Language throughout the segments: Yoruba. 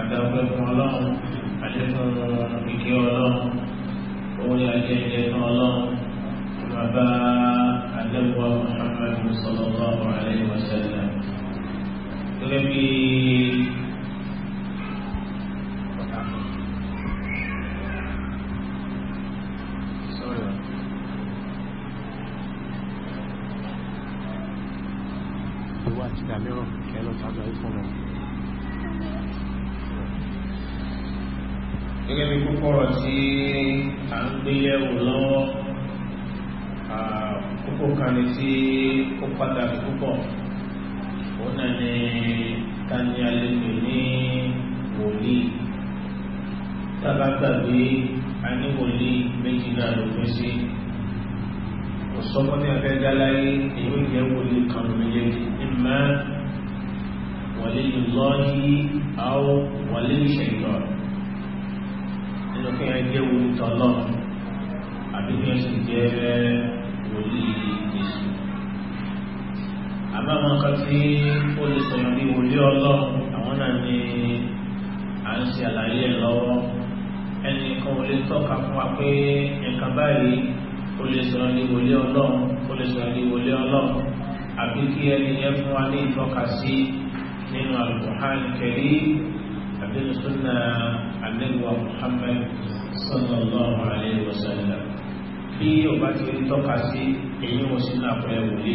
àdàpọ̀ fún ọlọ́run àjẹsán ìké ọlọ́run òun ni àjẹ ìjẹsán ọlọ́run bàbá àdàpọ̀ Muhammadu sallallahu alaihi wa sallam. gẹ́gẹ́ bí Watch that mirror, can't look gẹ́gẹ́ bí kókọ́rọ̀ tí a ń gbé yẹ̀wò lọ́wọ́ kókó kan ní tí ó pàtàkì púpọ̀ òun náà ni tani àlejò ní wòlíì tábà gbàgbé a ní wòlíì méjì náà ló pín sí òsọ́kọ́ ní abẹ́ gáláyé èyí ò wòlíì kan méjèèjì ìmọ̀ wòlíì lọ́yìí àwọn wòlíì ṣẹ̀tọ̀ nínú kí wọ́n jẹ́ wòlíì tọ́lọ́ àbí kí wọ́n sì jẹ́ wòlíì èṣù àbá àwọn kan tí ó lè sọ̀rọ̀ bí wòlíì ọlọ́run àwọn náà ni à ń ṣe àlàyé ẹ̀ lọ́wọ́ ẹnì kan ò lè tọ́ka fún wa pé ẹ̀ka báyìí ó lè sọ̀rọ̀ bí wòlíì ọlọ́run ó lè sọ̀rọ̀ bí wòlíì ọlọ́run àbí kí ẹni yẹn fún wa ní ìtọ́ka sí nínú Al-Qur'an Karim àbí sunna anẹ́gbà Muhammad sallallahu alayhi wa sallam bí o bá ti rí tọ́ka sí èyí wọ́n sínú àpẹẹ wòlé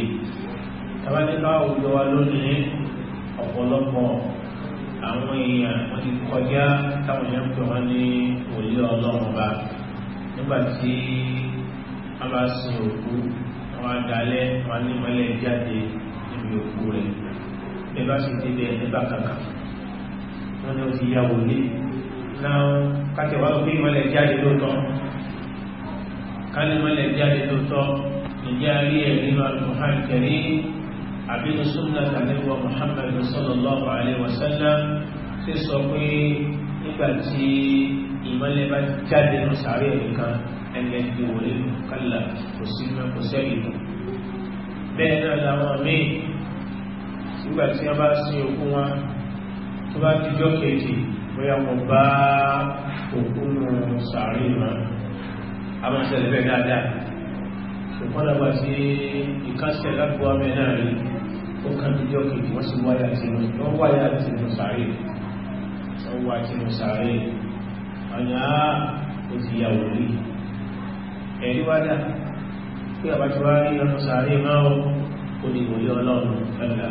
tàbátẹ́ká òjò wa lónìí ọ̀pọ̀lọpọ̀ àwọn èèyàn wọ́n ti kọjá táwọn èèyàn pè wọ́n ní wòlé ọlọ́run bá nígbà tí a bá sin òkú àwọn adalẹ́ wọn ní mọ́lẹ̀ jáde níbi òkú rẹ̀ bí a bá sì débẹ̀ nígbà kankan wọ́n ní ó ti yàwó ní náà kátẹ̀wá pé ìmọ̀lẹ̀ jáde lóòótọ́ kálímọ̀lẹ̀ jáde lóòótọ́ ìjẹ́ àrí ẹ̀rí wa Al-Qur'an Karim àbínú sunnah tàbíwọ̀ Muhammad sallallahu alaihi wasallam ti sọ pé nígbà tí ìmọ̀lẹ̀ bá jáde lọ sàárẹ̀ nìkan ẹgbẹ́ ti wọlé kálà kò sí mẹ́kò sẹ́yìn bẹ́ẹ̀ náà làwọn míì nígbà tí wọ́n bá sin òkú wọn tó bá ti jọ́ kejì bóyá mo bá òkú nù sàárì mọ́ a máa ṣẹlẹ̀ bẹ́ẹ̀ dáadáa ṣùgbọ́n dàgbà sí ìkásẹ̀ lágbó amẹ́ náà rí ó kàn ti jọ́ kejì wọ́n sì wáyà tìǹbù wọ́n wáyà tìǹbù sàárì wọ́n wá tìǹbù sàárì ọ̀nà ó ti yà wò rí ẹ̀rí wájà pé àbájọ́ wá rí ọ̀nà sàárì máa ó ní ìwòye ọlọ́run ẹ̀dà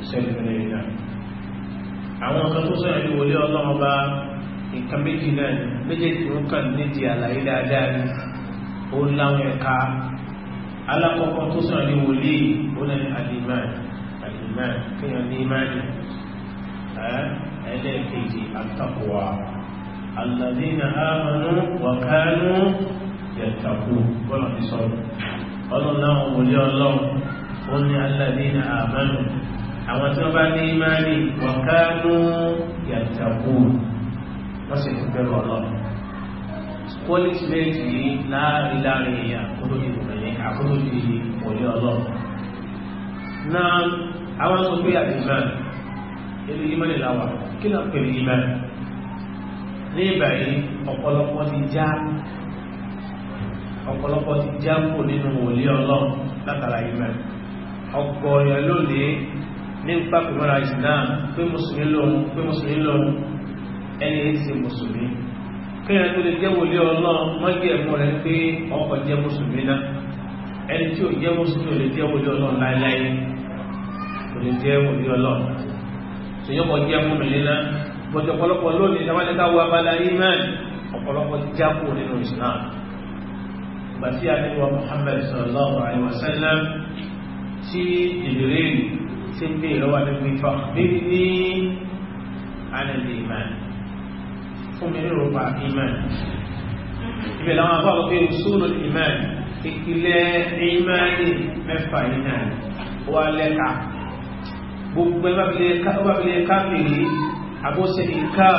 ìṣẹ́lẹ̀ ìrìnà àwọn nǹkan tó sọ ìlú wòlé ọlọ́run bá nǹkan méjì náà méjèèjì ń kàn nídìí àlàyé dáadáa ni ó láwọn ẹ̀ka alákọ̀ọ́kọ́ tó sọ ìlú wòlé ó náà ní alimán alimán kéèyàn ní imáàni ẹlẹ́ẹ̀kejì àtàkùwà alàdínà ámánú wàkánú yàtàkù bọ́lá ti sọ ọlọ́run náà wòlé ọlọ́run ó ní alàdínà ámánú àwọn tí wọ́n bá ní ìmáàlì wọ̀kánú yàtàkù wọ́n sì fún bẹ́rù ọlọ́ kólítìmẹ́tì yìí láàrin láàrin èèyàn àkótó di ìròyìn àkótó di òní ọlọ́ na àwọn tó gbé àtìmá ilé ìmáàlì làwà kí ló pè ní ìmáàlì ní ìgbà yìí ọ̀pọ̀lọpọ̀ ti já ọ̀pọ̀lọpọ̀ ti já kù nínú òní ọlọ́ látara ìmáàlì ọ̀pọ̀ ọ̀yàn lónìí ní ń pàpù mọ́ra islam pé mùsùlùmí lòun pé mùsùlùmí lòun ẹni èyí ti mùsùlùmí kéèyàn tó lè jẹ́ wòlé ọlọ́run mọ́jẹ́ ẹ̀mọ́ rẹ̀ pé ọkọ̀ jẹ́ mùsùlùmí náà ẹni tí ò jẹ́ mùsùlùmí ò lè jẹ́ wòlé ọlọ́run láéláé ò lè jẹ́ wòlé ọlọ́run ṣèyàn kọ̀ jẹ́ mùmìnir náà bọ̀dọ̀ ọ̀pọ̀lọpọ̀ lónìí ìdáwálẹ́ká wọ abala imán ọ̀pọ̀lọpọ̀ tí ń bè lọ́wọ́ àdúgbò ìfà bíbí ní ànàlè ìmàn fún mi nínú pa ìmàn ibẹ̀ làwọn afọ àwọn pé òṣùwọ̀n ìmàn ìpìlẹ̀ ìmàn mẹ́fà yìí náà wà lẹ́ka gbogbo ẹgbẹ́ abilé káfíìrì àbóṣe nǹkan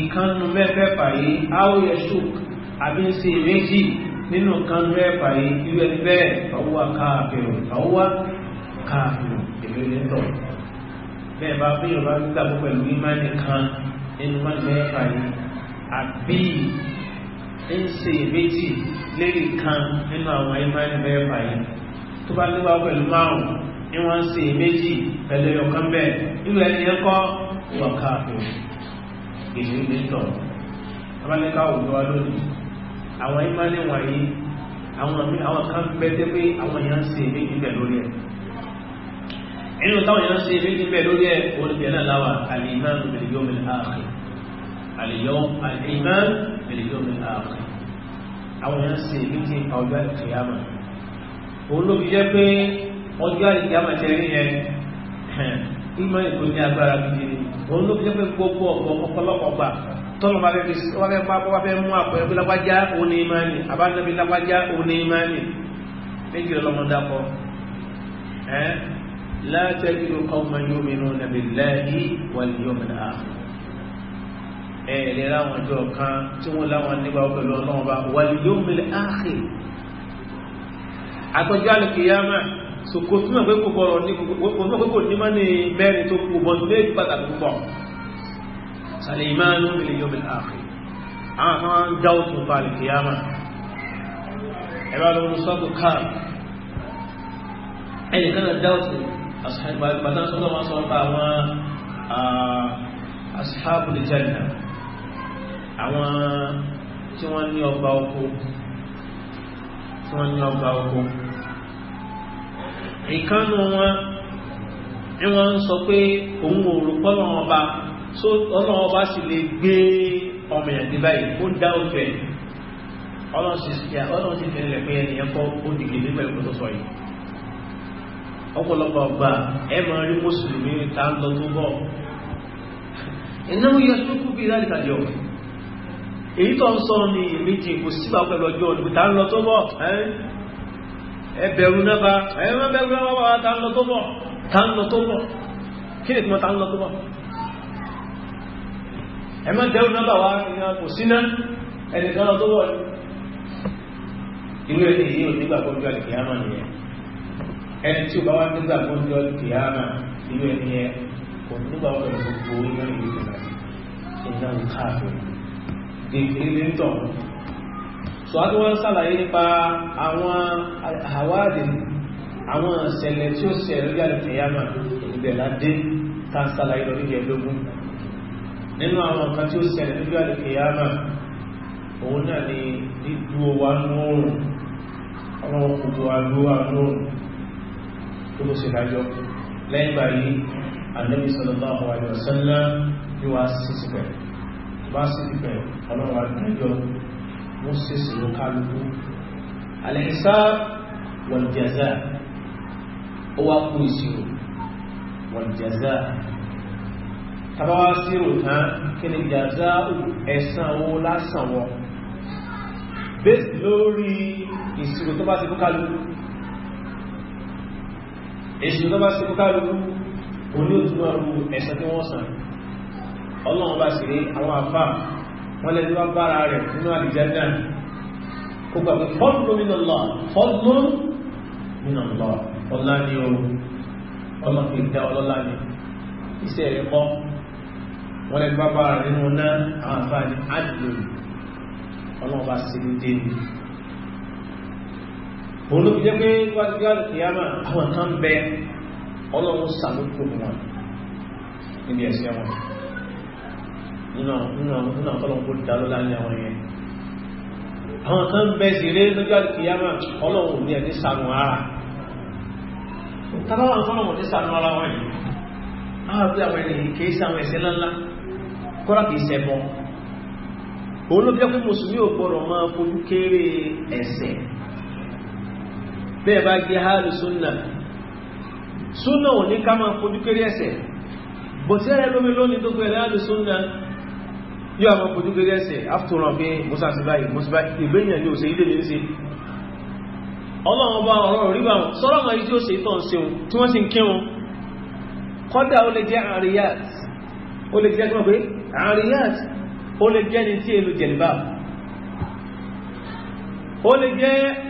nǹkan nu mẹ́fẹ̀ẹ̀fà yìí áwòyẹ ṣùk àbí ń ṣe méjì nínú nǹkan nu mẹ́fẹ̀ẹ̀fà yìí irú ẹni bẹ́ẹ̀ fàwọ́ káàkiri fàwọ́ káàkiri èlò ilé tọ̀ bẹ́ẹ̀ bá bí yorùbá gbàgbọ́ pẹ̀lú ìmáàlì kan nínú mọ́tẹ́ẹ̀fà yìí àbí ń ṣe ìbéjì lérí kan nínú àwọn ìmáàlì mẹ́fà yìí tó bá gbé wá pẹ̀lú márùn-ún ni wọ́n ń ṣe ìbéjì pẹ̀lú ọ̀kan bẹ́ẹ̀ nílò ẹni ẹ kọ́ wọ káàkiri èlò ilé tọ̀ abáníká òjò wa lónìí àwọn ìmáàlì wọ̀nyí àwọn kan bẹ́ẹ̀ pé àwọn èèyàn ń ṣe ìbéjì pẹ̀lú rẹ̀ inú táwọn èèyàn ṣe méjì bẹ́ẹ̀ lórí ẹ̀ olùgbẹ́ náà láwà àlìmán bẹ̀rẹ̀ min al-akhir àlìmán bẹ̀rẹ̀ min al-akhir àwọn èèyàn ṣe méjì nípa ọjọ́ àìkìyàmà òun ló fi jẹ́ pé ọjọ́ àìkìyàmà tẹ rí yẹn ìmọ̀ ètò ní agbára gidi ni òun ló fi jẹ́ pé gbogbo ọ̀pọ̀ ọ̀pọ̀lọpọ̀ gbà tọ́lọ̀ bá fẹ́ wá fẹ́ bá wá fẹ́ لا تجد قوما يؤمنون بالله واليوم الآخر ẹ lè ráwọn ìjọ kan tí wọn láwọn nígbà pẹ̀lú Ọlọ́run bá واليوم الآخر àtọjọ àlùkìyàmà sòkò tí wọn pé kò bọrọ ní kò tí wọn pé kò ní máa ní mẹ́rin tó kù bọ ní èdè pàtàkì púpọ̀ sàlẹ ìmánu باليوم الآخر àwọn kan máa ń dá òtún fa àlùkìyàmà ẹ bá lọ sọ́tò káàmù ẹnìkan náà dá òtún bàtà sọ́dọ̀ wọn sọ pa àwọn ashabul janna àwọn tí wọ́n ní ọgbà oko tí wọ́n ní ọgbà oko ìkánu wọn ni wọ́n ń sọ pé òun ò rò pọ́ lọ́wọ́ ọba so ọlọ́wọ́ ọba sì lè gbé ọmọ ìyàgbé báyìí ó dá òfin ọlọ́run sì fi ẹ̀rẹ̀ pé ẹnìyàn kọ́ ó dìgbè nígbà ìkó sọ yìí ọ̀pọ̀lọpọ̀ ọgbà ẹ máa rí mùsùlùmí ta ń lọ tó bọ̀ ìnáwó yọ sókú bíi láti tàjọ èyí tó ń sọ ní ìmíjì kò síbà pẹ̀lú ọjọ́ olùkú ta ń lọ tó bọ̀ ẹ bẹ̀rù náà bá ẹ má bẹ̀rù náà bá ta ń lọ tó bọ̀ ta ń lọ tó bọ̀ kí ni tí wọ́n ta ń lọ tó bọ̀ ẹ má bẹ̀rù náà bá wa kò sí náà ẹnìkan lọ tó bọ̀ inú ẹni yìí ò nígbà gbọ́dọ̀ àlìkìyàmọ̀ nìyẹn ẹni tí o bá wá ní zàgbọ́njọ́ kìáàmà nínú ẹni ẹ kò ní bá wọn pẹ̀lú gbogbo iná ìlú ìlú iná ń káàbọ̀ ìpínlẹ̀ ń tàn. sọ adé wọn ṣàlàyé nípa àwọn àwáàdì àwọn ìṣẹ̀lẹ̀ tí ó ṣẹlẹ̀ lórí àlẹ́ kìáàmà ìbẹ̀ ládé ká ṣàlàyé lọ nídìí ẹ̀dógún. nínú àwọn kan tí ó ṣẹlẹ̀ lórí àlẹ́ kìáàmà òun náà ni dídú wa nù ọ̀run ọ̀run kòtò àdúrà kó ló ṣe dájọ́ lẹ́yìn báyìí Ànábì sallallahu alaihi wasallam yóò wá sísì pẹ̀ bá sísì pẹ̀ ọlọ́run àdájọ́ wọ́n sísì ló kálukú al-hisab wal-jazaa ó wá kú ìṣirò wal tàbáwá sírò tán kí ni jàzá ẹ̀san owó lásànwọ́ bẹ́ẹ̀ lórí ìṣirò tó bá ti fún kálukú èsì tó bá sí kó kálukú olóòtúmọ̀ ru ẹ̀sẹ̀ tí wọ́n sàn ọlọ́run bá sì rí àwọn afá wọ́n lẹ́ni wá bára rẹ̀ nínú àdìjẹ́dà kó gbàgbé fọ́dún nínú lọ fọ́dún nínú lọ ọlá ní o ọlọ́fin dá ọlọ́lá ní iṣẹ́ rẹ̀ kọ́ wọ́n lẹ́ni wá bára nínú náà àwọn afá ní àdìjẹ́dà ọlọ́run bá sì rí dé òun ló fi jẹ́ pé wájú àlùkìyàmà àwọn kan bẹ ọlọ́run sàlókò wọn níbi ẹ̀sẹ̀ wọn nínú ọlọ́run kó dá lọ́lá ní àwọn yẹn àwọn kan bẹ sí ilé lójú àlùkìyàmà ọlọ́run ní ara tàbá wọn fọ́nà wọn ní sànù ara wọn bẹ́ẹ̀ bá gbé hálù súnà súnà ò ní ká máa fojú kéré ẹ̀ṣẹ̀ bò tí ẹ̀rẹ́ lómi lónìí tó gbẹ̀rẹ̀ hálù súnà yóò àwọn fojú kéré ẹ̀ṣẹ̀ afturọ̀ pé musa ti báyìí musa báyìí ìgbéyàn ni òṣèlú lè ní sí ọlọ́run bá ọ̀rọ̀ rí bá wọn sọ́rọ̀ àwọn ìdí òṣèlú tó ń ṣeun tí wọ́n sì ń kí wọn kọ́dà ó lè jẹ́ àríyàt ó lè tí èlò jẹ̀lìbá ó lè jẹ́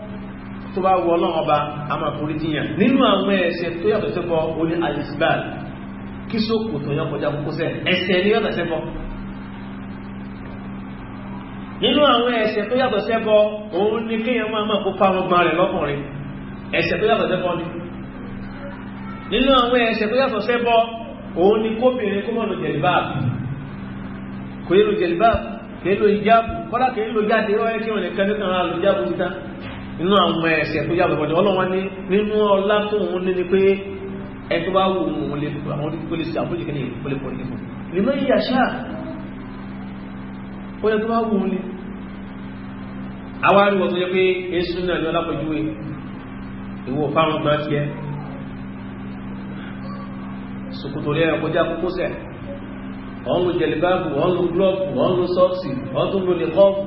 tó bá wọ ọlọ́run ọba a máa forí jiyàn nínú àwọn ẹ̀ṣẹ̀ tó yàtọ̀ sẹ́kọ̀ ó ní alisibal kí sókò tó yàn kọjá kókó sẹ́ ẹ̀ṣẹ̀ ni yàtọ̀ sẹ́kọ̀ nínú àwọn ẹ̀ṣẹ̀ tó yàtọ̀ sẹ́kọ̀ òun ni kéèyàn máa máa kó fáwọn gbọ́n rẹ̀ lọ́kùnrin ẹ̀ṣẹ̀ tó yàtọ̀ sẹ́kọ̀ ni nínú àwọn ẹ̀ṣẹ̀ tó yàtọ̀ sẹ́kọ̀ òun ni kóbìnrin kó mọ̀nà jẹ̀lìbáàbù kò yẹ lo jẹ̀lìbáàbù kò yẹ lo ìjáàbù nínú àwọn ẹ̀ṣẹ̀ tó yàgò bọ̀dẹ̀ ọlọ́wọ́n ní nínú ọlá tó òun ní ni pé ẹ tó bá wù òun lè àwọn olùkọ́ lè ṣe àpòjì kí ní ìlú pẹ̀lú pọ̀lì fún nínú yíyà ṣáà ó yẹ tó bá wù òun ní àwọn arìwọ̀ yẹ pé èsù náà ní ọlápọ̀júwe ìwò fáwọn gbọ́n ti ẹ ṣòkòtò rẹ̀ kọjá kókó sẹ̀ ọ̀hún jẹ̀lẹ̀báàbù ọ̀hún glọ́ọ̀bù ọ̀hún sọ́ọ̀sì ọ̀hún lónìí kọ́ọ̀bù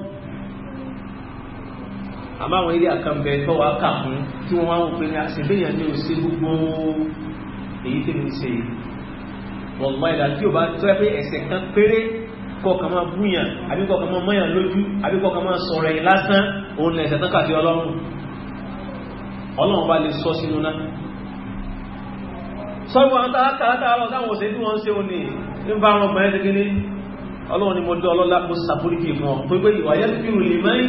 àmọ́ àwọn eré àkànbẹ tó wà kà fún tí wọ́n wá ń pè ní àṣìbíyàn ní òsè gbogbo èyí tí mi ṣe wọ̀nmọ́ ìlà tí ò bá tọ́ pé ẹ̀sẹ̀ kan péré kọkàn máa búyàn àbí kọkàn máa mọ́yàn lójú àbí kọkàn máa sọ̀rọ̀ ẹ̀ lásán òun ẹ̀sẹ̀ tán kàdé ọlọ́run ọlọ́run bá lè sọ sínú náà sọ́gbọ́n àwọn tààtàrà lọ sáwọn òṣèlú wọn ṣe òní ní bá wọn mọ̀ ẹ́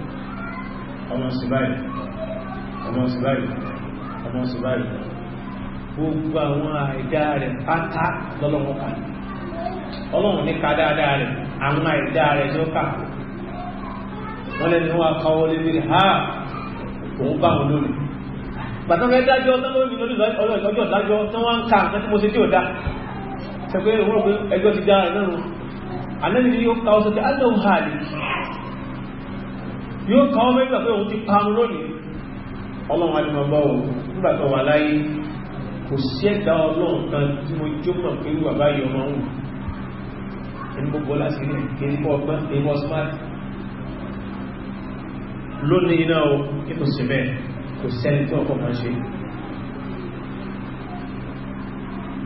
ọmọ sí báyìí ọmọ sí báyìí ọmọ sí báyìí gbogbo àwọn àìdá rẹ̀ pátá lọ́lọ́wọ́ kà ọlọ́run ní ká dáadáa rẹ̀ àwọn àìdá rẹ̀ ló kà wọ́n lẹ́nu wá kọ́wọ́ lébi ha òun bá wọn lónìí gbàtọ́ fẹ́ dájọ́ tán lórí lórí ọjọ́ dájọ́ tán wá ń ka nǹkan tí tí ò dá yóò kọ́ mẹ́gbà pé òun ti parun lónìí ọlọ́run alìmọ̀bọ̀ òun nígbàtọ̀ wà láyé kò sí ẹ̀dá ọlọ́run kan tí mo jó mọ̀ pé wà báyìí ọmọ òun ẹni gbogbo láti rí kéríkọ́ ọgbọ́n kéríkọ́ smart lónìí náà o kí kò sí bẹ́ẹ̀ kò sẹ́ni tí ọkọ̀ máa ṣe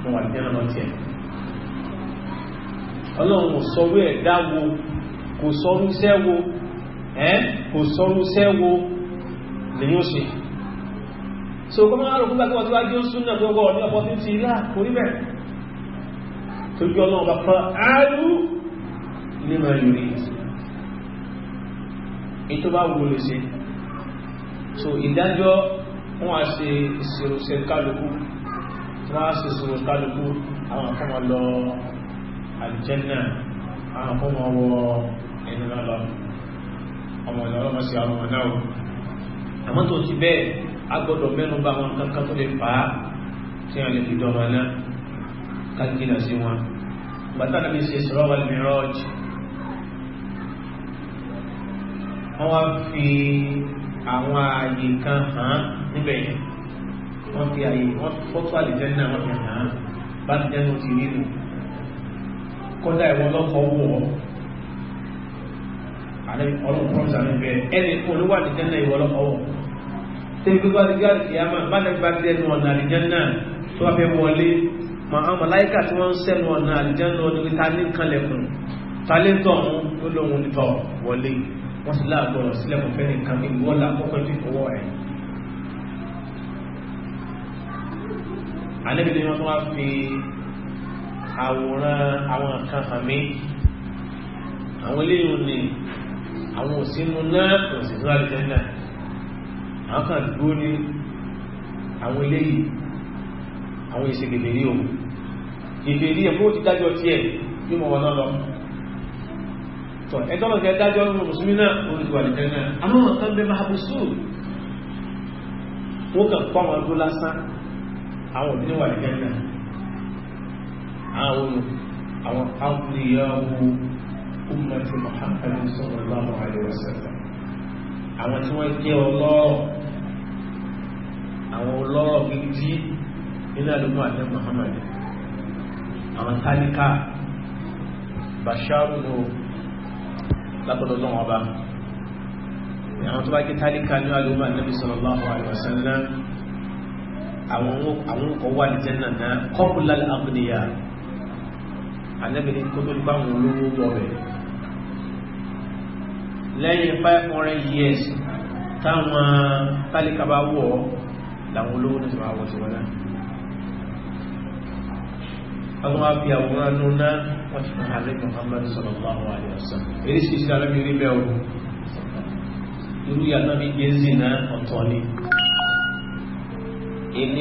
wọn wà ní ọmọ tiẹ̀ ọlọ́run sọ wí ẹ̀dá wo kò sọ wí sẹ́ ẹ́ kò sọrú sẹ́wó lèyìn òṣè so kọ́ máa rọ̀ fúnbà kí wọ́n tí wá jẹ́ súnà gbogbo ọ̀dí ọ̀pọ̀ tí ti rí àkórí bẹ̀ tó jọ náà bàbá àárú ní máa lórí ètò bá wù lè ṣe so ìdájọ́ wọ́n á ṣe ìṣiròṣẹ́ kálukú wọ́n á ṣe ìṣirò kálukú àwọn akọ́mọ lọ àlùjànnà àwọn akọ́mọ wọ ẹni náà lọ ọmọ ìlọ́lọ́mọ sí àwọn ọmọ náà àmọ́ tó ti bẹ́ẹ̀ a gbọ́dọ̀ mẹ́nu bá wọn kankan tó lè fà á tí wọ́n lè fi dọ̀mọ náà kájínà sí wọn bàtà náà ṣe sọ̀rọ̀ wà mìíràn wọ́n wá fi àwọn ààyè kan hàn níbẹ̀ wọ́n fi ààyè wọ́n fọ́tò àlìjẹ́ náà wọ́n fi hàn bá ti jẹ́ ní ti nínú kódà ìwọ́n lọ́kọ̀ọ́ wọ̀ ọ́ ale ọlọ́run promise àmì bẹ́ẹ̀ ẹni olúwa àlìjánná ìwọ lọ́kọ̀ọ́wọ́ tẹ́lẹ̀ gbogbo àdìgbà àlìkìyàmà bá lẹ́nu bá dé ẹnu ọ̀nà àlìjánná tó wà fẹ́ wọlé àwọn màláìkà tí wọ́n ń sẹ́nu ọ̀nà àlìjánná ọdún ta ní kanlẹ̀kùn ta lé tọ̀ ọ̀hún ó lóun nìtọ̀ wọlé wọ́n sì láàbọ̀ sílẹ̀kùn fẹ́ nìkan ìwọ́ là kọ́kọ́ fi fọwọ́ ẹ̀. alẹ́ mi ni wọ́n wá fi àwòrán àwọn kan hàn mí àwọn eléyìí ò àwọn òsínú náà kò sì tó àlùjẹ́ náà àwọn kan dúró ní àwọn eléyìí àwọn èsì bèbèrè o ìbèrè ẹ̀ mọ́ ti dájọ́ tí ẹ̀ yóò mọ̀ wọn náà lọ tọ̀ ẹjọ́ lọ́sẹ̀ dájọ́ nínú mùsùlùmí náà olùdó àlùjẹ́ náà àwọn kan bẹ máa bù sùn ó kàn kọ́ àwọn ọdún lásán àwọn òbí níwà àlùjẹ́ náà àwọn àwọn àwọn ummati muhammad sallallahu alayhi wa sallam àwọn tí wọ́n jẹ́ ọlọ́rọ̀ àwọn ọlọ́rọ̀ gidi nínú àdúgbò àti muhammad àwọn tálíkà basharu látọ̀dọ̀ lọ́wọ́ ọba àwọn tó bá jẹ́ tálíkà ní àdúgbò àti sallallahu alayhi wa sallam àwọn ọkọ̀ wà ní jẹ́nà náà kọ́pùlá àbúniyà anẹ́bìnrin kó tó ní olówó wọ̀ rẹ̀ lẹ́yìn five hundred years táwọn tálíkà bá wọ̀ ọ́ làwọn olówó ní ìsìnkú àwọn ìsìnkú náà àwọn afi wọ́n ti fún ààrẹ Muhammadu sallallahu alaihi wasallam èyí sì sí àrẹ́bí rí bẹ́ẹ̀ o irú yàtọ̀ bí gẹ́zì náà ọ̀tọ̀ ni ni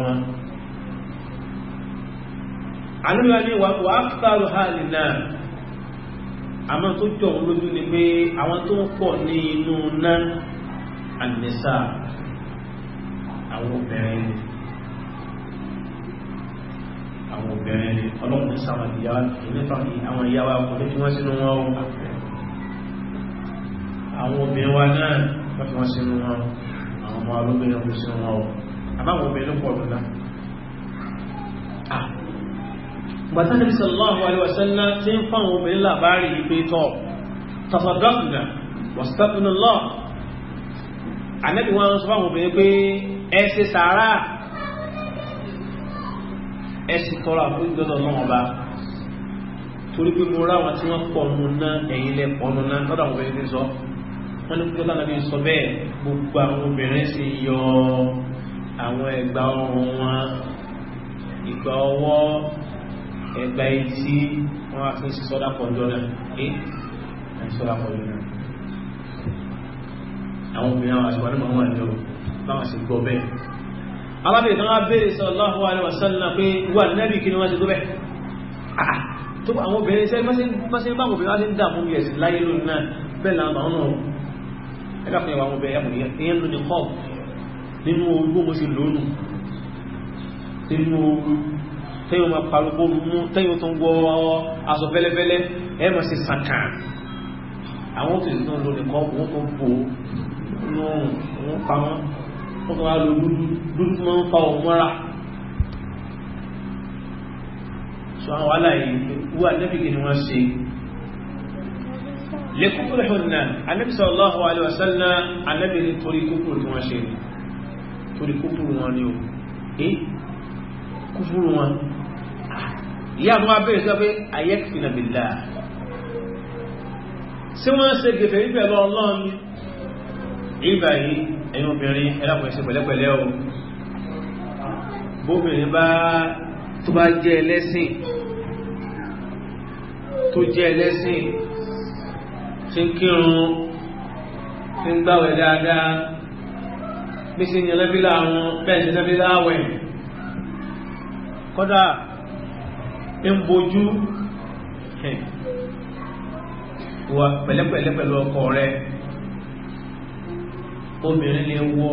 yá àníwá wa wà á kúrò hàlì náà àmọ́ tó jọ òun lójú ni pé àwọn tó ń pọ̀ ní inú náà ànìsà àwọn obìnrin ni àwọn obìnrin ni ọlọ́pùn sáwọn ìyáwá ìlẹ́fà ní àwọn ìyáwá ọkùnrin tí wọ́n sínú wọn àwọn obìnrin wa náà wọ́n wọ́n sínú wọn àwọn ọmọ alóbìnrin kò sínú wọn àbáwọn obìnrin pọ̀ lọ́nà bàtà nàbí sallallahu alaihi wasallam tí ń fáwọn obìnrin làbárí ìpé tọ́ tasadọ́kùnà wàsítàkùnà lọ ànẹ́bí wọn sọ fáwọn obìnrin pé ẹ ṣe sàárà ẹ sì tọrọ àfojúdọ́dọ̀ náà ọba torí pé mo ráwọn tí wọ́n pọ̀ nù náà ẹ̀yìn lẹ pọ̀ nù náà lọ́dọ̀ àwọn obìnrin sọ wọ́n ní pé lọ́dọ̀ sọ bẹ́ẹ̀ gbogbo àwọn obìnrin sì yọ àwọn ẹ̀gbà ọrùn wọn ìgbà ọwọ́ ẹgbà ẹni tí wọ́n wá fún sí sọ́dá pọ̀jọ́ náà ní sọ́dá pọ̀jọ́ náà àwọn obìnrin àwọn àṣìwọ́n náà wà lọ báwọn sì gbọ́ bẹ́ẹ̀ alábẹ̀ẹ́ tó wá bèèrè sallallahu alaihi wasallam pé wà nẹ́bì kí ni wọ́n ti tó bẹ́ẹ̀ ah, tó àwọn obìnrin sẹ́ mọ́sí báwọn obìnrin wá sí ń dà fún yẹ̀sì láyé lónìí náà bẹ́ẹ̀ làwọn àwọn náà ẹgbà fún ìwà àwọn obìnrin yàmù ìyẹn lónìí kọ́ nínú orúgbó mo sì lónù nínú orúgbó tẹ́yìn ma parúgbó mú tẹ́yìn tó ń wọ aṣọ fẹ́lẹ́fẹ́lẹ́ ẹ mọ̀ sí sàkà àwọn tó ń lò nìkan wọ́n tó bò nù wọ́n pa wọ́n wọ́n tó wá lò dúdú tó máa ń fa òun mọ́ra sọ àwọn wàhálà yìí wúwà lẹ́bìkì ni wọ́n ṣe lẹ́kùnkùn hùnà anábì sallallahu alaihi wasallam anábì ní torí kúkúrú tí wọ́n ṣe torí kúkúrú wọn ni ó kúkúrú wọn ìyá àwọn abẹ́rẹ́ sọ pé ayẹ́kìfìnà bìlá sí wọ́n ṣe gẹ̀fẹ̀ níbẹ̀ lọ ọlọ́run ní ìgbà yìí ẹ̀yin obìnrin ẹlọ́pàá ṣe pẹ̀lẹ́pẹ̀lẹ́ o bóbìnrin bá tó bá jẹ́ ẹlẹ́sìn tó jẹ́ ẹlẹ́sìn tí ń kírun tí ń gbáwẹ̀ dáadáa bí sí ní ẹlẹ́bílà àwọn bẹ́ẹ̀ sí ẹlẹ́bílà àwẹ̀ kódà e bojú wà pẹ̀lẹ́pẹ̀lẹ́ pẹ̀lú ọkọ rẹ obìnrin lè wọ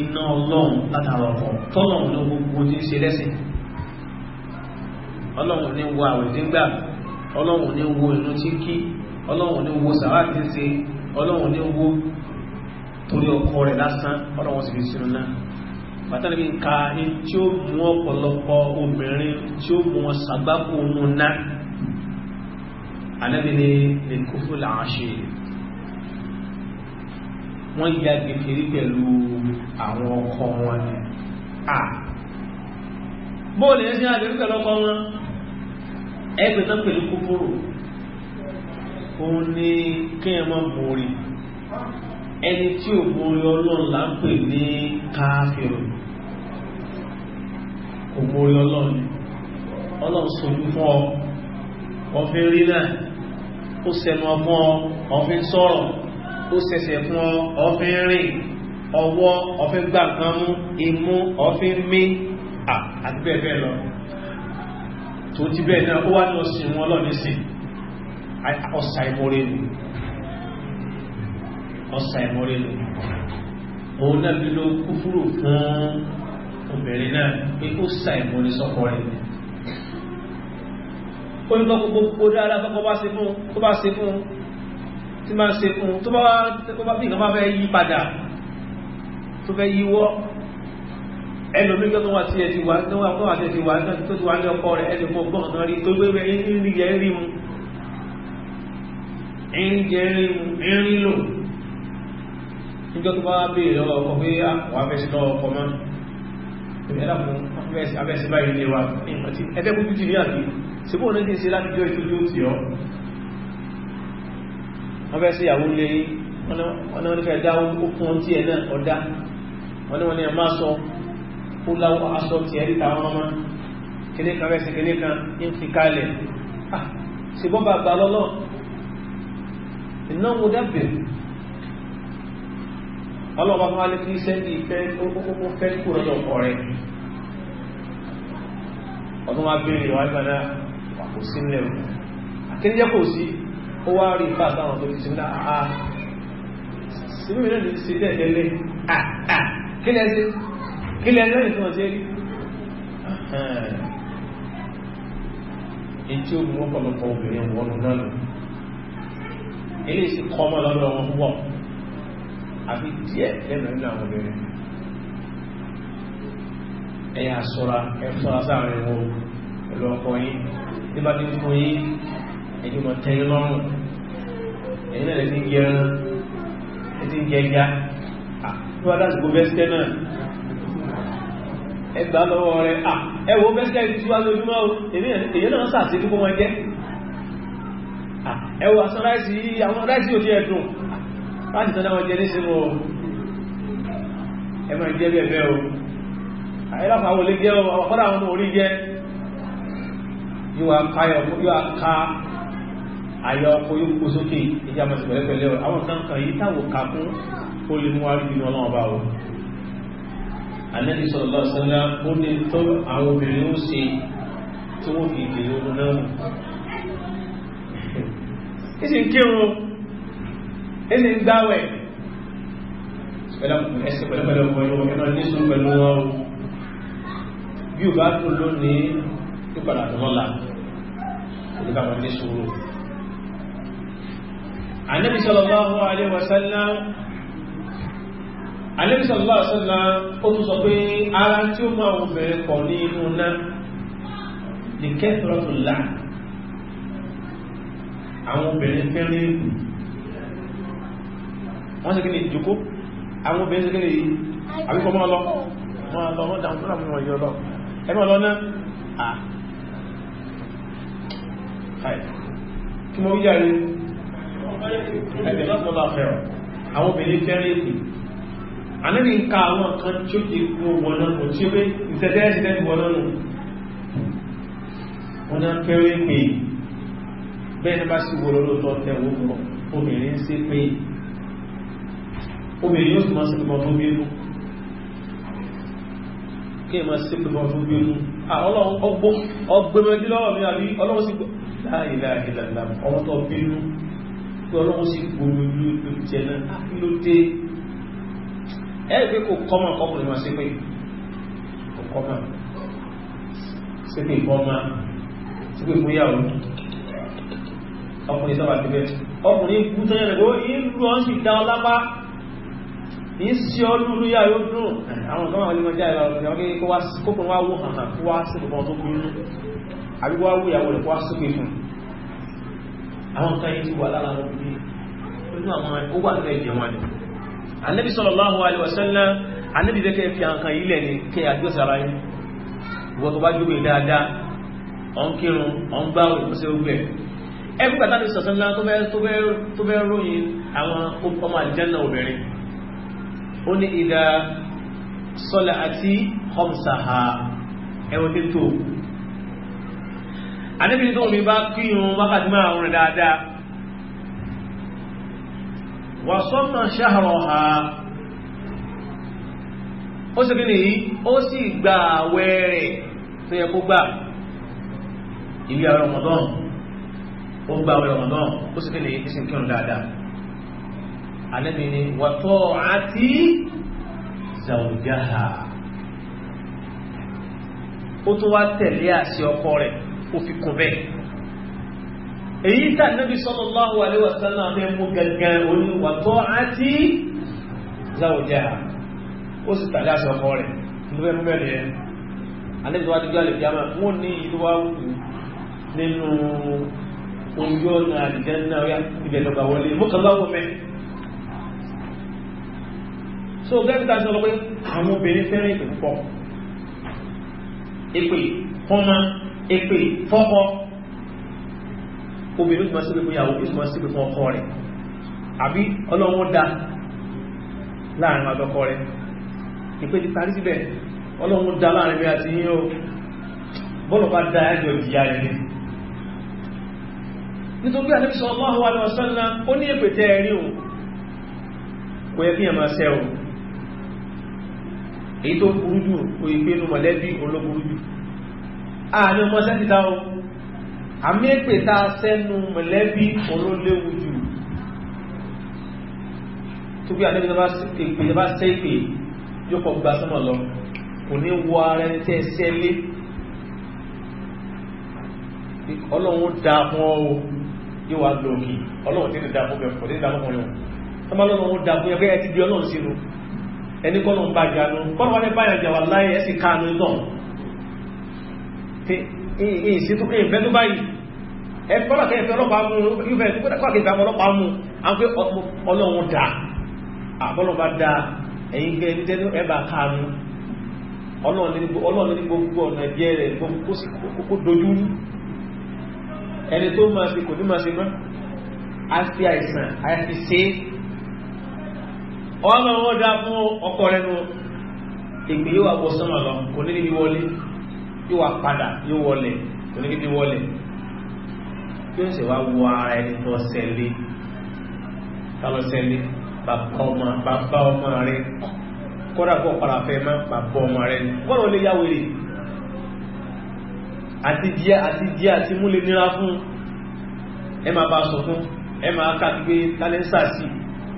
iná ọlọ́run látara ọkọ tọ́lọ́run ló gbogbo tí ń ṣe lẹ́sìn ọlọ́run ní wo àwẹ̀ tí ń gbà ọlọ́run ní wo inú tí kí ọlọ́run ní wo tí ọlọ́run ní wo torí ọkọ rẹ̀ lásán ọlọ́run sì fi pàtàkì nǹka ní tí ó mú ọ̀pọ̀lọpọ̀ obìnrin tí ó mú wọn sàgbákò nù ná alẹ́ ní lè kó fún làáṣe wọ́n ya kékeré pẹ̀lú àwọn ọkọ wọn ni à bóòlù ẹ̀ sí àgbẹ̀rẹ̀ pẹ̀lú ọkọ wọn ẹgbẹ̀ náà pẹ̀lú kúkúrú òun ni kí ẹ mọ́ borí ẹni tí ò borí ọlọ́run là ń pè ní káfíìrì gbogbo orí ọlọ́run ni ọlọ́run sojú fún ọ ọfin rí náà ó sẹnu ọmọ ọfin sọ̀rọ̀ ó sẹsẹ̀ fún ọ ọfin rìn ọwọ́ ọfin gbà kan mú imú ọfin mí àti bẹ́ẹ̀ bẹ́ẹ̀ lọ tó ti bẹ́ẹ̀ náà ó wá ní ọ̀sìn wọn lọ́ọ̀ nísìn ọ̀sà ìmọ̀rẹ́ ni ọ̀sà ìmọ̀rẹ́ ni òun náà bí ló kúfúrò fún obìnrin náà pé ó ṣàìmọ̀ ní sọ́kọ rẹ̀ ó ní kọ́ gbogbo dáadáa tó bá ṣe fún tó bá ṣe fún tí máa ṣe fún tó bá tó bá bí nǹkan bá fẹ́ yí padà tó fẹ́ yíwọ́ ẹlòmí tó wà tí ẹ ti wà tó wà tó wà tí mu ń jẹ rí mu ń rí lò níjọ́ tó bá béèrè ọkọ pé àwọn afẹ́sẹ̀ náà ọkọ wọ́n ní fẹ́ dá okun tí ẹ̀ náà ọ̀dá wọ́n ní wọ́n ní ẹ̀ máa sọ ó láwọ́ aṣọ tí ẹ̀rí tàwọn ọmọ kìníkan rẹ̀ sí kìníkan ń fi kalẹ̀ ah ṣe bọ́bà gbà lọ́lọ́ ìnáwó dábẹ̀ẹ́ ọlọ́ọ̀bá fún alẹ́ tí ń sẹ́ni ìfẹ́ ó fẹ́ kú lọ́dọ̀ ọkọ rẹ̀ ọdún wa bèèrè ìwà ìgbàdá wà kò sí nílẹ̀ o akíníjẹ́ kò sí ó wá rí ìfà sáwọn tó ti sí náà àá síbí mi náà ti sí dẹ̀ tẹ́lẹ̀ àà ah, ah. kílẹ̀ sí kílẹ̀ lẹ́yìn tí wọ́n ti rí èyí tí ó mú ọ̀pọ̀lọpọ̀ obìnrin wọnú náà lò eléyìí sì kọ́ ọmọ lọ́dọ̀ wọn púpọ̀ àfi díẹ̀ lẹ́nu nínú àwọn obìnrin ẹ̀yà sọ́ra ẹ̀fọ́ra sáàrin wo pẹ̀lú ọkọ yín tí bá ti ń fún yín ẹ̀dí mọ̀ tẹ́lẹ̀ lọ́rùn ẹ̀yìn náà ti ń jẹ ẹran ti ń jẹ ẹja tó wá láti gbọ́ bẹ́sẹ̀ náà ẹgbà lọ́wọ́ rẹ̀ ẹwọ́ bẹ́sẹ̀ tí wá lójúmọ́ èyí náà sàtí kó wọ́n jẹ́ ẹwọ́ asán láìsí àwọn láìsí òjì ẹ̀dùn láti tọ́lá wọn jẹ ní sí wọn ẹmọ ìjẹ́ bẹ̀bẹ̀ o ayéláfà wọlé jẹ́ ọ̀pọ̀lá àwọn orí jẹ́ yóò ká ayọ̀ ọkọ̀ yóò kó sókè ìjà mọ̀ sí pẹ̀lẹ́pẹ̀lẹ́ àwọn kankan yìí táwò kakún ó lè mú wá rí iná náà bá o anẹ́lì sọ̀rọ̀ lọ sọ́lá ó ní tó àwọn obìnrin ó ṣe tí wọ́n fi ìgbèrè ẹni ń dáwẹ̀ ẹsẹ̀ pẹ̀lẹ́pẹ̀lẹ́ pẹ̀lú ẹ̀nà nísun pẹ̀lú wọn bí o bá tún lónìí pípadà lọ́la olùkàmà ní ṣòro Ànábì sallallahu alaihi wasallam Ànábì sallallahu alaihi wasallam ó tún sọ pé ara tí ó máa wọ́n bẹ̀rẹ̀ kọ̀ ní inú náà ní kẹ́tọ̀rọ̀tù láà àwọn obìnrin fẹ́rẹ́ ìlú wọ́n sí kí ní ìjókó àwọn obìnrin sí kí ní àwíkọ́ mọ́ lọ wọ́n lọ wọ́n dáun tó ràmù wọ́n yọ lọ ẹgbẹ́ lọ náà àì kí mọ́ wíjà rí ẹgbẹ́ lọ́pọ̀lọ́ àfẹ́rọ̀ àwọn obìnrin fẹ́rẹ́ èsì àníbi ń ka àwọn kan tí ó ti kú wọn náà kò tí ó pé ìṣẹ́jẹ́ ìṣẹ́jẹ́ wọn náà wọn náà fẹ́rẹ́ pé bẹ́ẹ̀ ni bá sì wọ́n lọ́tọ́ tẹ̀wọ́ obìnrin sí pé obìnrin yóò máa sí ìbọn fún bínú kí ma sí ìbọn fún bínú ọgbẹ́mẹ́dí lọ́wọ́ mi àbí ọlọ́run sí láìláìlàlá ọmọ tó bínú pé ọlọ́run sí gbogbo ìlú ìjẹ náà kí ló dé ẹgbẹ́ kò kọ́mà ọkùnrin máa sí pé kò kọ́mà sí pé kọ́mà sí pé fún yàwó ọkùnrin sábà bíbẹ̀ ọkùnrin kú tẹ́yẹ̀ rẹ̀ ó yí lọ́ọ́ sì dá ọlápá kìí sí ọdún olúyà yóò dùn àwọn kan wà ní ọjà ìlà ọ̀rọ̀ ìyàwó kí kókùn wá wó hàn hàn kó wá sí ìbọn tó kú inú àbí wá wó ìyàwó rẹ̀ kó wá sókè ní ẹ̀jẹ̀ wasallam ànábì bẹ́ẹ̀ kẹ́ fi àwọn kan yìí lẹ̀ ní kẹ́ àjọsára yìí ìwọ tó bá jókòó yìí dáadáa ọ̀n kírun ọ̀n gbáwò ìkúnṣe ogbẹ̀ ẹgbẹ́ pàtàkì náà tó bẹ́ẹ̀ ròyìn àwọn ọmọ àjẹ́nà obìnrin ó ní ìdá sọ́lá àti khamsaha ẹwọ́n tí tó adébìnrin tó mi bá kírun wákàtí máa rìn dáadáa wà sọ́mà shahraha ó sì kíni yìí ó sì gba àwẹ̀ tó yẹ kó gbà ilé ọmọdán ó gba àwẹ̀ ọmọdán ó sì kíni yìí sí kírun dáadáa ànábì ni wàtọ́ àti zàwùjáhà ó tó wá tẹ̀lé àṣẹ ọkọ rẹ̀ ó fi kún bẹ́ẹ̀ èyí tà ànábì sallallahu alaihi wasallam fẹ́ mú gangan oní wàtọ́ àti zàwùjáhà ó sì tẹ̀lé àṣẹ ọkọ rẹ̀ níbẹ̀ níbẹ̀ nìyẹn ànábì wá dígbà lè fi àmà ní ìlú wa wù nínú ojú ọ̀nà àdìjẹ́ náà ibẹ̀ lọ́gbà wọlé mọ́kànlá wọ́n mẹ́rin so gẹ́gẹ́ tàbí ọlọ́pẹ́ àwọn obìnrin ìpè ìpè obìnrin ìyàwó tó ọkọ àbí ọlọ́wọ́ da láàrin àdọ́kọ ìpè ti parí síbẹ̀ ọlọ́wọ́ da láàrin bí a ti èyí tó burú jù kò ìgbé inú mọ̀lẹ́bí olóburú jù ààrin ọmọ sẹ́tìta o àmì èpè tá a sẹ́nu mọ̀lẹ́bí olóléwu jù tó bí àdébí náà èpè náà bá sẹ́ èpè yóò kọ́ gba sọ́mọ̀ lọ kò ní wọ ara ẹni tẹ́ sẹ́lé ọlọ́run da fún ọ o yóò wá lòkì ọlọ́run tí ń da fún bẹ̀rẹ̀ kò ní da fún ọ lọ́wọ́ tọ́mọ́ ọlọ́run da fún ẹgbẹ́ ẹ ti di ọlọ́run sínú ẹni kọ́ ló ń bá jánu kọ́nà wọn ní báyà jàwà láyé ẹ̀sì káànú tọ̀ ìṣètúkẹ́ ìfẹ́ tó báyìí ẹ kọ́nà kẹ́ ìfẹ́ ọlọ́pàá mú ìfẹ́ kọ́nà kẹ́ ìfẹ́ ọlọ́pàá mú àwọn pé ọlọ́run dà àbọ́lọ́ba dà ẹ̀yin kẹ́ ẹni tẹ́lú ẹ bá káànú ọlọ́run ní gbogbo ọ̀nà jẹ́ rẹ̀ kó dojú rú ẹni tó ọwọ́ máa wọ́n dá fún ọkọ rẹ nu ìgbé yóò wá bọ́ sọ́nà lọ kò ní níbi wọlé yóò wá padà yóò wọlé kò ní níbi wọlé yóò sì wá wọ ara ẹni tó sẹ́lé tálọ́ sẹ́lé bàbá ọmọ bàbá ọmọ rẹ kódà kó padà fẹ́ má bàbá ọmọ rẹ ni gbọ́dọ̀ lè yáwó rè àti díẹ̀ àti díẹ̀ àti múlẹ̀ nira fún ẹ máa bá sọ fún ẹ máa ká gbé tálẹ́ńsà sí i.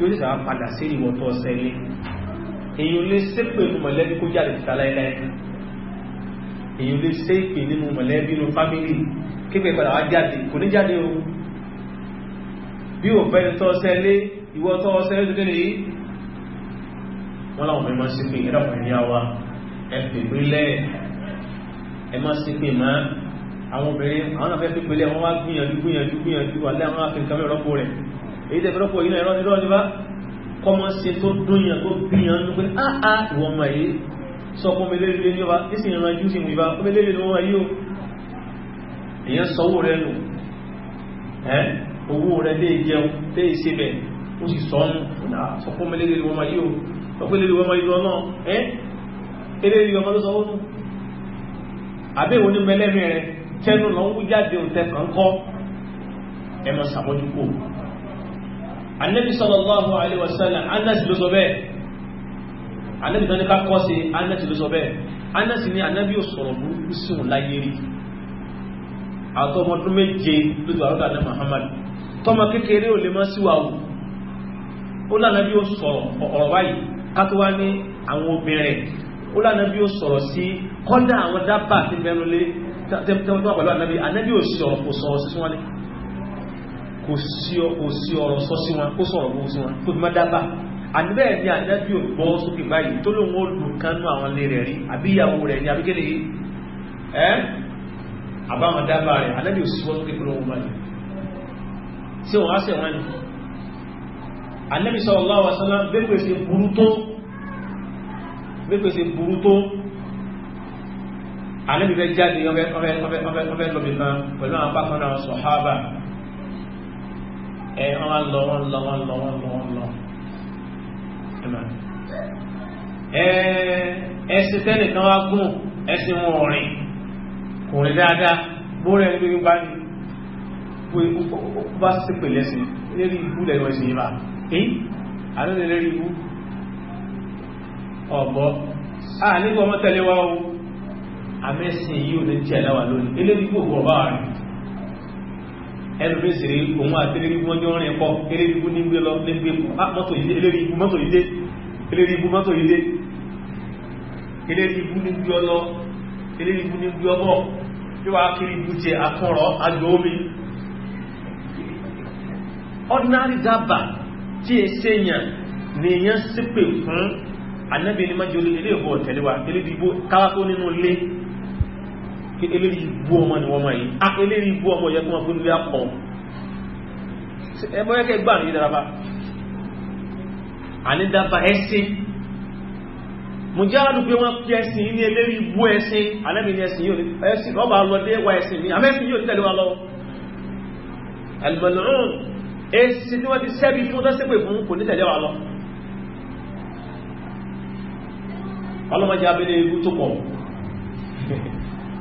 yóò lè sàwọn padà sí ìwọ̀tọ̀ sẹ́lẹ̀ èyí lè sépè nínú mọ̀lẹ́bí kó jáde títà láìláì èyí lè sépè nínú mọ̀lẹ́bí nínú fámílì képe padà wá jáde kò ní jáde o bí ò fẹ́ tọ́ sẹ́lẹ̀ ìwọ̀tọ̀ sẹ́lẹ̀ tó kéde yìí wọ́n láwọn mẹ́mọ́ sépè ẹ̀dàkùn ẹ̀yà wa ẹ̀pẹ̀ pẹ́lẹ́ ẹ̀mọ́ sépè máa àwọn obìnrin àwọn afẹ́fẹ́ pẹ́lẹ́ wọ́n wá gbìyànjú gbìyànjú gbìyànjú wà láwọn afẹ́fẹ́ kàmẹ́rọ́pọ̀ rẹ̀ èyí tẹ̀ fẹ́rọ́pọ̀ ah, ah, yìí náà ìrọ́ ní bá kọmọ se tó dúnyàn tó bíyàn ní pé áá ìwọ̀n mọ̀ èyí sọ fún mi lérí ní ọba tí sì ń ranjú sí ìwọ̀n ìbá fún mi lérí ní wọ́n yíò èyàn sọwọ́ rẹ nù owó rẹ lè jẹun lè ṣe bẹ̀ ó sì sọ nù sọ fún mi lérí wọ́n yíò sọ fún lérí wọ́n yíò náà ẹ́ eléyìí ọmọ ló sọ ó nù àbẹ́wò ní mẹlẹ́rin rẹ tẹnu lọ ń wú jáde òtẹ̀kàn kọ́ ẹ mọ̀ sàmójúkò anabi sallallahu alayhi wa sallam anasi ló sọ bẹ́ẹ̀ anabi tó ní ká kọ́ sí anasi ló sọ bẹ́ẹ̀ anasi ni anabi yóò sọ̀rọ̀ burúkú sí òun láyé rí àtọ́ ọmọdún méje lójú àrọ́dà ní Muhammad tọ́mọ kékeré ò lè mọ́ sí wa wò ó lànà bí ó sọ̀rọ̀ ọ̀rọ̀ báyìí ká tó wá ní àwọn obìnrin ó lànà bí ó sọ̀rọ̀ sí kọ́dà àwọn dábà tí mẹ́rin lé kò sí ọ̀rọ̀ sọ sí wọn kó sọ̀rọ̀ mú sí wọn tó fi má dábà àníbẹ̀ ni ànábì ò gbọ́ sókè báyìí tó lóun ó lù kánú àwọn ilé rẹ̀ rí àbí ìyàwó rẹ̀ ni àbíkẹ́ lè ẹ́ àbáwọn dábà rẹ̀ ànábì ò sí wọ́n sókè pẹ̀lú ohun báyìí tí wọ́n á sẹ̀ wọ́n ni ànábì sallallahu alaihi wasallam bẹ́ẹ̀ ṣe burú tó bẹ́ẹ̀ ṣe burú tó ànábì fẹ́ jáde ọfẹ́ lọ́bì kan pẹ̀lú àwọn pápánu àwọn sọ̀hábà ẹ wọ́n wá lọ wọ́n lọ wọ́n lọ wọ́n lọ wọ́n lọ ẹsìn tẹ́lẹ̀ kan wá gùn ẹsìn wọn ọ̀rìn kò rí dáadáa bóra ẹni gbígbá ní bá sí pẹ̀lẹ́ sí lérí ibú lẹ́nu ẹ̀sìn yìí bá èyí àlọ́lẹ̀ lérí ibú ọ̀bọ a nígbà ọmọ tẹ́lẹ̀ wá o àmẹ́sìn yìí ò ní tí ẹ̀láwà lónìí eléyìí gbogbo ọba rẹ̀ ẹlùmí ìsìrí òun àti eléríbú wọ́n jọ rìn pọ̀ eléríbú ní gbé lọ lẹ́gbẹ́ mọ́tò ilé eléríbú mọ́tò ilé eléríbú mọ́tò ilé eléríbú ní gbé ah, ọlọ eléríbú ní gbé ọbọ̀ yíwa kiri bú jẹ akọ́rọ̀ àjò omi ordinary daba tí e è sèyàn ní èyàn sípè fún anábìnrin májò ilé ìbò tẹ̀lé wa eléríbú káwákó nínú ilé kí eléyìí ibú ọmọ ni wọ́n máa yìí a ah, eléyìí ibú ọmọ yẹ kí wọ́n fún ilé àpọ̀ ẹmọ yẹ́kẹ́ gbà ní ìdaraba ànídàbà ẹ̀sìn mo jẹ́ àdùn pé wọ́n fi ẹ̀sìn ní eléyìí ibú ẹ̀sìn alẹ́mi ní ẹ̀sìn yóò ẹ̀sìn lọ́ba lọ dé wa ẹ̀sìn ní àmẹ́sìn yóò tẹ̀lé wa lọ ẹ̀lùmọ̀lùrún ẹ̀sìn tí wọ́n ti sẹ́bi fún tọ́sẹ́pẹ̀ fún kò ní tẹ̀lé wa lọ ọlọ́mọdé abẹ́lé ibú tó pọ̀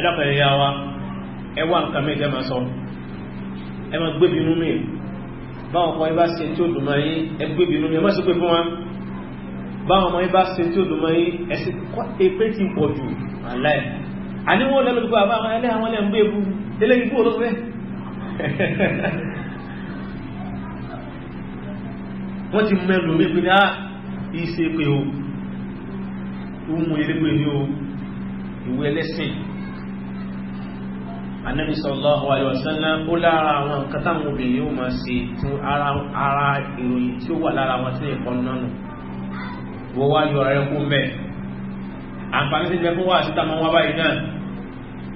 ẹ̀dàkọ̀ ẹ̀yà wa ẹwà nǹkan mẹ́jẹ máa sọ ẹ máa gbé bínú mi báwọn ọmọ ibá ṣe tí ó dùn máa yí ẹ gbé bínú mi ẹ má ṣe pé fún wa báwọn ọmọ ibá ṣe tí ó dùn máa yí ẹ sì kọ́ epé ti pọ̀ jù àláì àníwọ̀n lẹ́nu gbogbo àbá àwọn ẹlẹ́yà wọn lẹ́ ń gbé ebu eléyìí bú olófẹ́ wọ́n ti mẹ́lò mí pé ní á ìṣe pé o ìwé ẹlẹ́sìn anabi sallallahu alayhi wa sallam ó lára àwọn nǹkan táwọn obìnrin ó máa ṣe fún ara ìròyìn tí ó wà lára wọn tí ẹ̀kọ́ náà nù wọ́n wá yọ ọ̀rẹ́ kó mẹ́ àǹfààní sí ẹgbẹ́ fún wà síta máa wá báyìí náà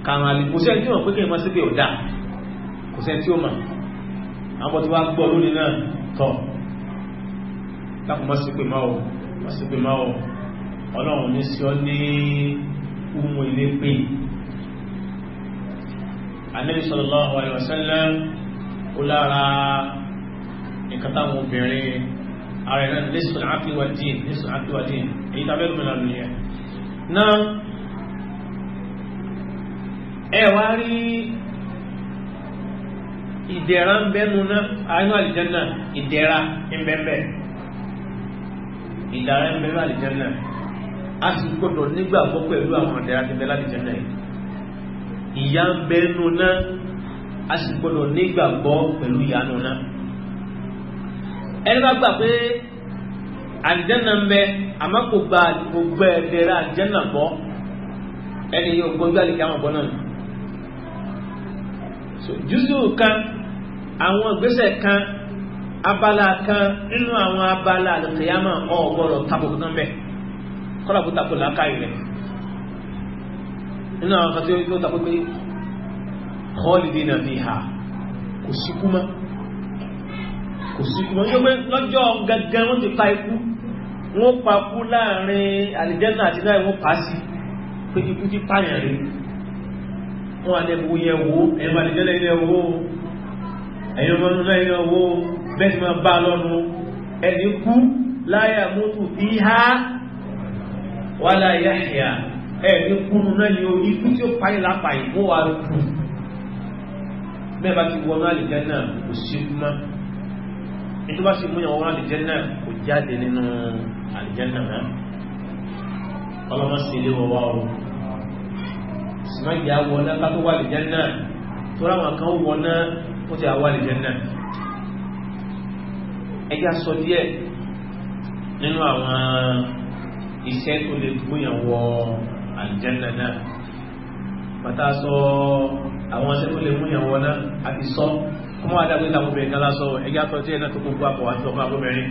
kàrùn àlè kò sẹ́ni tí wọ́n pé kí n máa síbi ọ̀dà kò sẹ́ni tí ó mà àwọn bọ́ tí wọ́n á gbọ́ lónìí náà tọ̀ lákùn má sípè máa máa ọ̀ ọlọ́run ní sí ọ ní umu ilé pé Ànábì sallallahu alaihi wasallam ó lára nǹkan táwọn obìnrin ara ẹ̀rọ nísùn àfíwádìí nísùn àfíwádìí èyí tàbí ẹ̀rọ mìíràn nìyẹn náà ẹ wá rí ìdẹ̀ra ń bẹ́nu náà àánú àlìjẹ́nà ìdẹ̀ra ń bẹ́ẹ̀ ìdẹ̀ra ń bẹ́ẹ̀ àlìjẹ́nà a sì gbọ́dọ̀ nígbàgbọ́ pẹ̀lú àwọn ìdẹ̀ra ìyá ń bẹ nù náà a sì gbọdọ̀ nígbàgbọ́ pẹ̀lú ìyá nù náà ẹni bá gbà pé àlìjẹ́nà ń bẹ àmọ́ kò gba gbogbo ẹ̀dẹ̀rẹ̀ àlìjẹ́nà gbọ́ ẹni yóò gbọ́njú àlìkámọ̀ gbọ́ náà kan àwọn kan abala kan nínú àwọn abala àlìkámọ̀ ọ̀ gbọ́dọ̀ tako kankan bẹ́ẹ̀ kọ́lá kó làákàyè rẹ̀. nínú àwọn kan tí ó tako pé khalidina fiha kò síkú mọ́ kò síkú mọ́ yóò pé lọ́jọ́ gangan wọ́n ti pa ikú wọ́n pa kú láàrin àlìjẹ́nà àti náà wọ́n pa sí pé ikú ti pààyàn rí wọ́n alẹ́bù yẹn wo ẹ̀yìn ilẹ̀ owó ẹ̀yìn ọmọ wala yahya ẹ̀ẹ́dín kúnnú náà ni o ikú tí ó parí lápá ìbò wa kù bẹ́ẹ̀ bá ti wọnú àlìjẹ́nà kò sí kúmá ètò bá sì mú ìyàwó wọn àlìjẹ́nà kò jáde nínú àlìjẹ́nà náà ọlọ́mọ sí ilé wọ́wọ́ o sìmáàgì àwọn ọlọ́pàá tó wà àlìjẹ́nà tó ráwọn kan wọ náà ó ti àwọn àlìjẹ́nà ẹjá sọ díẹ̀ nínú àwọn iṣẹ́ tó lè gbóyàn wọ àlìjẹ́nà náà bàtà sọ àwọn ọ̀sẹ̀ tó lè mú ìyàwó náà àti sọ fún wọn adágbé ìlànà obìnrin kan lásọ ẹgbẹ́ àtọ́ tí ẹ̀nà tó gbogbo àpọ̀ àti ọkọ̀ àbọ̀mẹ́rin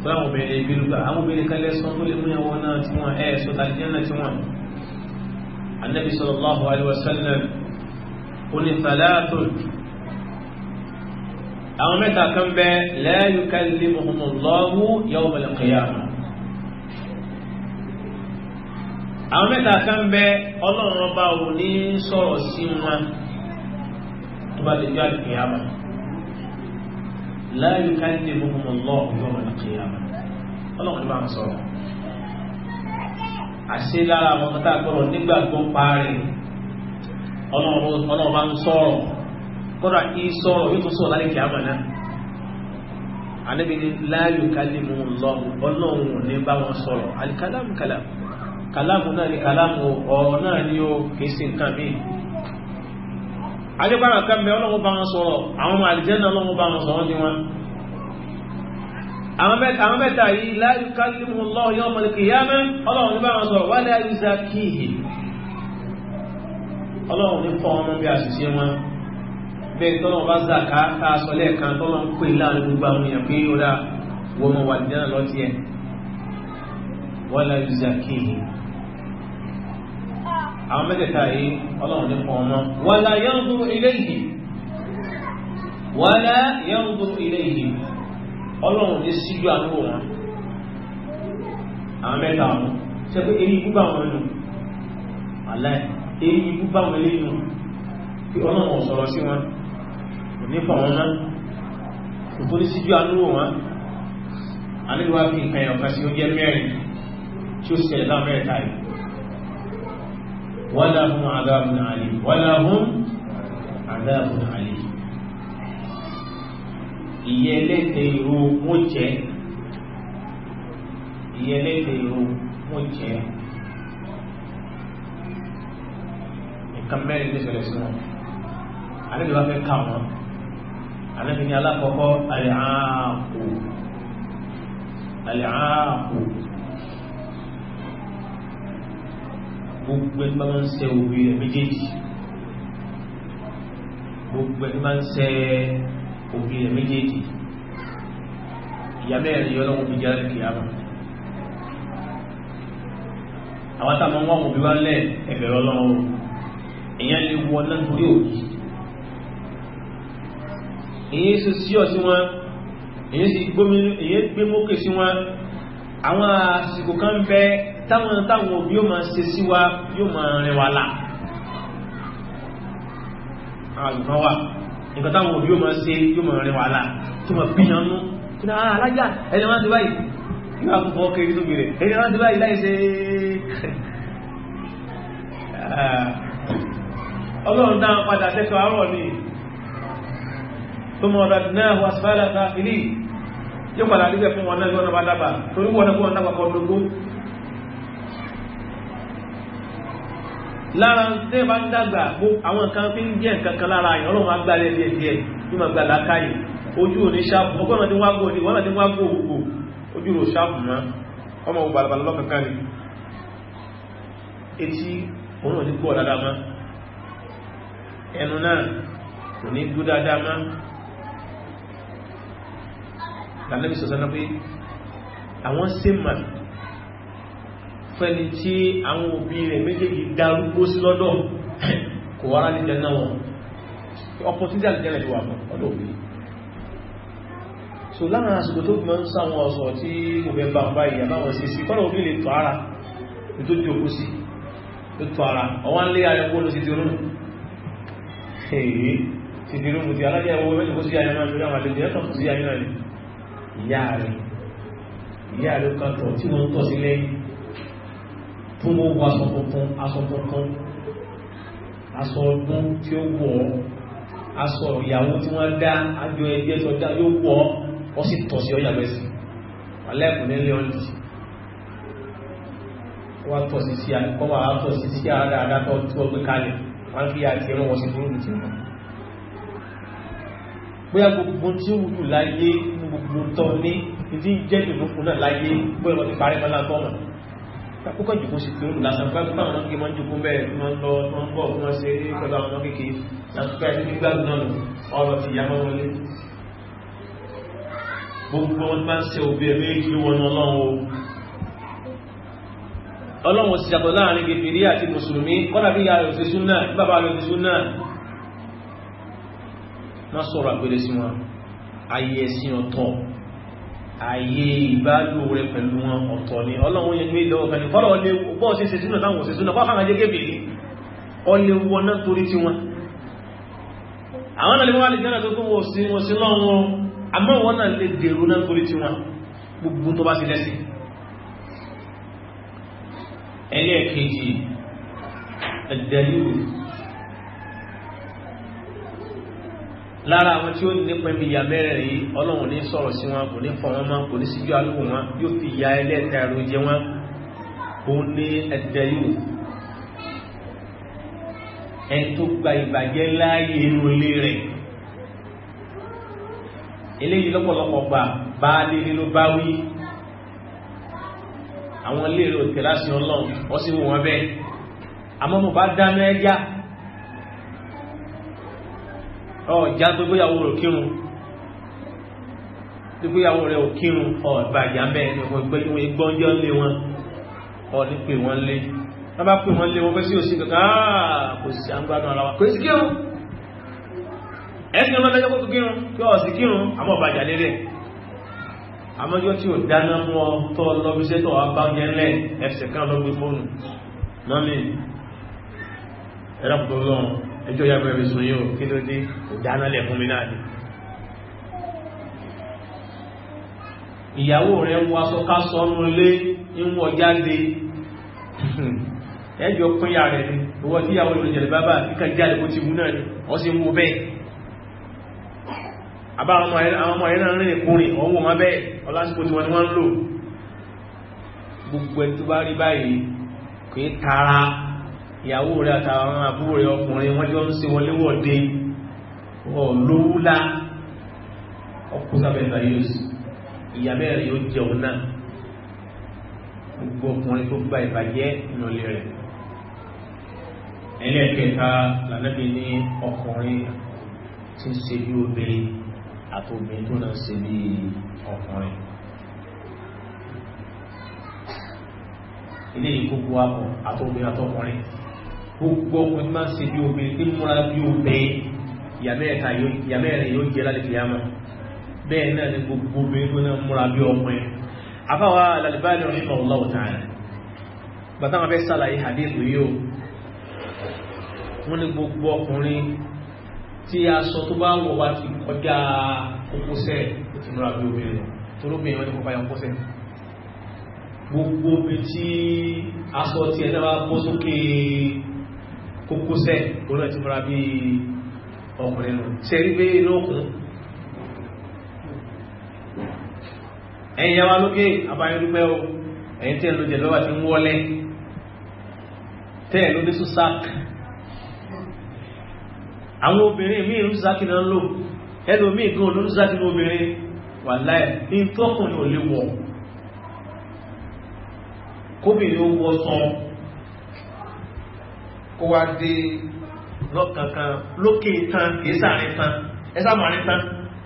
tó láwọn obìnrin ibi lùgbà àwọn obìnrin kan lẹ́sọ tó lè mú ìyàwó náà tí wọ́n ẹ̀ sọ àlìjẹ́nà tí wọ́n Annabi sallallahu alaihi wasallam oni salatun àwọn mẹ́ta kan bẹ la yukallimuhumullahu yawmal qiyamah àwọn mẹ́ta kan bẹ ọlọ́run ọba ò ní sọ̀rọ̀ sí wọn tó bá lè jọ àlùkìyàmà láàyè ká ní ìmúkùmọ̀ lọ́ọ̀kùn yọ̀ọ̀mọ̀ àlùkìyàmà ọlọ́run ní bá ń sọ̀rọ̀ àṣẹ lára àwọn parí ọlọ́run bá ń sọ̀rọ̀ kọ́dà kí sọ̀rọ̀ yóò tún sọ̀rọ̀ náà ni kàlámù náà ni kàlámù ọ̀rọ̀ náà ni ó kìí sí nǹkan mí adébára kan mẹ́ ọlọ́run bá wọn sọ̀rọ̀ àwọn ọmọ àlìjẹ́nà ọlọ́run bá wọn sọ̀rọ̀ ní wọn àwọn mẹ́ta yìí la yukallimuhullahu yawmal qiyamah ọlọ́run ní bá wọn sọ̀rọ̀ wala yuzakkihim ọlọ́run ní fọ́ ọmọ bí àṣìṣe wọ́n mọ̀ àwọn mẹ́tẹ̀ẹ̀ta yìí ọlọ́run ní fún ọmọ wàlá yanzuru ilayhi wàlá yanzuru ilayhi ọlọ́run ní síjú àdúgbò wọn àwọn mẹ́ta ọ̀hún ṣe pé èyí búbá wọn nù aláì èyí búbá wọn lé nù kí ọlọ́run sọ̀rọ̀ sí wọn ní náà kò tó ní síjú àdúgbò wọn fi nǹkan sí oúnjẹ mẹ́rin wọ́lá fún àdáàbùn àlè wọ́lá fún àdáàbùn àlè ìyẹlẹ́tẹ̀ ìró wọ́n jẹ́ ìyẹlẹ́tẹ̀ ìró wọ́n jẹ́ nǹkan mẹ́rin ní ìṣẹ̀lẹ̀ sí wọn alẹ́ ìwà fẹ́ ká wọn alẹ́ ìní alákọ̀ọ́kọ́ alẹ́ ààkù alẹ́ ààkù gbogbo ẹni máa ń sẹ orí rẹ̀ méjèèjì gbogbo ẹni máa ń sẹ orí rẹ̀ méjèèjì ìyá mẹ́rin yọ lọ́wọ́ fi jáde kìí àmà àwọn táwọn wọn kò bí wá lẹ ẹgbẹ̀rún ọlọ́run èèyàn lè wọ náà torí òkì èyí sì sí ọ sí wọn èyí sì gbé mókè sí wọn àwọn àsìkò kan bẹ́ẹ̀ táwọn táwọn òbí yóò máa ṣe sí wa yóò máa rìn wa là àlùmọ́ wa nǹkan táwọn òbí yóò máa ṣe yóò máa rìn wa là tí wọ́n fi yan nú kí náà ah, alájà ẹni wọ́n ti báyìí yóò wá fọ́ kiri tó gbèrè ẹni wọ́n ti báyìí láì ṣe ah. ọlọ́run dáhùn padà tẹ́tọ̀ àárọ̀ ni tó mọ̀ ọ̀dà náà wà sáfàlà ta ilé yóò padà níbẹ̀ fún wọn náà yóò bá dábàá torí wọn náà kó wọn lára tẹ́ bá ń dàgbà àwọn nǹkan fi ń jẹ́ kankan lára yìí ọlọ́run agbálẹ̀ díẹ̀ díẹ̀ ní ma gbà ṣáàpù ọgbọ́n ti wá ní wọ́n ti wá gbòó ojú rò ṣáàpù mọ́ ọmọ òun balabala lọ́kankan ni etí òun ò ní gbọ́ dáadáa mọ́ ẹnu náà kò ní fẹ́ni tí àwọn òbí rẹ̀ méjèèjì darúgbó sí lọ́dọ̀ kò wára ní jẹ́nà wọn opportunity àti jẹ́nà ìwà ọdọ̀ òbí so láàrin àsìkò tó fi mọ́ ń sáwọn ọ̀sọ̀ tí mo fẹ́ bá bá ìyà báwọn sí sí kọ́nà òbí lè tọ́ ara ní tó jí òkú sí tó tọ́ ara ọwá ń lé ara ẹgbó lọ sí ti ni ìyá rẹ̀ ìyá rẹ̀ kan tọ̀ tí wọ́n tọ́ sí lẹ́yìn tó mọ́ wọ aṣọ tuntun aṣọ tuntun aṣọ ọdún tí ó wọ̀ aṣọ ìyàwó tí wọ́n dá àjọ ẹgbẹ́ tó dá yóò wọ̀ ọ́ sì tọ̀ sí ọjà lẹ́sì alẹ́kùn nílé ọ̀lì wọ́n tọ̀ sí sí àkọ́ wà á tọ̀ sí sí àádáadáa tó tó gbé kalẹ̀ wọ́n fi àti ẹran wọ́n sì dúró nìtì wọn bóyá gbogbo tí ó wùdù láyé gbogbo tó ní ìdí jẹ́ ìlú náà láyé bóyá wọ́n ti parí mọ́lá tọ́mọ̀ kókò jùkú sí pé olùlàsàn bá gbà wọn kí wọn jùkú bẹ́ẹ̀ tí wọn lọ tí wọn bọ tí wọn ṣe eré pẹ̀lú àwọn kékeré lásìkò ẹni gbígbàgbọ́ náà ọ̀rọ̀ ti yá mọ́ wọlé gbogbo wọn bá ń ṣe òbí ẹ̀mí ìlú wọn ọlọ́run o ọlọ́run sì yàtọ̀ láàrin gẹ̀gẹ̀rí àti mùsùlùmí kọ́nà bí yàrá òsì súnà bàbá rẹ̀ òsì súnà náà sọ̀rọ̀ àgbèrè sí wọn ayé ẹ̀sìn ọ̀tọ̀ ààyè ìbálò rẹ pẹ̀lú wọn ọ̀tọ̀ ni ọlọ́run yẹn gbé lọ́wọ́ pẹ̀lú fọ́lọ̀ ọlẹ́ pọ́ sí ṣe súnà táwọn òṣèṣúnà bá fàájẹ́ gébìrì ọlẹ́ wọná torí tí wọn àwọn àlẹ́wọ́ alìjẹ́nà tó kún wọ́n sí lọ́wọ́ àmọ́ wọn náà lè dèrò torí tí wọn gbogbo tó lára àwọn tí ó nípa ibi ìyà mẹ́rẹ̀ yìí ọlọ́run ní sọ̀rọ̀ sí wọn kò ní fọ wọn mọ́ kò ní síjú alúwò wọn yóò fi ìyà ẹlẹ́ta ẹ̀rọ jẹ wọn òun ní ẹ̀dẹ̀ yìí ẹ̀ tó gba ìbàjẹ́ láàyè inú ilé rẹ̀ eléyìí lọ́pọ̀lọpọ̀ gbà bá lílé ló bá wí àwọn ilé rẹ̀ òtẹ̀ láti ọlọ́run wọ́n sì wọ́n bẹ́ẹ̀ àmọ́ mo bá dáná ẹja ọ̀já tó gbéyàwó rẹ̀ kírun tó gbéyàwó rẹ̀ ò kírun ọ̀bà ìyá mẹ́rin ọ̀pọ̀ ìgbẹ́ tí wọ́n gbọ́n jọ lé wọn ọ̀ ní pè wọ́n lé wọ́n bá pè wọ́n lé wọ́n fẹ́ sí òsì kankan ah, kò sí àgbàdàn ara wa kò sí kírun ẹ̀sìn ọlọ́dẹ́jọ́ kó kírun kí ọ̀ sí kírun àmọ́ ọ̀bà ìjà lérè àmọ́jọ́ tí ò dáná mọ́ tó lọ́bíṣẹ́ tó wà bá yẹn lẹ́ ẹ̀sìn ẹjọ́ ya bẹ̀rẹ̀ sùn yóò kí ló dé kò dánálẹ̀ fún mi náà ni ìyàwó rẹ̀ ń wọ aṣọ ká sọ ọ́nú ilé ń wọ jáde ẹjọ́ pínyà rẹ̀ ni owó tí ìyàwó ìlú jẹ̀lẹ̀ bábà kíkà jáde kó ti mú náà ni wọ́n sì ń wo bẹ́ẹ̀ àbá àwọn ọmọ ẹ̀rọ rìn ìkùnrin ọ̀hún wọn bẹ́ẹ̀ ọlásìkò tí wọ́n ń lò gbogbo ẹni tó bá rí báyìí kò í tara ìyàwó rẹ̀ àtàwọn àbúrò rẹ̀ ọkùnrin wọ́n jọ ń ṣe wọlé wọ̀de ọ̀lówúlá ọkùn sábẹ́ fayos ìyá mẹ́rin yóò jẹun náà gbogbo ọkùnrin tó gba ìbàjẹ́ ìnọ̀lẹ̀ rẹ̀ ẹlẹ́ẹ̀kẹta lànàbí ní ọkùnrin tí ń ṣe bí obìnrin àtòbìnrin tó náà ṣe bí ọkùnrin ilé ìkókó àpọ̀ àtòbìnrin àtọkùnrin gbogbo ọkùnrin máa ń ṣe bí obìnrin tí múra bí obìnrin ìyàmẹ́rin yóò jẹ́ lálẹ́ fìyàmà bẹ́ẹ̀ náà ni gbogbo obìnrin tó náà múra bí ọkùnrin afáwa Al-Albani rahimahullahu ta'ala bàtà wọn fẹ́ sàlàyé hadith yìí o wọ́n ní gbogbo ọkùnrin tí aṣọ tó bá wọ̀ wá ti kọjá kókósẹ̀ tó ti múra bí obìnrin torobìnrin wọn ni kọfà yọ kókósẹ̀ gbogbo obìnrin tí aṣọ tí ẹ̀ náà bọ́ sókè kókósẹ́ òun náà ti múra bí ọkùnrin nù ṣe rí pé lókun ẹ̀yìn yàwá lókè abáyọ̀dúpẹ́ o ẹ̀yìn tẹ́ ló jẹ lọ́wọ́ àti ń wọlé tẹ́ ló dé sùsák àwọn obìnrin míì ń sùsák náà lò ẹlòmíì gan ló ń sùsák ní obìnrin wà láì ní tọ́kùnrin ò lè wọ̀ kóbìnrin ó wọ́ sàn kó wá dé lọ́kankan lókè tán kìí mm. sàárín tán ẹsà màárín tán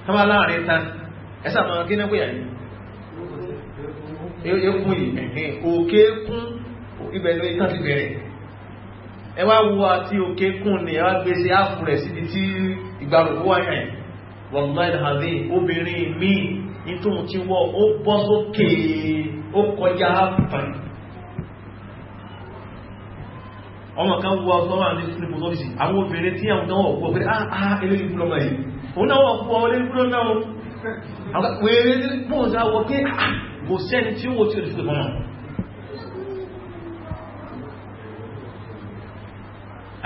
tán bá láàrín tán ẹsà máa gé náà yìí ekun yìí òkè kún ibẹ̀ ló tán ti bẹ̀rẹ̀ ẹ wá wo àti òkè kún ni ẹ wá gbé sí áàfù rẹ̀ ọmọ kan wọ ọ̀tọ́wà ní fúnipò lọ́dìsì àwọn obìnrin tí àwọn ọ̀pọ̀ ọ̀pọ̀ pé àà ah, ah, eléyìí fún ọmọ yìí òun náà wọ́n pọ̀ olè fún ọmọ wọn wèrè mọ́ọ̀sá wọ pé ah, kò sẹ́ni tí ó wò tí ó fún ọmọ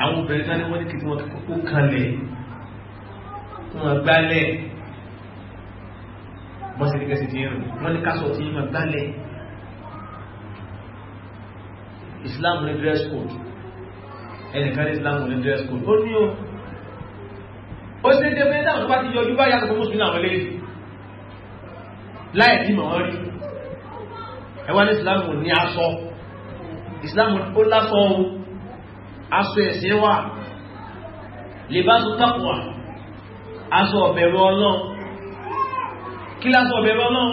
àwọn obìnrin tán ní wọ́n ní kìtì wọn kó kalẹ̀ wọn gbálẹ̀ wọ́n sì ní kẹsì Islam ni dress code ẹnìkan islamu ní dress code ó ní o ó sì dé pé dáhùn tó bá ti yọjú bá yàtọ̀ fún mùsùlùmí àwọn eléyìí láì tí mọ̀ rí ẹwà ní islamu ní aṣọ islamu ó lásọ ohun aṣọ ẹ̀sìn wà lè bá tó tàkùwà aṣọ ọ̀bẹ̀rẹ̀ ọlọ́run kí lásọ ọ̀bẹ̀rẹ̀ ọlọ́run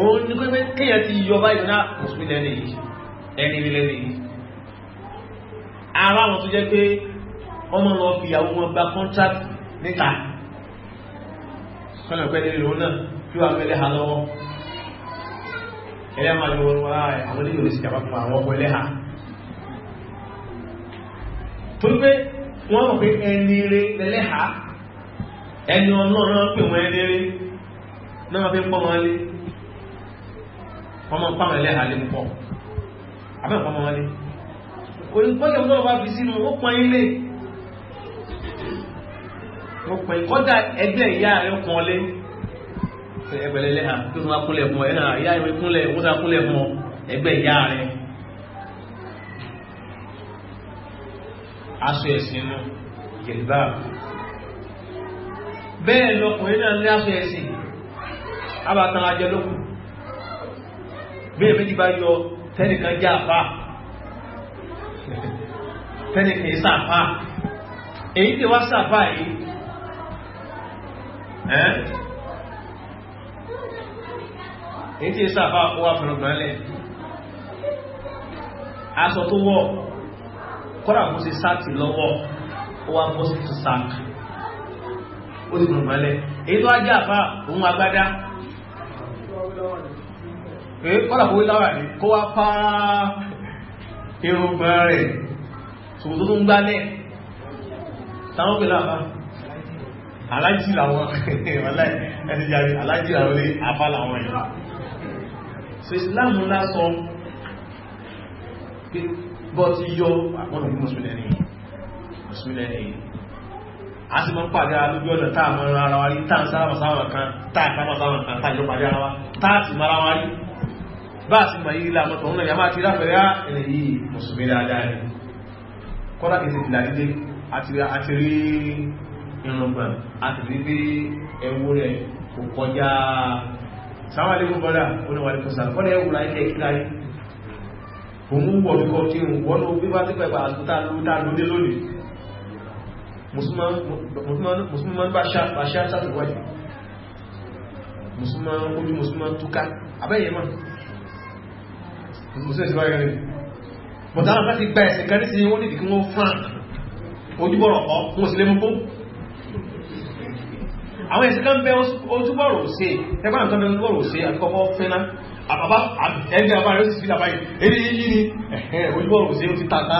òun ní pé kéèyàn ti yọ báyìí náà mùsùlùmí lẹ́nu yìí ẹni lẹ́nu yìí ara wọn tó jẹ́ pé ọmọ lọ fi ìyàwó wọn gba contract níta sọ́nà pẹ́ nílò náà kí wọ́n fẹ́lẹ́ ha lọ́wọ́ ẹlẹ́ máa lọ́wọ́ wá àwọn onílò sí ìjàmbá fún àwọn ọkọ̀ ẹlẹ́ha tó gbé wọ́n mọ̀ pé ẹni rẹ̀ lẹ́lẹ́ha ẹni ọlọ́run pè wọ́n ẹni rẹ̀ náà wọ́n fi ń pọ́ wọn lé wọ́n mọ̀ pàmò ẹlẹ́ha lé ń pọ̀ àbẹ́ pọ́mọ wọn lé kò ní kọ́jẹ̀ mú lọ́wọ́ fi sínú ó pọn ilé ó pọn ìkọ́jà ẹgbẹ́ ìyá rẹ̀ pọn lé ẹgbẹ̀lẹ̀ lẹ́hà tó tún wá kúnlẹ̀ mọ́ ẹ̀hà ìyá rẹ̀ kúnlẹ̀ ó tún wá kúnlẹ̀ mọ́ ẹgbẹ́ ìyá rẹ̀ aṣọ ẹ̀sìn nù yẹ̀lbá bẹ́ẹ̀ lọkùnrin náà ní aṣọ ẹ̀sìn abàtàn ajẹ́ lókùn bí èmi ti bá yọ tẹ́nìkan já àfáà tẹ́lẹ̀ kìí sàfà èyí tí wá sàfà yìí ẹ́ èyí tí sàfà ó wà fún sati aṣọ tó wọ̀ kọ́dà kó ṣe sáàtì lọ́wọ́ ó wà bọ́ sí sàkì ó sì fún ọgbọ̀n irúgbà rẹ̀ ṣòkòtò tó ń gbálẹ̀ táwọn pẹ̀lú àbá alájì làwọn ẹ̀sìnjàrí alájì làwọn lè àbá làwọn ẹ̀yà so Islam ńlá sọ bọ́ ti yọ àwọn òbí mùsùlẹ̀ ní mùsùlẹ̀ ní a sì mọ́ pàdé alójú ọ̀nà táà mọ́ ara wa rí táà sára masáwọn kan táà kámasáwọn kan táà yọ pàdé ara wa táà sì mara bá sí ma yírí lámọ́tọ̀ ọ̀nà yàmá ti ráfẹ̀rẹ́ ah, ẹ̀rẹ̀ yìí mùsùlùmí dáadáa ni kọ́lá kìí tìlà dídé àti rí irùngbọ̀n àti rí bí ẹwú rẹ̀ kò kọjá sáwàlẹ́gùn bọ́dà oníwàlẹ́kọ̀ọ́sà musulman ojú musulman túká abẹ́yẹmọ́ mùsùlùmí ti wáyé rẹ̀ bọ̀dá àwọn láti gba ẹ̀sìn kan nísìnyí wọ́n nídìí kí wọ́n frank ojúbọ̀rọ̀ ọ̀ wọ́n sì lé mú fún àwọn ẹ̀sìn kan bẹ ojúbọ̀rọ̀ òsè ẹgbẹ́ àwọn tó bẹ ojúbọ̀rọ̀ òsè àkọ́kọ́ fẹ́ná àbábá ẹgbẹ́ àbá rẹ̀ ó sì fi làbáyé eré yìí ni ojúbọ̀rọ̀ òsè ó ti tàtà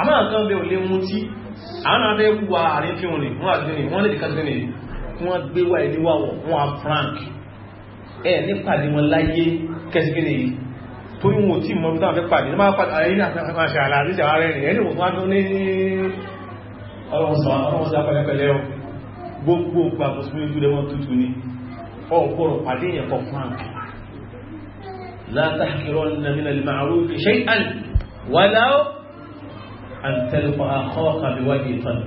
àmọ́ àwọn kan bẹ ò lé mú tí àwọn abẹ́ wà àrín fi wọn ni wọ́n àti ní wọ́n lè dìkan sí ni wọ́n gbé wà ìdíwà wọ̀ wọ́n a frank ẹ̀ nípàdé wọn láyé kẹsìkí nìyí torí wọn ò tí mọ̀ bí táwọn fẹ́ pàdé máa pàdé ayé ní àṣà àlàáfíà ìṣẹ̀ ààrẹ rẹ̀ ẹni wọ́n tó ní ọlọ́run pẹ̀lẹ́pẹ̀lẹ́ ọ gbogbo gbà mùsùlùmí ojú lẹ́wọ́n tútù ni ọ̀pọ̀rọ̀ pàdé yẹn kọ̀ frank látàkìrọ̀ nàmínà lè máa rú iṣẹ́ àn wà láó àǹtẹ̀lẹ̀kọ̀ àkọ́ọ̀kà bí wáyé tán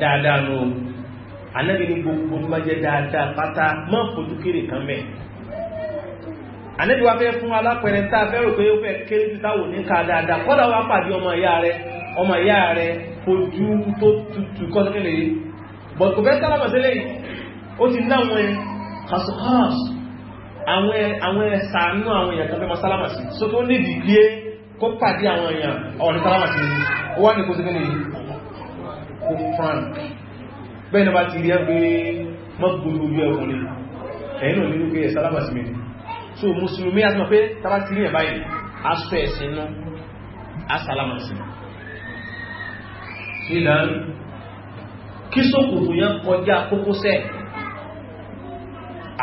dáadáa nù anábìnrin gbogbo tó bá jẹ́ dáadáa pátá má fojú kéré kan ànẹ́bí wa fẹ́ fún alápẹ̀rẹ̀ tá a fẹ́ rò pé ó fẹ́ kéré ti táwò ní ká dáadáa kọ́dà wa pàdé ọmọ ìyá rẹ ọmọ ìyá rẹ fojú tó tutù kọ́sẹ́kẹ́lẹ̀ yìí but kò fẹ́ sálámà sílẹ̀ yìí ó ti ná àwọn kàṣùkàṣù àwọn ẹ̀sàánú àwọn èèyàn kan fẹ́ máa sálámà sí so tó ní dìgbì ẹ kó pàdé àwọn èèyàn ọ̀rọ̀ ní sálámà sí ó wá ní kó sẹ́kẹ́lẹ̀ kó frank bẹ́ẹ̀ ni bá ti rí so musulumi a ti mọ̀ pé tàbá ti rí ẹ̀ báyìí aṣọ ẹ̀sìn nú asàlámọ̀sí ìlànà kí sókòtò yẹn kọjá kókósẹ̀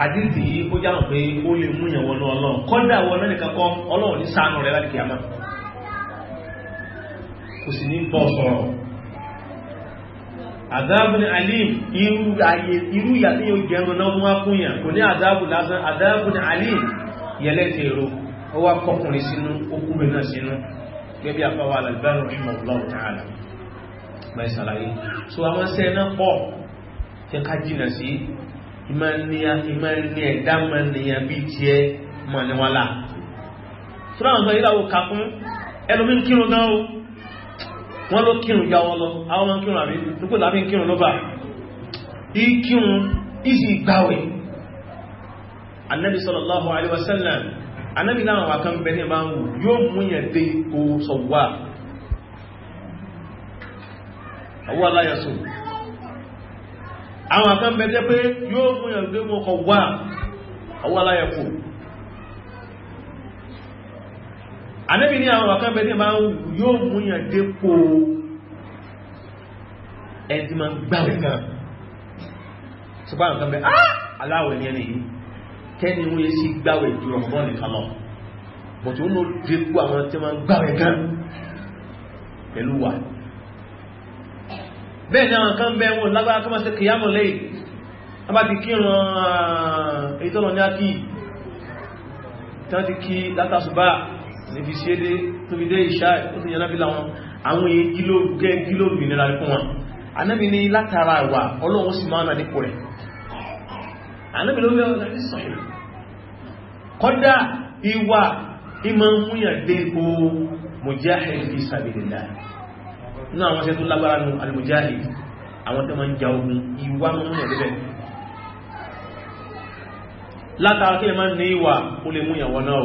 àdíntì yìí ó jámọ̀ pé ó lè mú yẹn wọnú ọlọ́run kọ́dà wọn náà nìkan kọ́ ọlọ́run ní ṣàánú rẹ̀ láti kìyàmá kò sì ní bọ́ sọ̀rọ̀ àdáàbù alim irú ayé irú ìyà tí yóò jẹun náà wọ́n fún yàn kò ní àdáàbù lásán àdáàbù alim yẹlẹ́ èrò ó wá kọkùnrin sínú okùnrin náà sínú gẹ́gẹ́ bí afáwà alàgbẹ́rù rahimahullahu ta'ala mẹ́ sàlàyé so àwọn sẹ́ náà pọ̀ tẹ́ ká jìnà sí ìmọ̀ ní ẹ̀dá mọ̀ nìyàn bí tiẹ̀ mọ̀ níwọ̀n lá sọ́dọ̀ àwọn ìlàwó wọ́n ló kírun ya wọn lọ àwọn ọmọ kírun àbí tókò lábí kírun ló bá ìkírun ìsì ìgbàwẹ̀ annabi sallallahu alaihi wasallam annabi láwọn wà kan bẹni máa ń wù yóò múyàn dé ipò sọ̀wà àwọn aláyàsọ àwọn anẹ́bì ní àwọn ọ̀kan bẹ̀rẹ̀ máa yóò múyàn dépò ẹ̀dì ma ń gbáwẹ̀ náà ṣùgbọ́n àwọn kan bẹ̀ ah, aláwẹ̀ ní ẹni yìí kẹ́ni wọ́n yẹ sí gbáwẹ̀ ju ọmọdún nìkan lọ bọ̀tí ó náà dépò àwọn tí ma ń gbáwẹ̀ gan pẹ̀lú wà ah, tí wọ́n ti kí látàṣùbá níbi sí édé tó fi dé ìṣá ó sì yẹnà fílà wọn àwọn èyí kílò gẹ́ kílò ìnira fún wọn anábì ní látara ìwà ọlọ́run sì máa nà nípò rẹ̀ anábì ló lẹ́wọ́n láti sọ̀rọ̀ kọ́dá ìwà ìmọ̀ múyàn dé ipò mujahid fi sabilillah náà àwọn ṣe tó lágbára nù al àwọn tó látara kí ẹ máa ní ìwà ó lè múyàn wọn náà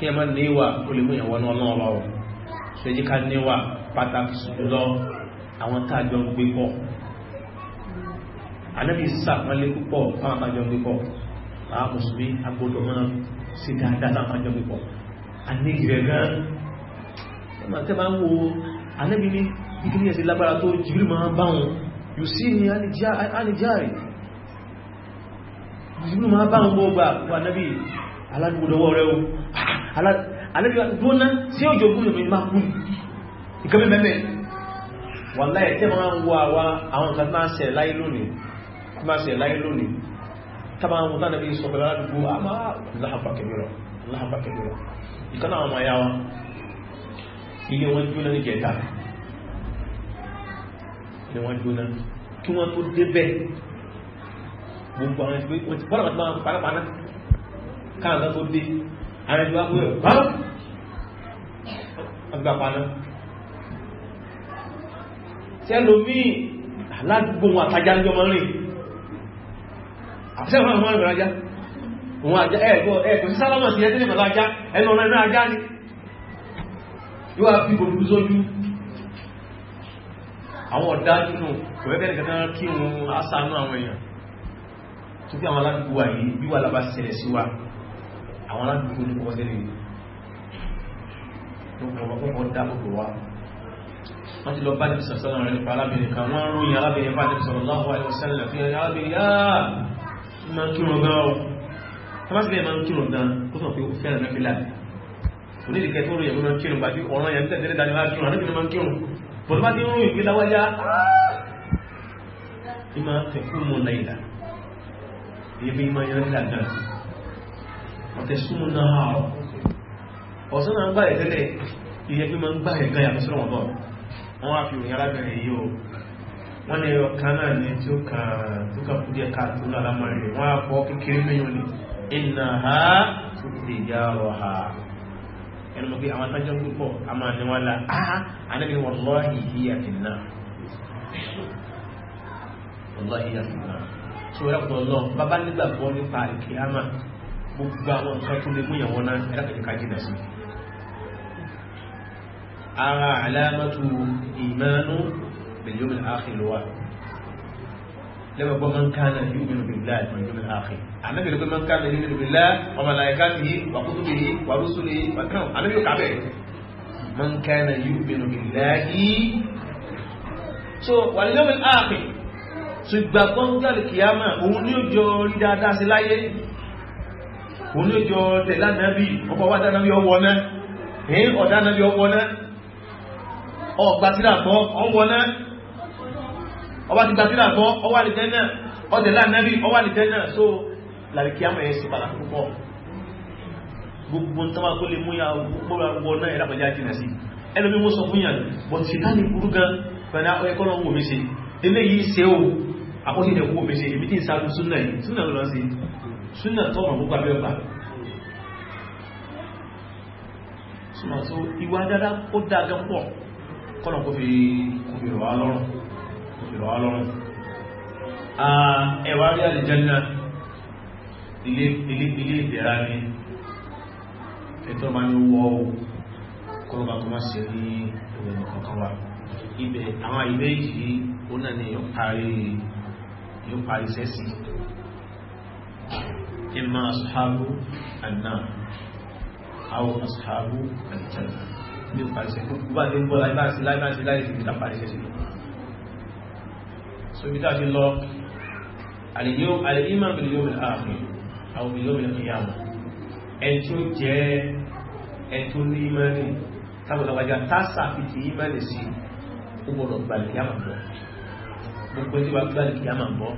kí ẹ má níwà ó lè mú ìyàwó náà náà wà ó ṣèjì ká níwà pàtàkì jùlọ àwọn tá a jọ ń gbé pọ̀ ànábì sàpọ́nlé púpọ̀ fáwọn tá a jọ ń gbé pọ̀ àwọn mùsùlùmí agbọ́dọ̀ máa sí dáadáa láwọn tá a jọ ń gbé pọ̀ àníyì rẹ̀ gan ẹ máa tẹ́ máa ń wo ànábì ní ìkíní ẹ̀sìn lágbára tó jìbìrì aládùgbòdówó rẹ̀ o aládùgbòdówó sí òjò gúnlẹ̀ mi máa gún ìkẹ́mí mẹ́mẹ́ wà láyẹ̀ tí wọ́n ń wọ àwọn nǹkan máa ṣẹ̀ láyé lónìí máa ṣẹ̀ láyé lónìí tàbí àwọn mọ̀tánà bí sọ pẹ̀lú aládùgbò àmà láhàpá kẹbìrọ̀ láhàpá kẹbìrọ̀ ìkan àwọn ọmọ ya wa ilé wọn jóná ní jẹta ilé wọn jóná kí wọn tó débẹ̀ gbogbo àwọn ìgbé wọn ti bọ́lá wọn ti máa parápaná káàkiri tó dé ààrẹ ìlú agbóyè bá ọgbà paná tí ẹlòmí aládùgbò wọn àtajá ń jọmọ rìn àfẹ́fẹ́ àwọn ọmọ ìrìnàjá òun àjá ẹ̀kọ́ ẹ̀kọ́ sí sálámà sí ẹ̀tẹ́lẹ̀ pẹ̀lú ajá ẹnu ọ̀rẹ́ náà ajá ni yóò wá fi gbogbo sójú àwọn ọ̀dá nínú kòrẹ́bẹ̀rẹ̀ kankan kí wọn á ṣàánú àwọn èèyàn tó fi àwọn aládùgbò wà yìí bí wà lábá ṣẹlẹ̀ sí wa àwọn aládùúgbò ní kọ́kọ́ sílẹ̀ ọkọ̀ dákòkò wá wọ́n ti lọ bá jẹ́ sọ̀sọ́nà rẹ̀ nípa alábìnrin kan wọ́n ròyìn alábìnrin bá jẹ́ sọ̀rọ̀ láwọ́ àìwọ̀sẹ́lẹ̀ fi alábìnrin yáà ma ń kírun gan ọ́ tọ́bá sí bẹ́ẹ̀ ma ń kírun gan kó sọ pé ó fẹ́ràn mẹ́fílà onídìkẹ́ tó ròyìn ma ń kírun gbàjú ọ̀ràn yẹn tẹ̀lé dájú bá kírun àdébìnrin ma ń kírun bọ́dọ́ bá ti ń ọ̀tẹ̀sùn náà ọ̀sán náà ń gbà ẹ̀tẹ́lẹ̀ iye pé ma ń ya ẹ̀gá yàtọ̀ sí ọmọdọ̀ wọ́n á fi òyìn alábẹ̀rẹ̀ yìí o wọ́n ní ọkàn náà ní tí ó na fún díẹ̀ káàtó lálámàrí wọ́n á kọ́ kékeré mẹ́yàn ní iná ha lè yá ọ̀rọ̀ ha ẹnu a máa ní wọ́n la áá gbogbo àwọn nǹkan tó lè múyàn wọn náà ẹ̀dàkẹ̀kẹ̀ ká jìnà sí ara alámọ́tò ìmánú bẹ̀lẹ́mù ààfin lọ́wà lẹ́gbẹ̀gbọ́ man kánà yóò mẹ́rin bẹ̀lá bẹ̀lẹ́mù ààfin àmẹ́bẹ̀rẹ̀ pé man kánà yóò mẹ́rin bẹ̀lá ọmọ láìká ti yí wàkútù bẹ̀rẹ̀ wàrúsù lè wàkàn àmẹ́bẹ̀rẹ̀ kàbẹ̀ man kánà yóò mẹ́rin bẹ̀lá yìí so wàlẹ́mù ààfin so ìgbàgbọ́n gàlùkìyàmà òun ní ó jọ rí dáadáa sí láyé òun ló jọ tẹ̀lá nàbí ọkọ̀ wá dánàbí ọwọ́ náà ní ọ̀dánàbí ọwọ́ náà ọgbà sílà gbọ́ ti gbà sílà gbọ́ ọwọ́ àlìjẹ́ náà so làríkí àmọ̀ ẹ̀ sí gbogbo tó máa kó lè mu ya gbogbo àwọn náà ẹ̀rọ àpẹjá jìnà sí ẹlòmí mú sọ fún burú gan wò mí o àkọ́sí wò mí tí ń súnà yìí súnà súnà tọ́nà púpà bí ọgbà súnà tó ìwà dáadáa ó dáadáa pọ̀ kọ́nà kó fi rọ̀ wá lọ́rùn ẹwà rí àlìjẹ́nà ilé ìdẹ̀ra ní ẹ̀tọ́ ma ní wọ́ kọ́nà kó má ṣe ní ìrìnà kankan wà ibẹ̀ àwọn ibẹ̀ yìí ó náà ni yóò parí sẹ́sìn إما أصحاب النار أو أصحاب الجنة ní ìpàṣẹ gbogbo àti gbogbo láìláìsí láìláìsí láìsí ìgbìta pàṣẹ sí so bí tàbí lọ àlèyíma bìlíò mìí ààfin àwọn bìlíò mìí ìyàmù ẹ̀tún jẹ́ ẹ̀tún ní ìmẹ́rin tàbàtàwàjá tásà fi ti ìmẹ́rin sí gbogbo gbàlìkìyàmà bọ́ gbogbo tí wà gbàlìkìyàmà bọ́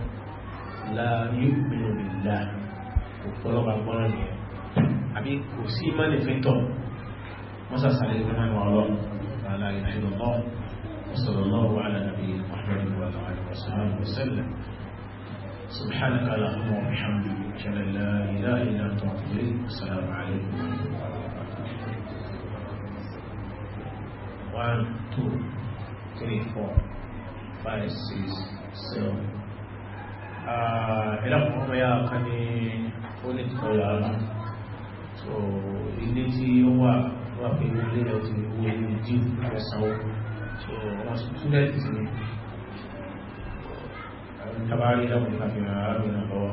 la yóò bìlíò mìí láàrin ọlọ́pàá gbọ́nà nìyẹn àbí kò sí mọ́nì fẹ́tọ̀ wọ́n sàṣàlẹ̀ ní mọ́nì wọn lọ́wọ́ wàhálà ìlànà lọ́wọ́ وصلى الله على نبينا محمد وعلى اله وصحبه وسلم سبحانك اللهم وبحمدك اشهد ان لا اله الا انت السلام عليكم ورحمه الله وبركاته 1 2 3 4 5 6 7 ẹlẹ́kùnrin ọmọ ya kan ní ó lè tọ́ yàrá so ilé tí ó wà wà pé ilé rẹ̀ ti wo ilé jí àìsànwó so wọ́n sì túnlẹ̀ tì ní àbárí lọ́wọ́ nípa fi hàn án lọ́wọ́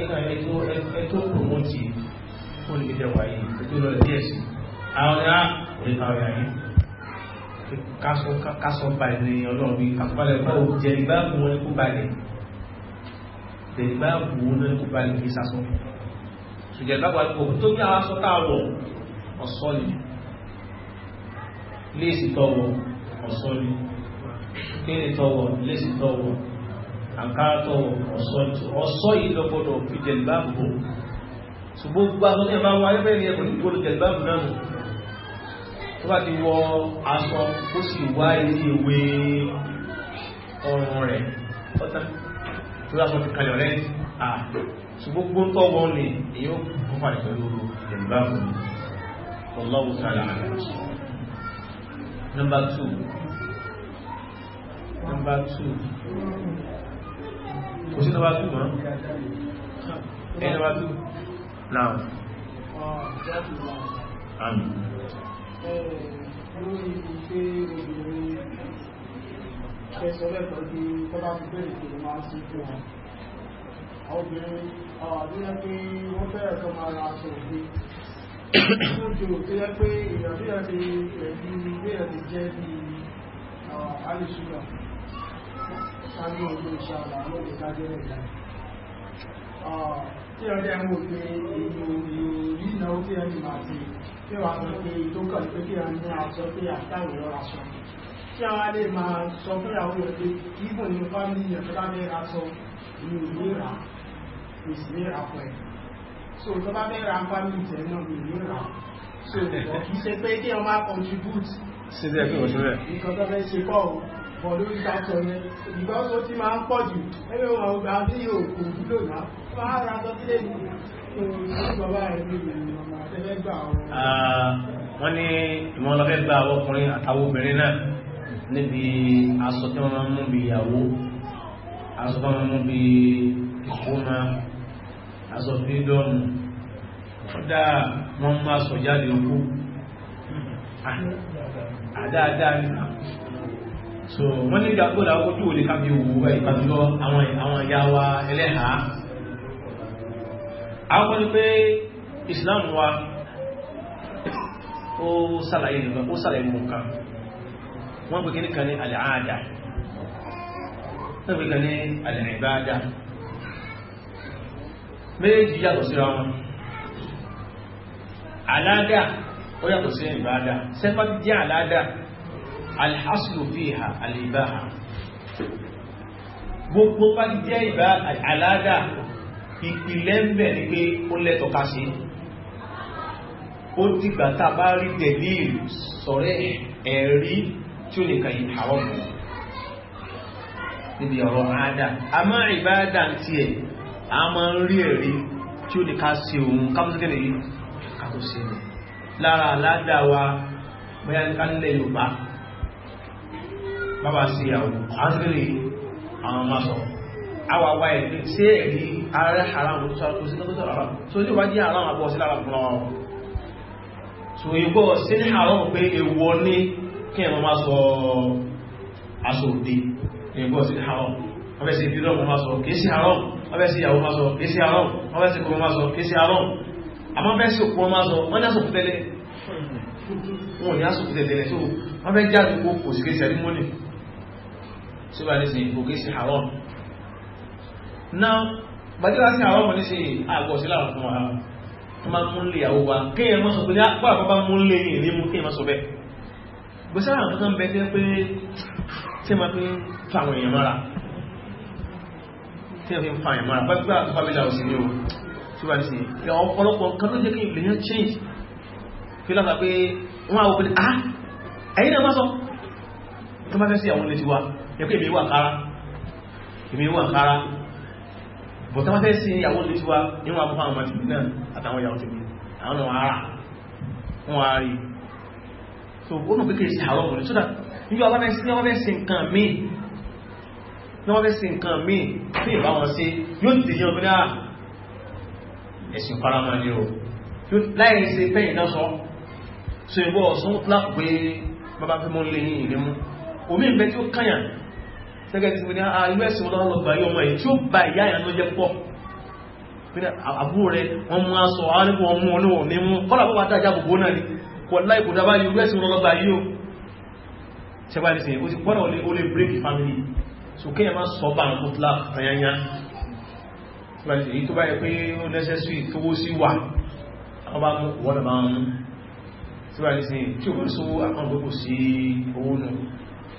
ẹ̀ka ẹ̀tọ́ ẹ̀tọ́ promote fún ìdíjẹwà yìí ẹ̀tọ́ lọ díẹ̀ sí àwọn ẹ̀rá òyìnbá ọ̀yà yìí kásọ̀ bá ìlú ọlọ́run bí àpálẹ̀ bá ò jẹ̀rì bá bù wọn kó balẹ̀ jẹ̀rì bá bù wọn kó balẹ̀ kí sásọ ṣùgbọ́n bá wà ní òkú àǹkárátọ̀ ọ̀sọ́ ìlọ́gbọ́dọ̀ fi jẹ̀lbáàbù bò ṣùgbọ́n gbogbo àwọn ẹ̀bá wọn ní ẹkùn ìgbòrò jẹ̀lbáàbù náà nù tó bá ti wọ aṣọ ó sì wá ilé ìwé ọrùn rẹ̀ ọ̀tá tó láṣọ fi kalẹ̀ rẹ̀ à ṣùgbọ́n gbogbo tó wọ́n ni èyí ó fún pàdé pẹ̀lú jẹ̀lbáàbù Allahu ta'ala Number two. Number two kò obìnrin àwọn obìnrin pé wọ́n bẹ̀rẹ̀ tó máa ra aṣọ òfin fún jù tó yẹ pé ìrìnàjò ti rẹ̀ bí ilé ẹ̀ jẹ́ bí alìṣúgbà sáré ojú iṣẹ́ àwọn olóògbé kájẹ́rẹ̀ ìlànà tí ọdẹ ń wò pé ìròrí ìnáwó tí ẹni máa ti tí wà sọ pé tó kọ̀ pé kí ẹni ní aṣọ pé àtàwò lọ́ra sọ tí àwọn adé máa sọ pé àwọn òde ibò ní fámìlì yẹn tó bá fẹ́ ra sọ ní ìlera kò sì ní ra pẹ̀ so tó bá fẹ́ ra fámìlì tẹ̀ náà kò ní ra so kì í ṣe pé kí wọ́n máa contribute sí nǹkan tó fẹ́ ṣe kọ́ bọ̀ lórí ìdájọ yẹn ìgbà ó máa ń pọ̀ jù ẹgbẹ́ wọn ọgbà tí yóò kò náà wọn á ra sọ sílẹ̀ ní rẹ̀ ní ìgbà àtẹ́lẹ́gbà ọ̀rọ̀. wọ́n ní ìmọ̀lọ́fẹ́ ọkùnrin àtàwọn obìnrin náà níbi so wọ́n ní ìdàgbọ́dà ojú òde kábí owó ìpàdúlọ àwọn àwọn ìyá wa ẹlẹ́hà àwọn kan ní pé Islam wa ó sàlàyé nìkan ó sàlàyé nìkan wọ́n pè kíníkan ní àlàáda wọ́n pè kíníkan ní àlàáda méjì yàtọ̀ síra wọn àlàáda ó yàtọ̀ sí ìbáadà sẹ́fà jẹ́ àlàáda alhaslu fiha alibaha gbogbo bá jẹ́ ìbá aláàdá ìpìlẹ̀ ń bẹ̀ ni pé ó lẹ́tọ̀ọ́ ká ṣe ó dìgbà tá a bá rí tẹ̀lé ìlú sọ̀rẹ́ ẹ̀rí tí ó lè kàyí àwọn ọmọ níbi ọ̀rọ̀ àádá a máa rí bá dá tí ẹ̀ a máa ń rí ẹ̀rí tí ó lè ká sí òun kápútẹ́kẹ̀lẹ̀ yìí kàkó sí ẹ̀rọ lára aládá wa bóyá nípa nílẹ̀ Yorùbá bàbá sí ìyàwó àtìrì àwọn ọmọ sọ àwà wà ẹ̀ sí ẹ̀rí ààrẹ haram tó sọ sí lọ́tọ̀ tó ní wájí haram àbọ̀ sí lára fún wọn so ìgbọ́ sí ní haram pé èwọ ní kí ẹ̀mọ́ máa sọ aṣọ òde ìgbọ́ haram wọ́n fẹ́ sí ìbílọ̀ wọn máa sọ kìí sí haram wọ́n fẹ́ sí ìyàwó máa sí haram wọ́n fẹ́ sí ìkọ́ máa haram àmọ́ fẹ́ sí òkú wọn máa sọ wọ́n ní aṣọ òkútẹ́lẹ̀ wọn ò ní aṣọ òkútẹ́lẹ̀ tó wọ́n fẹ́ tí ó bá ní sí ògé sí àwọn náà gbàdíwá sí àwọn ní sí àgbọ̀ sí láwọn fún wa tó máa mú lè àwọ́ wa kéèyàn mọ́ sọ pé pọ́ ah, àpapá mú lè rí mú kéèyàn mọ́ sọ bẹ́ẹ̀ gbèsè àwọn tó tán bẹ tẹ́ pé tí ma fi ń fa àwọn èèyàn mọ́ra tí ma fi ń fa èèyàn mọ́ra pẹ́pẹ́ àtúfà bí láwọn sí ní o tí ó bá ní sí ọ̀pọ̀lọpọ̀ kan ló jẹ́ kí ìgbìyàn change fi láta pé wọ́n àwọn obìnrin ah ẹ̀yìn náà má sọ tó má fẹ́ sí àwọn ilé ti wa ẹgbẹ́ ìmẹ́wà kára ìmẹ́wà kára bọ̀ tí wọ́n tẹ́ sí ìyàwó lè tíwá níwọ̀n àpapọ̀ àwọn àti náà àtàwọn ìyàwó tèmi àwọn ọmọ ara wọn a rí so ó mọ̀ pé kìí sí àwọn ọmọdé sódà níbi ọba fẹ́ sí ọba fẹ́ sí nǹkan míì ní wọ́n fẹ́ sí nǹkan míì tí ìbá wọn sí yóò ti yẹ ọmọdé à ẹ̀sìn paramọ́ ni o láì ṣe fẹ́yìn náà sọ so ìwọ ọ̀sán lápò pé bàbá fẹ́ mọ́ lé ní ìlémú omi ìbẹ́ tí ó kàyàn gẹ́gẹ́ tí wọ́n ní ààrùn ah, ẹ̀sìn ọlọ́lọ́gbà yóò mọ̀ èyí tí ó bá ìyá ìyànà jẹ́ pọ̀ ah, àbúrò rẹ̀ wọ́n mú aṣọ àárín wọn mú ọlọ́wọ̀ ní mú kọ́lá bọ́ ni kọ̀ láì kò dábá yóò ẹ̀sìn ọlọ́lọ́gbà yóò ṣẹba ní sẹ́yìn ó ti pọ́nà ó lè break family so kéèyàn máa sọ bá nǹkan tó láàpù tanyanya èyí tó bá yẹ pé ó lẹ́sẹ̀ sí mú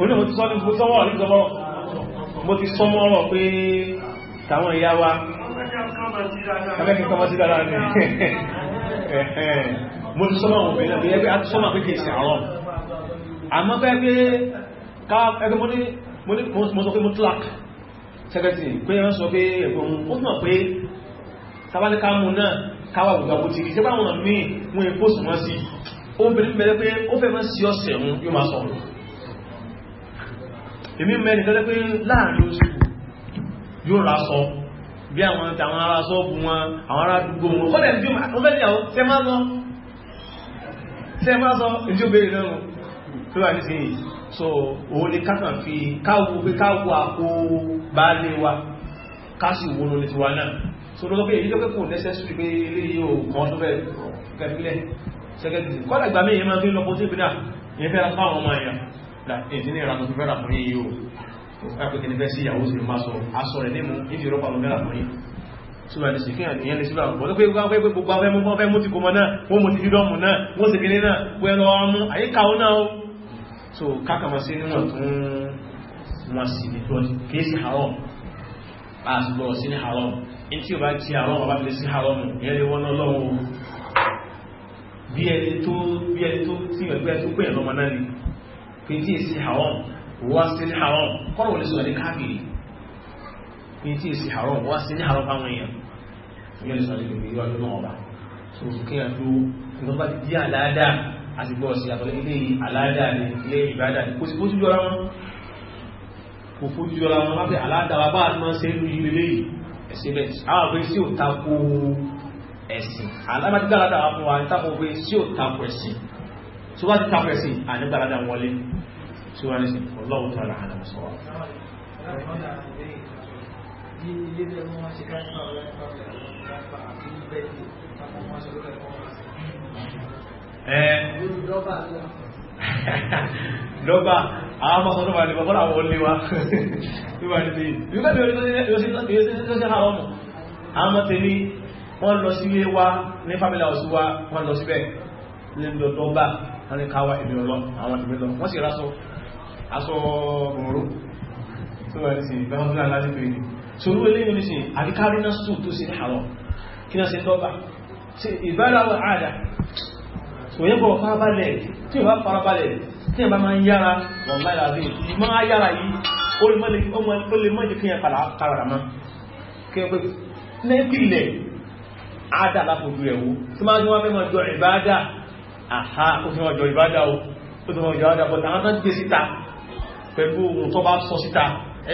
onímọ̀ ti sọ ní gbogbo sọ́wọ́ ní gbogbo mo ti sọ mọ́rọ̀ pé tàwọn ìyá wa amẹ́kì kọmọ sí dára ní mo ti sọ́mọ̀ òun pẹ̀lú ẹgbẹ́ àti sọ́mọ̀ pé kìí sàárọ̀ àmọ́ pé pé ẹgbẹ́ mo ní mo sọ pé mo tlak sẹ́kẹ́tì pé wọ́n sọ pé ẹgbẹ́ ó mọ̀ pé tàbálẹ́ká mú náà káwà gbogbo ti rí sẹ́bàwọn míì mú ipò sùnmọ́ sí ó bẹ̀rẹ̀ pé ó fẹ́ mọ́ sí ọ̀sẹ̀ mú yóò máa sọ̀rọ̀ èmi mẹ́rin lọ́lẹ́ pé láàrin oṣù yóò ra sọ bí àwọn tàwọn ará sọ́ọ̀bù wọn àwọn ará dúgbò wọn kọ́lẹ̀ ní ọmọ ìyàwó tẹ máa lọ tẹ máa sọ ìjọ bèèrè wà so òun ni fi káwo pé káwo àpò bá lé wa ká sì wo náà so lọ́tọ́ pé èyí lọ́pẹ́ kò nẹ́sẹ̀sì pé ilé yóò mọ́ tó fẹ́ kẹfílẹ̀ sẹ́kẹ́tì kọ́lẹ̀ gbàmí èyí máa fi lọ́pọ̀ sí ìpínlẹ̀ ìyẹn fẹ́ ẹ̀sìn tó fẹ́ rà fún yíyí o ẹ̀kùnkì fẹ́ sí ìyàwó sí máa sọ aṣọ rẹ̀ nínú ìdí ìrọ́pàá lọ mẹ́rà fún yí síwá so kákàmọ́ sí níwọ̀n tún wọ́n sì ní tó kéé sí àárọ̀ àṣùgbọ́ ti àárọ̀ bàbá fi lè sí àárọ̀ mù ìyẹn lè wọ́n lọ́wọ́ bí ẹni tó bí ẹni tó tí ìgbẹ́ tó pè lọ́mọ náà ni pèntì èsì haram wá sí ní haram kọ́rọ̀ wọlé sọ̀rọ̀ ní káfíìrì pèntì èsì haram wá sí ní haram fáwọn èèyàn ìyẹn lè sọ̀rọ̀ nípa ìwà lọ́nà ọba tó fi kéèyàn tó ìwọ́n bá ti di àlàáda àti gbọ́ ọ̀sẹ̀ àtọ̀lẹ́ ilé àlàáda ní ilé ìbádà ní kò sí fojú jọra wọn kò fojú jọra wọn láti àlàáda wa bá a máa ṣe lu yìí lélẹ́yìí ẹ̀sìn bẹ́ẹ̀ àwọn àgbẹ̀ sí ò tako ẹ̀sìn àlàáda wa fún wa ìtàkùn pé sí ò tako ẹ̀sìn tó bá ti tapẹ̀ sí ànígbàládà wọlé tí wọ́n ní sí ọlọ́wọ́ tó ara àdàmù sọ́wọ́ lọ́gbà àwọn ọmọ tó wà ní bàbá àwọn olè wa tó wà ní sí ìgbẹ́ bí orí tó ṣe àwọn ọmọ àwọn ọmọ tèmi wọ́n lọ sí ilé wa ní family house wa wọ́n lọ síbẹ̀ ní lọ́gbà wọ́n ní káwà ìbí lọ àwọn ìbí lọ wọ́n sì rásọ aṣọ gbòòrò tó wà ní sí ìgbẹ́mọ́sílá láti pè ní ṣòro ilé ní sí àríkárí náà sùn tó sí àwọ̀ kí náà sí tọ́bà sí ìbárawọ̀ àdá òye bọ̀ farabalẹ̀ tí ó bá farabalẹ̀ tí ó bá máa ń yára wọ̀n láìra rí ìmọ̀ ayára yìí ó lè mọ́jẹ̀ kí ẹ padà kára mọ́ kí ẹ pé nẹ́bílẹ̀ àdá lápò ju ẹ̀wọ́ tí máa ń wọ́n mẹ́mọ́ jọ ìbáadá àhá ó fẹ́ wọ́n jọ ìbádá o ó fẹ́ wọ́n jọ ìbádá bọ́ta àwọn tán gbé síta pẹ̀lú ohun tó bá sọ síta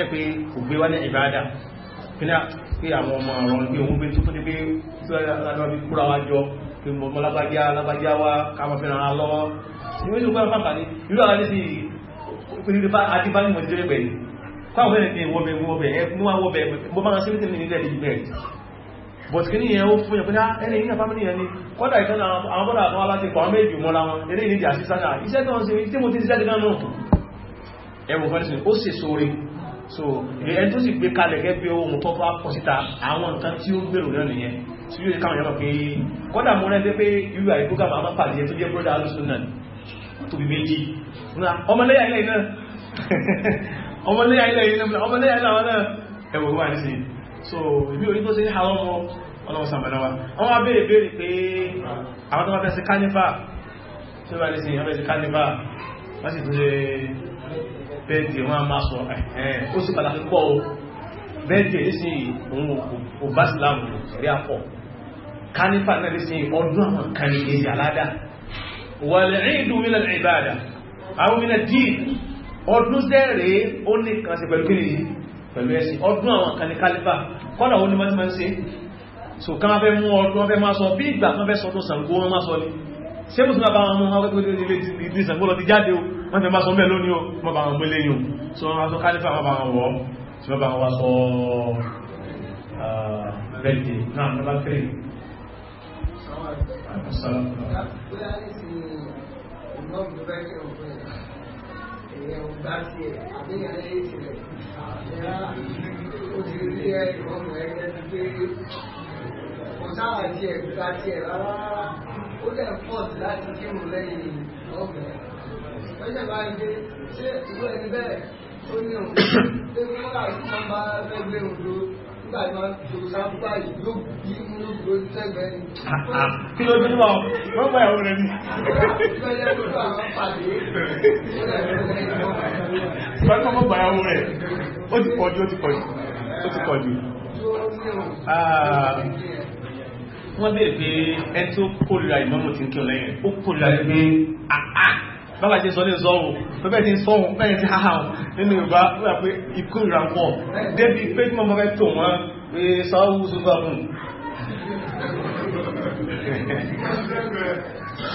ẹ pé kò gbé wá ní ìbádá pé àwọn ọmọ ọ̀rọ̀ ní ohun gbé tó tó ní pé tí wọ́n lábá bí kúra wá jọ pé mọ̀ lábájá lábájá wá káwọn fẹ́ràn ara lọ́wọ́ ni wọ́n ní ọgbọ́n fàǹfà ní irú àwọn alẹ́sì adébánimọ̀ jẹ́rẹ̀ pẹ̀lú káwọn fẹ́ràn ní wọ́bẹ̀ wọ́bẹ̀ ẹ̀ mú wá wọ́bẹ̀ mo máa ń ṣe but kí ní yẹn ó fún yẹn pé ah, ẹni ìyẹn fámílì yẹn ni kọ́dà ìtọ́nà àwọn bọ́dà àwọn aláṣepọ̀ àwọn méjì mọ́ra wọn eré ìdí àṣíṣánà iṣẹ́ tó ń ṣe tí mo ti ṣiṣẹ́ gan náà ẹwọ̀n fẹ́sì ó sì sóre so ẹni tó sì gbé kalẹ̀ gẹ́ bí ohun tó bá pọ̀ síta àwọn nǹkan tí ó gbèrò náà nìyẹn tí yóò káwọn yọ́nà pé kọ́dà mo rẹ́ pé irú àìkú gàmà máa pàdé ẹ tó jẹ́ brọ́dà alùsùn náà tóbi méjì ọmọlẹ́yà ilẹ̀ náà ọmọlẹ́yà ilẹ̀ náà ọmọlẹ́yà ilẹ̀ náà ẹwọ̀n wà ní sí so ibi orí tó sí ní àwọn ọmọ ọlọ́wọ́ sàmàlọ́wà wọ́n wá bèèrè bèèrè pé àwọn tó wá fẹ́ sí kánífà tí ó bá ní sí ìyàn fẹ́ sí kánífà wọ́n sì tún ṣe bẹ́ẹ̀dì wọ́n máa sọ ẹ̀hẹ́n ó sì pàtàkì pọ̀ o bẹ́ẹ̀dì ní sí òun ò bá sí láàmù rí àpọ̀ na náà ní sí ọdún àwọn kan ní èdè aládà wal-ʿīdu min al-ʿibādah aw min ad-dīn ọdún sẹ́rẹ̀ẹ́ ó ní kan sí pẹ̀lú kí pẹ̀lú ẹ̀sìn ọdún àwọn kan ní kálífà kọ́nà ó ní mọ́ tí ma ń ṣe so kan fẹ́ mú ọdún ọfẹ́ máa sọ bí ìgbà kan fẹ́ sọ tó Ṣàngó wọn máa sọ ní ṣe mú sí bá wọn mú wọn pẹ́ pẹ́ ilé Ṣàngó o wọ́n fẹ́ máa sọ mẹ́lò ní o mọ́ bá wọn mú lé yìí so wọ́n máa sọ kálífà máa bá èèyàn ń bá sí ẹ̀ àbíyàn lẹ́yìn tirẹ̀ àbíyá ó ti rí ẹ ìrọ̀rùn ẹgbẹ́ ti pé kò sáwà tí ẹ̀ gba tí ẹ̀ rárá rárá ó dẹ̀ pọ̀t láti kírun lẹ́yìn ọ̀gbẹ́ lọ́jọ́ bá ń dé ṣé ìlú ẹni bẹ́ẹ̀ ó ní òun pé kó láti máa bá fẹ́ gbé òun dúró kí ló bí mọ́ wọ́n bá ẹ̀wọ̀n rẹ̀ ní wọ́n kọ́ mọ́ bá ẹ̀wọ̀n rẹ̀ ó ti pọ̀jù ó ti pọ̀jù ó ti pọ̀jù ah. wọ́n bèèrè pé ẹ tó kórìíra ìmọ́mù tí ń kí ọ lẹ́yìn ó kórìíra pé àá ah, ah bábà ṣe sọ ní sọ́hun tó bẹ́ẹ̀ ti sọ́hun bẹ́ẹ̀ ti hàn nínú Yorùbá wíwà pé ikú ìràpọ̀ débi pé tí wọ́n fẹ́ tò wọ́n pé sọ́hun sọ́fà fún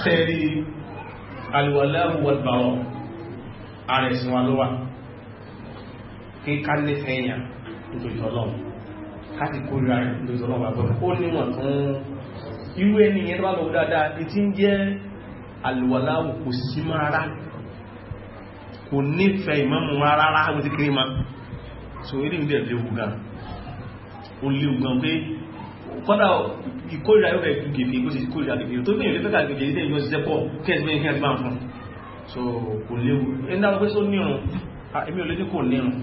sẹ́rí alìwàláwù wàlbàwọ̀ ààrẹ sí wọn ló wà kí ká nífẹ̀ẹ́ èèyàn nítorí ọlọ́run káti kórìíra rẹ̀ nítorí ọlọ́run àgbọ̀ ó níwọ̀n tún irú tó bá alùwàláwò kò sí mọ́ rárá kò nífẹ̀ẹ́ ìmámù rárá ó ti kéré ma so ilé ìdẹ̀ léwu gan ó léwu gan pé kọ́dà ìkórìíra yóò fẹ́ gègé kó sì kórìíra gègé tó bí ìrẹ́fẹ́ gègé ilé ìyọ́ ṣiṣẹ́ pọ̀ kẹ́sì mẹ́rin kẹ́sì máa fún so kò léwu ẹ̀dá ló pé só nírun èmi ò lédè kò nírun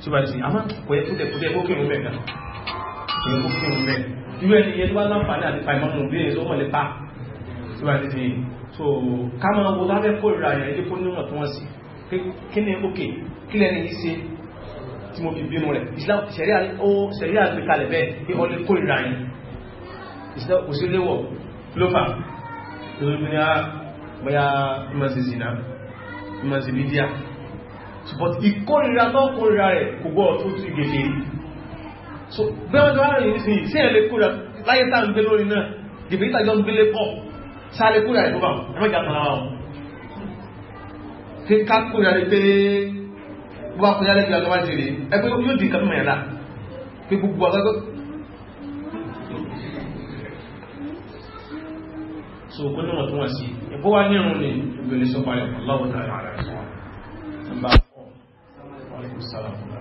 tí ó bá ti àmọ́ kò yẹ kútẹ̀ kútẹ̀ kó kírun bẹ̀ gan kò kírun bẹ̀ irú ẹni yẹn tó bá láǹfààní àti pàìmọ́mù bí èyí tó mọ̀ lè pa tí ó bá ti so ká máa wo lábẹ́ kórìíra yẹn ilé kó níwọ̀n tó wọ́n sí kí ni ókè kí lẹ́ni yìí ṣe tí mo fi bínú rẹ̀ Islam ṣẹ̀rí àgbékalẹ̀ bẹ́ẹ̀ pé ọlẹ́ kórìíra yẹn Islam kò sí léwọ̀ ló fà lórí ah, bí a bóyá ìmọ̀sí zina ìmọ̀sí mídíà but ìkórìíra tó kórìíra rẹ̀ kò gbọ́ tó tú ìgbèfè so bẹ́ẹ̀ wọ́n tó wá rìn sí sí ẹ̀ lè sáré kúrò àìkú bá ẹgbẹ́ ìjàpàá wọn kí ká kúrò àrí pé gbogbo akọjá lẹ́gbẹ̀ẹ́ ọjọ́ máa jèrè ẹgbẹ́ yóò di ìkàtúmọ̀ ẹ̀dá pé gbogbo agbẹ́gbẹ́ so kó ní wọ̀tún wọ̀n sí ẹ̀kọ́ wá ní ìrùn ní ìgbèlè sọ parẹ́ Allahu ta'ala ààrẹ sọ nígbà fọ́ ọlẹ́kùn sára fún wa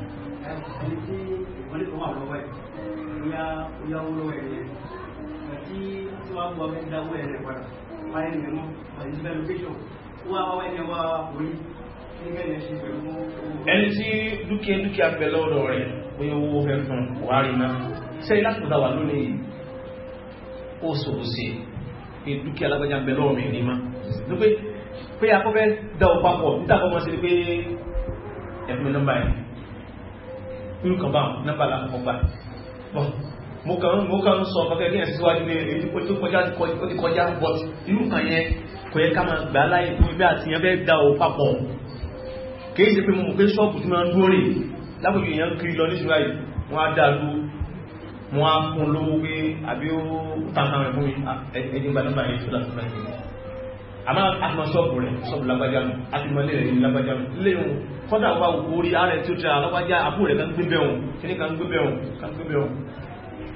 tí tí wọ́n bu abẹ́ dáwọ́ ẹ̀rẹ̀ padà parí ní mọ́ pàdé sí ẹlòkéṣọ̀ wọ́n àwọn ẹni wá wòlí nígbà yẹn ṣe pẹ̀lú ẹni tí dúkìá dúkìá bẹ lọ́dọ̀ rẹ̀ pé owó fẹ́ fún wà rí náà sẹ́yìn láti kúta wà lónìí ó sòwò sí pé dúkìá alágbájá bẹ lọ́rọ̀ mi rí má pé pé akọ́fẹ́ dá o papọ̀ níta kọ́ mọ́ sí pé ẹ̀fún mi nọ́mbà yẹn irú kan báwọn nọ́mbà làkọ́kọ́ gbà bọ́ọ̀ mo kàn mo kàn ń sọ kọ́kẹ́ kíyàn síwájú pé èyí kò tó kọjá ó ti kọjá but irú kan yẹn kò yẹ ká máa gbà láyé fún ibẹ̀ àti yẹn fẹ́ da o papọ̀ kìí ṣe pé mo mọ̀ pé ṣọ́ọ̀bù tí máa ń dúró rè lápòjù yẹn ń kiri lọ níṣúra yìí wọ́n á dá lu wọ́n á fún lówó pé àbí ó tàǹtà rẹ̀ fún ẹni ah, gba nọ́mbà yẹn tó dà fún ẹni àmọ́ àtìmọ̀ ṣọ́ọ̀bù rẹ̀ ṣọ́ọ̀bù lágbájá nù àtìmọ̀ lè rẹ̀ ní lágbájá nù léyìn kọ́dà wà orí ààrẹ tí ó tẹ́ra lágbájá àbúrò rẹ̀ kan gbé bẹ́ẹ̀ hùn kíní kan gbé bẹ́ẹ̀ hùn kan gbé bẹ́ẹ̀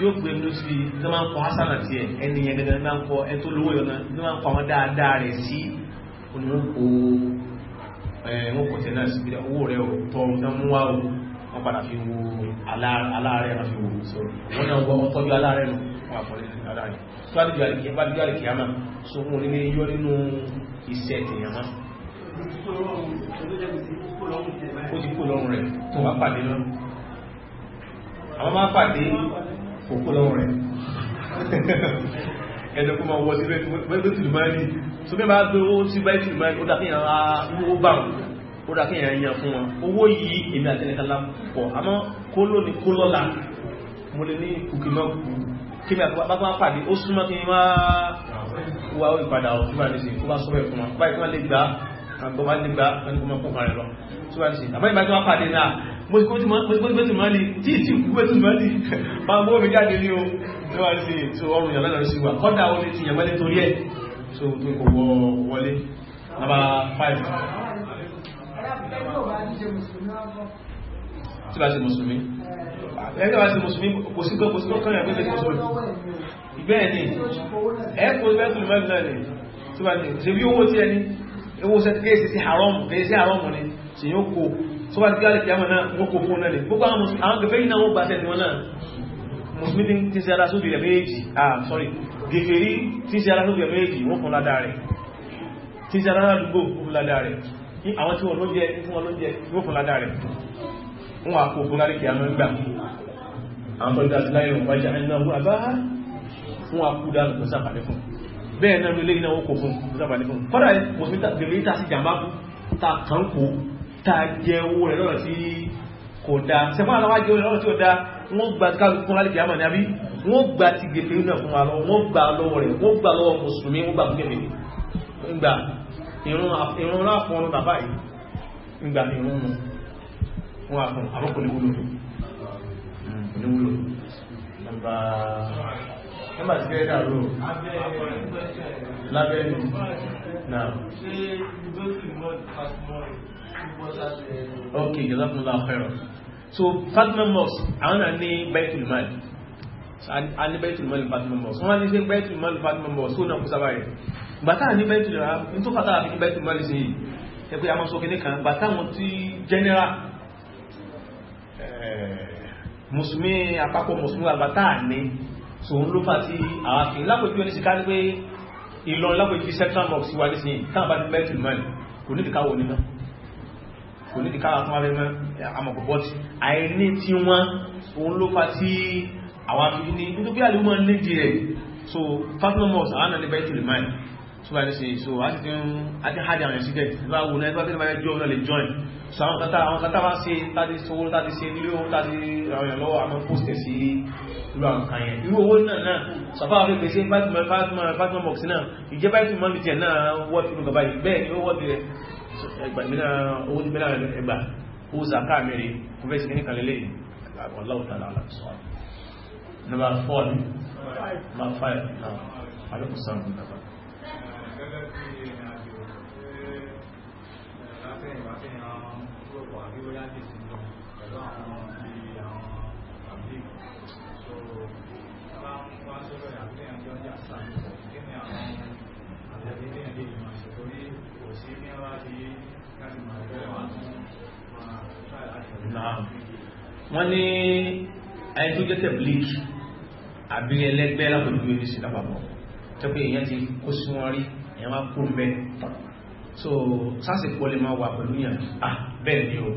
yóò gbé ló sí tó máa ń kọ asana tiẹ̀ ẹni yẹn gẹ́gẹ́ máa ń kọ ẹni tó lówó yọ̀nà tó máa ń kọ àwọn dáadáa rẹ̀ sí oníwòkó wọn kò tẹ̀ náà síbi owó rẹ̀ ò tọ́ ọ̀dọ́ mú wá o wọ́n padà fi wo aláàrẹ̀ náà fi wò so wọ́n náà wọ́n tọ́jú aláàrẹ̀ nù wọ́n àfọlẹ́ aláàrẹ̀ tó àdìjú àdìkì bá dìjú àdìkì àmà so wọn nílé yọ nínú iṣẹ́ tèèyàn má ó ti kó lọ́rùn rẹ̀ tó bá pàdé náà àwọn máa pàdé òkú lọ́wọ́ rẹ̀ ẹ̀dẹ̀ kó máa wọ sí bẹ́ẹ̀tì lùmáàlì tó bẹ́ẹ̀ bá gbé owó sí bẹ́ẹ̀tì lùmáàlì ó dàkíyàn ra owó bá ó dàkíyàn yan fún wọn owó yìí èmi àtẹnìkanlá pọ̀ àmọ́ kó lónìí kó lọ́la mo lè ní kùkì náà kù kí mi àti bàbá pàdé ó súnmọ́ kí n wá wá ìpadà ọ̀ fún àdéṣe kó bá sọ́bẹ̀ fún wọn báyìí kí wọ́n lè gbà àgbọ̀ wá lè gbà mo ti gbẹ́tù mọ́lì tí ìtì gbẹ́tù mọ́lì máa mọ́ mi jáde ní o ní wà sí tó ọrùn ìyàmẹ́ lọ sí wà kọ́dà ó lè ti ìyàmẹ́ lé torí ẹ̀ so tó kò wọ wọlé nàbà 5 tí bá ṣe mùsùlùmí ẹgbẹ́ bá ṣe mùsùlùmí kò sí kọ́ kò sí kọ́ kọ́rin àgbẹ́ mùsùlùmí ìgbẹ́ẹ̀ ni ẹ̀kùn ìgbẹ́tù mọ́lì náà ni tí bá ṣe bí owó tí ẹni owó sẹ́tí kéèsì sí haram kéèsì haram ni tí yóò kó tó bá ti gáàlì kí a mọ̀ náà wọ́n kò fún náà ní gbogbo àwọn gẹ̀fẹ́ yìí náà wọ́n gbáṣẹ́ ni wọ́n náà musulmi tí ń ṣe ara sóbi rẹ̀ méjì ah sorry gẹ̀fẹ̀rí tí ń ṣe ara sóbi rẹ̀ méjì wọ́n fún ládá rẹ̀ tí ń ṣe ara ládùgbò fún ládá rẹ̀ àwọn tí wọ́n lóúnjẹ fún wọn lóúnjẹ wọ́n a mọ̀ gbà àwọn tó dá sí láyé wọn wájá ẹni náà wọ́n àbá fún àkú dá lùkọ́ sáfàdé fún bẹ́ẹ̀ náà lórí náà wọ́n kò fún sáfàdé fún kọ́dà mùsùlùmí tàbí tàjẹ owó rẹ̀ lọ́rọ̀ tí kò dá sẹ́fún àwọn ajẹ́ lọ́rọ̀ tí ó dá wọ́n gba ti káàkiri fún alìkìyàmà ní àbí wọ́n gba ti gèfè inú ẹ̀fún wa lọ wọ́n gba lọ́wọ́ rẹ̀ wọ́n gba lọ́wọ́ mùsùlùmí wọ́n gba fún gèfè ń gba ìrún láàfún ọdún bàbá yìí ń gba ìrún nu wọn àfún àmọ́ kò ní wúlò hmm, kò ní wúlò nàmbà nàmbà sí ẹ̀ dàrú lábẹ́ nù náà. ṣé ìdókì mọ́ Okay, you ok jazakumullah khairan so Fatima mosque àwọn to ní baitul mal a ní baitul mal Fatima mosque wọ́n ní sí baitul mal Fatima mosque ó náà kú sábà rẹ̀ bàtà ní baitul mal ní tó fàtàrà fi baitul mal sí yìí ẹgbẹ́ àwọn sókè ní kan bàtà wọn ti general eh, musulmi àpapọ̀ musulmi àbátà ní sòun ló fà sí àwọn àfihàn lápòjú ẹni sí ká ní pé ìlọrin lápòjú central mosque wà ní sí yìí táwọn bá ní baitul mal kò ní ìdíkàwọ̀ nínú kò ní káwà fún abẹ́mọ́ àmọ̀pọ̀pọ̀ tí àìní tí wọ́n òun ló fa tí àwọn afi ní nítorí bí àlè wọ́n léde rẹ̀ so fatima mosque àwọn náà ní bẹ́ẹ̀ tìlẹ̀ máì tó bá ní ṣe so a ti ń a ti hajj àwọn ìṣẹ́gẹ̀ ìbá wo náà ìbá bẹ́ẹ̀ jọ náà lè join so àwọn kata àwọn kata bá ṣe tàbí sowó tàbí ṣe nílé owó tàbí ràn yàn lọ́wọ́ àwọn post sí irú àwọn kan yẹn irú owó náà náà sọfá àwọn ẹgbẹ́ sí fatima fatima fatima mosque náà ìjẹba ìtumọ̀ nìtẹ̀ náà wọ́pì nǹkan báyìí bẹ́ẹ̀ ni ó wọ́pì ẹgbà owó ti bẹ́lá ẹgbà ó zaka mẹ́rin kò fẹ́ sí ní kalẹ̀lẹ́ ọláwọ̀tàlá aláàtúnṣọ́ number four ni number five na alẹ́kùnsán ní nàbà Thank you. wọ́n ní ẹni tó jẹ́ bleach. àbí ẹlẹ́gbẹ́ lápòlúwé ní sí lápapọ̀ tó pé èyàn ti kó sí wọn rí èyàn máa kó mẹ́ so sáàsì pọ̀ lè máa wà pẹ̀lú yàn ah bẹ́ẹ̀ ni o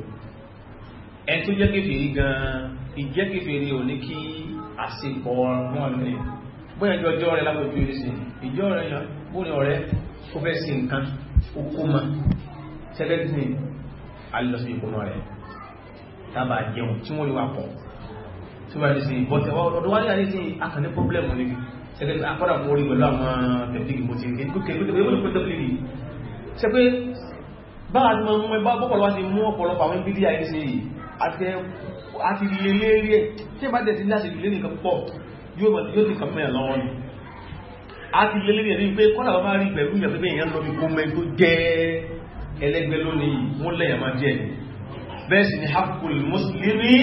ẹni tó jẹ́ kéfèé gan-an ìjẹ́ kéfèé ni ò ní kí àsìkò wọn ní bóyá ìjọ ọjọ́ rẹ̀ lápòlúwé ní sí ìjọ rẹ̀ yàn bó ni ọ̀rẹ́ ó fẹ́ sí nǹkan okuma second thing alilọsí ìkómọ rẹ̀ tábà jẹun tí wọ́n lè wà pọ̀ tí wọ́n lè sí bọ́tẹ̀ ọdún wáyé àti sí akànní pọ́blẹ́mù níbi second akọ́dà mú orí pẹ̀lú àwọn tẹ̀bílì mo ti rí kékeré ṣe pé bá a mọ mọ ẹbá bọ́pọ̀lọ́ wá sí mú ọ̀pọ̀lọpọ̀ àwọn bídí àyè sí àti lè lérí ẹ̀ tí ẹ bá tẹ̀ sí láti lè nìkan pọ̀ yóò ti kàn mẹ́rin lọ́wọ́ ni a ti lé lérí ẹ̀rí pé kọ́lá bá rí pẹ̀lú ìyà pípẹ́ èèyàn lọ bí gómẹ tó jẹ́ ẹlẹ́gbẹ́ lónìí wọ́n lẹ́yà máa jẹ́ bẹ́ẹ̀ sì ni hakul muslimi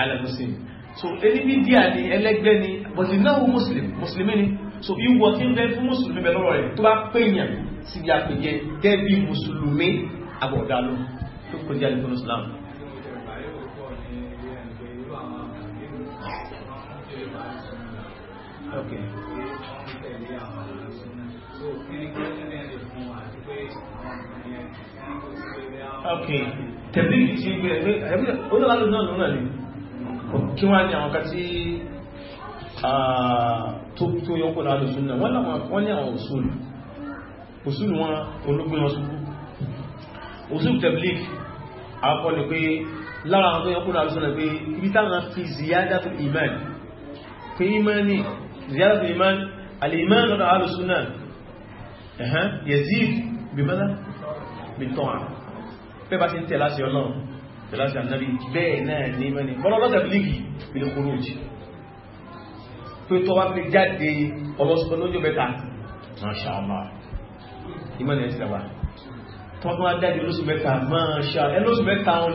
ala muslim so ẹni bí díà ni ẹlẹ́gbẹ́ ni but náà muslim muslimi ni so ìwọ tí ń bẹ fún musulmi bẹ lọ́rọ̀ rẹ̀ tó bá pèèyàn sí ìyà pèjẹ gẹ́bí musulmi agbọ̀dálò tó kọjá ìfún islam okay okay tẹ̀lé ti gbé ẹgbẹ́ onílàlù náà lónà ní kí wọ́n ní àwọn kàtí tó yọ́kùn náà lòsùn náà wọ́n ní àwọn òsùn òsùn wọn ológun wọn sùkú òsùn tẹ̀lé àkọ́ ni pé lára àwọn yọ́kùn náà lòsùn náà pé ibi táwọn fi ziyadatul iman pé imani ziyadatul iman al-iman lọ́dọ̀ alùsùn náà yazid bimala bitọ́à bẹ́ẹ̀ bá ti ń tẹ̀ láti ọlọ́run tẹ̀ láti ànábì bẹ́ẹ̀ náà ní mẹ́ni bọ́lọ́lọ́dẹ̀ bílíkì bí i kúrò jì pé tọ́ bá fi jáde ọlọ́sọ́lọ́jọ́ mẹ́ta Masha Allah ìmọ̀nà ẹ̀sìn àwà tọ́ bá Masha Allah ẹlọ́sù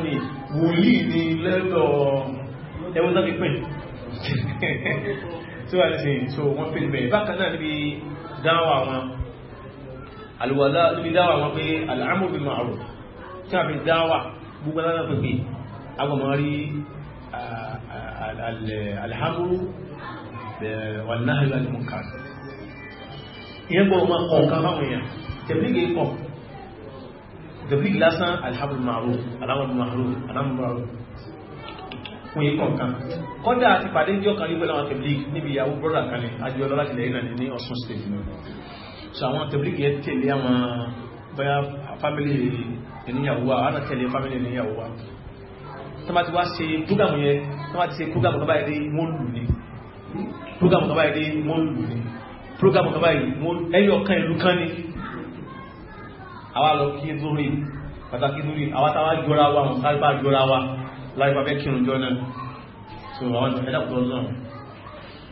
ni wòlíì ni lẹ́dọ̀ ẹwọ́n náà fi pín tí wà ní sèyí so wọ́n pín bẹ́ẹ̀ bákan náà níbi dáwà wọn àlùwàlá níbi dáwà wọn pé al-amru bil ma'ruf tí a fi dáwà gbogbo alára pèpè agbọ̀mọ̀ rí al-amru wal nahyu 'anil munkar ìyẹn gbọ́ ọmọ kọ̀ọ̀kan báwọn èèyàn tẹ̀blígì kọ̀ tẹ̀blígì lásán al-amru bil ma'ruf al-amru bil ma'ruf al-amru bil ma'ruf fún ikọ̀ kan kọ́dá àti pàdé jọ́ kan ní pẹ̀lú àwọn tẹ̀blígì níbi ìyàwó brọ́dà kan ní àjọ ọlọ́lá so àwọn tẹ̀blíkì yẹ tẹ̀lé àwọn bóyá fámílì ìníyàwó wa àwọn tẹ̀lé fámílì ìníyàwó wa tó bá ti wá ṣe púgàmù yẹ tó bá ti ṣe púgàmù tó bá yẹ dé wọ́n lù ní púgàmù tó bá yẹ dé wọ́n lù ní púgàmù tó bá yẹ ẹyọ kan ìlú kan ní àwa lọ kí lórí pàtàkì lórí àwa táwa jọra wa àwọn sáré bá jọra wa láì bá kírun jọ náà so àwọn ẹ̀dàkùtọ̀ náà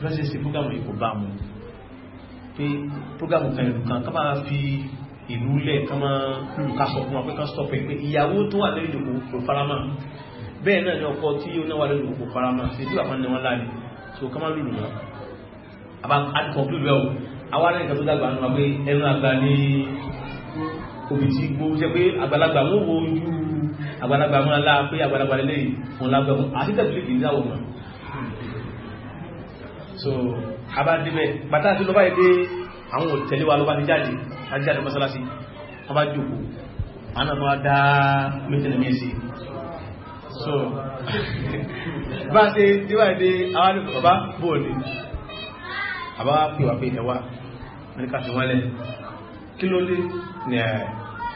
lọ́sẹ̀ sí púgàmù ìkó bá mu pé program kan ìlú kan ká máa fi ìlú lẹ̀ ká máa lùkà sọ fún wa pé ká stop pé ìyàwó tó wà lórí ìdòkò kò farama bẹ́ẹ̀ náà ni ọkọ tí ó náwà lórí ìdòkò farama ètí wà fún wọn láàrin so ká máa lùlù wọn àbá àdìkọ̀ lùlù ẹ̀ o àwa náà nǹkan tó dàgbà nù wá pé ẹnu àgbà ní òbí tí gbó jẹ́ pé àgbàlagbà wọn wo ojú àgbàlagbà máa lá pé àgbàlagbà lélẹ́yìn fún so abádébẹ̀ bàtà sí lọ́bá ìdé àwọn òtẹ̀lé wa lọ́bá ti jáde láti jáde mọ́sálásí wọ́n bá jòkó anáwọ́ dá méjìlẹ̀ méjì so bá ṣe díwà ìdé àwọn bàbá bóòlì àbá pè wà pé ẹwà amẹ́ríkà fi wọ́n lẹ̀ kí ló lé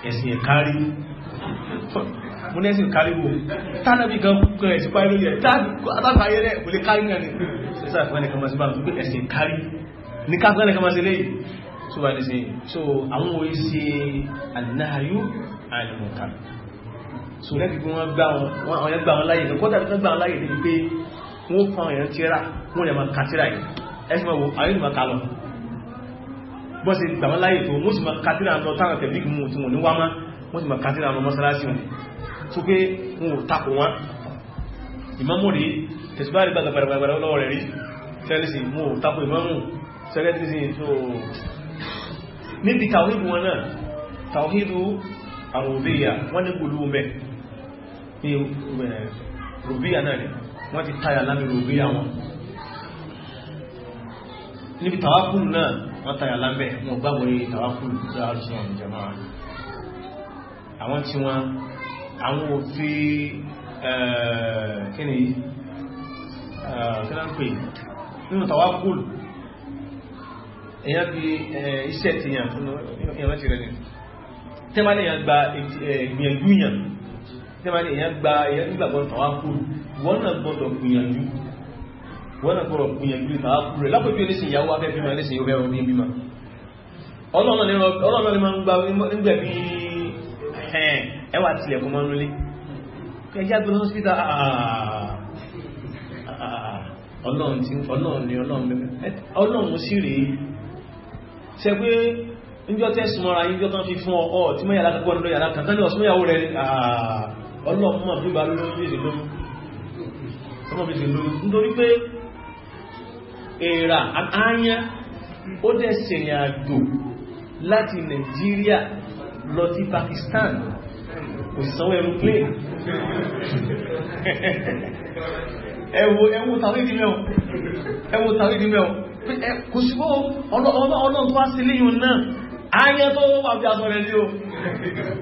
ẹ̀sìn ẹ̀kárí mo ní ẹ̀sìn káríwò tánàbí gan kúkọ ẹ̀sìn parí lórí ẹ̀ tánàbáyé rẹ̀ kò lè kárí náà ni ṣẹ́sà ìfẹ́lẹ̀ kan máa sí bá mi pé ẹ̀sìn kárí ní káfẹ́lẹ̀ kan máa sí léyìí tó bá ní sí so àwọn orí sí ànáyú àìmọ̀ká so lẹ́bí bí wọ́n gbà wọn láyé ní kọ́tà bí wọ́n gbà wọn láyé débi pé wọ́n fa èèyàn tíra wọ́n lè máa ka tíra yìí ẹ̀sìn máa wo àwọn èèyàn máa ka lọ bọ́n sì gbà wọn láyé tó wọ́n sì máa ka tíra lọ táwọn tẹ̀lé ìgbìmọ̀ tí wọ́n ní wá má wọ́n sì máa ka tíra wọn tó pé wọn ò takò wọn ìmámù rí tẹ̀síbárí gbàgbàgbàgbà lọ́wọ́ rẹ̀ rí tẹ́lẹ̀sì mú ò takò ìmámù sẹ́lẹ̀tìsì tó níbi tàwídù wọn náà tàwídù àrùbíyà wọ́n ní gbòlú mẹ́ ní rùbíyà náà rẹ̀ wọ́n ti táyà lámì rùbíyà wọn níbi tàwákùlù náà wọ́n táyà lámẹ́ wọn gbàgbọ́ àwọn òfin kíni kínáńpé nínú tàwákùl èyàn bí iṣẹ́ ti yàn ìyàn ti rẹ̀ ní tẹ́mà ní èyàn gba ìgbìyànjú yàn tẹ́mà ní èyàn gba èyàn nígbàgbọ́ tàwákùl wọ́n náà gbọ́dọ̀ gbìyànjú wọ́n náà gbọ́dọ̀ gbìyànjú tàwákùl rẹ̀ lápẹ́bí oníṣẹ́ ìyàwó afẹ́fẹ́ máa lẹ́sìn ìwẹ́ ọdún bímọ ọlọ́run ni máa ń gba nígbẹ̀bí ẹ̀ẹ́ Ewa tilẹ̀ kọmọ nulé ẹjá gbé hospital ah, ah, ah, ọlọ́run tí ọlọ́run ni ọlọ́run mẹ́fẹ́ ọlọ́run sí rèé ṣe pé níjọ́ tẹ́ súnmọ́ra níjọ́ tán fi fún ọ tí mọ́ yàrá kan yàrá kan tán ní rẹ̀ ọlọ́run mọ̀ Pakistan kò sanwó ẹrù plé ẹwọ ẹwọ tàrídìmẹ́ọ̀ ẹwọ tàrídìmẹ́ọ̀ kò sí kó ọlọ́run tó wá sí léyìn náà ayẹ́ tó wà bí aṣọ rẹ̀ líò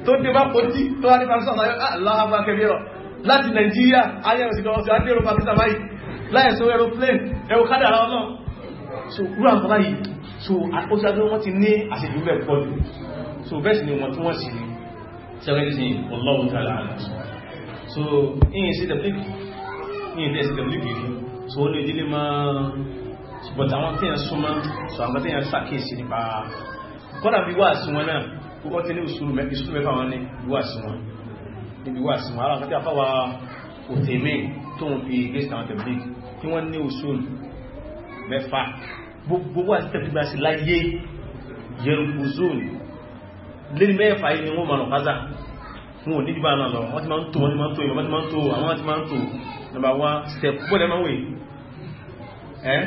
tó dé bá kò tí tó wá ní pakistan aláhàbá kẹfẹ́rọ láti nàìjíríà ayẹ́ rẹ̀ sí lọ́wọ́ sí adéró pakistan báyìí láìsọ aeroplane ẹwọ kádàrà ọlọ́run so rú àkọ́lá yìí so àkóṣàdé wọ́n ti ní àṣèjúbẹ̀ pọ̀lú so bẹ́ẹ̀ sì ni wọ́n tí wọ́n sì ní 17 wallahu ta'ala alam so in si tẹ̀blík in tẹ́ si tẹ̀blík yìí so I want to ó lè dílé to ṣùgbọ́n àwọn tí yẹn súnmọ́ so àwọn tí yẹn sàkíyèsí nípa kọ́nà bí wà sí wọn náà púpọ̀ tí ní ìṣúrù mẹ́fà wọn ní wà sí wọn níbi wà sí wọn alákàtí àfáwà to tó ń fi gbé sàwọn tẹ̀blík kí wọ́n ní ìṣúrù mẹ́fà gbogbo wà sí tẹ̀blík bá sí láyé yẹrùkù zone lẹ́ni mẹ́fà yìí wọ́n ma nù kázà wọn dìbà náà lọ wọ́n ti máa ń tó wọ́n ti máa ń tó ìmọ̀ ti máa ń tó àwọn ti máa ń tó nàbà wá step púpọ̀ lẹ́mọ̀ ẹ́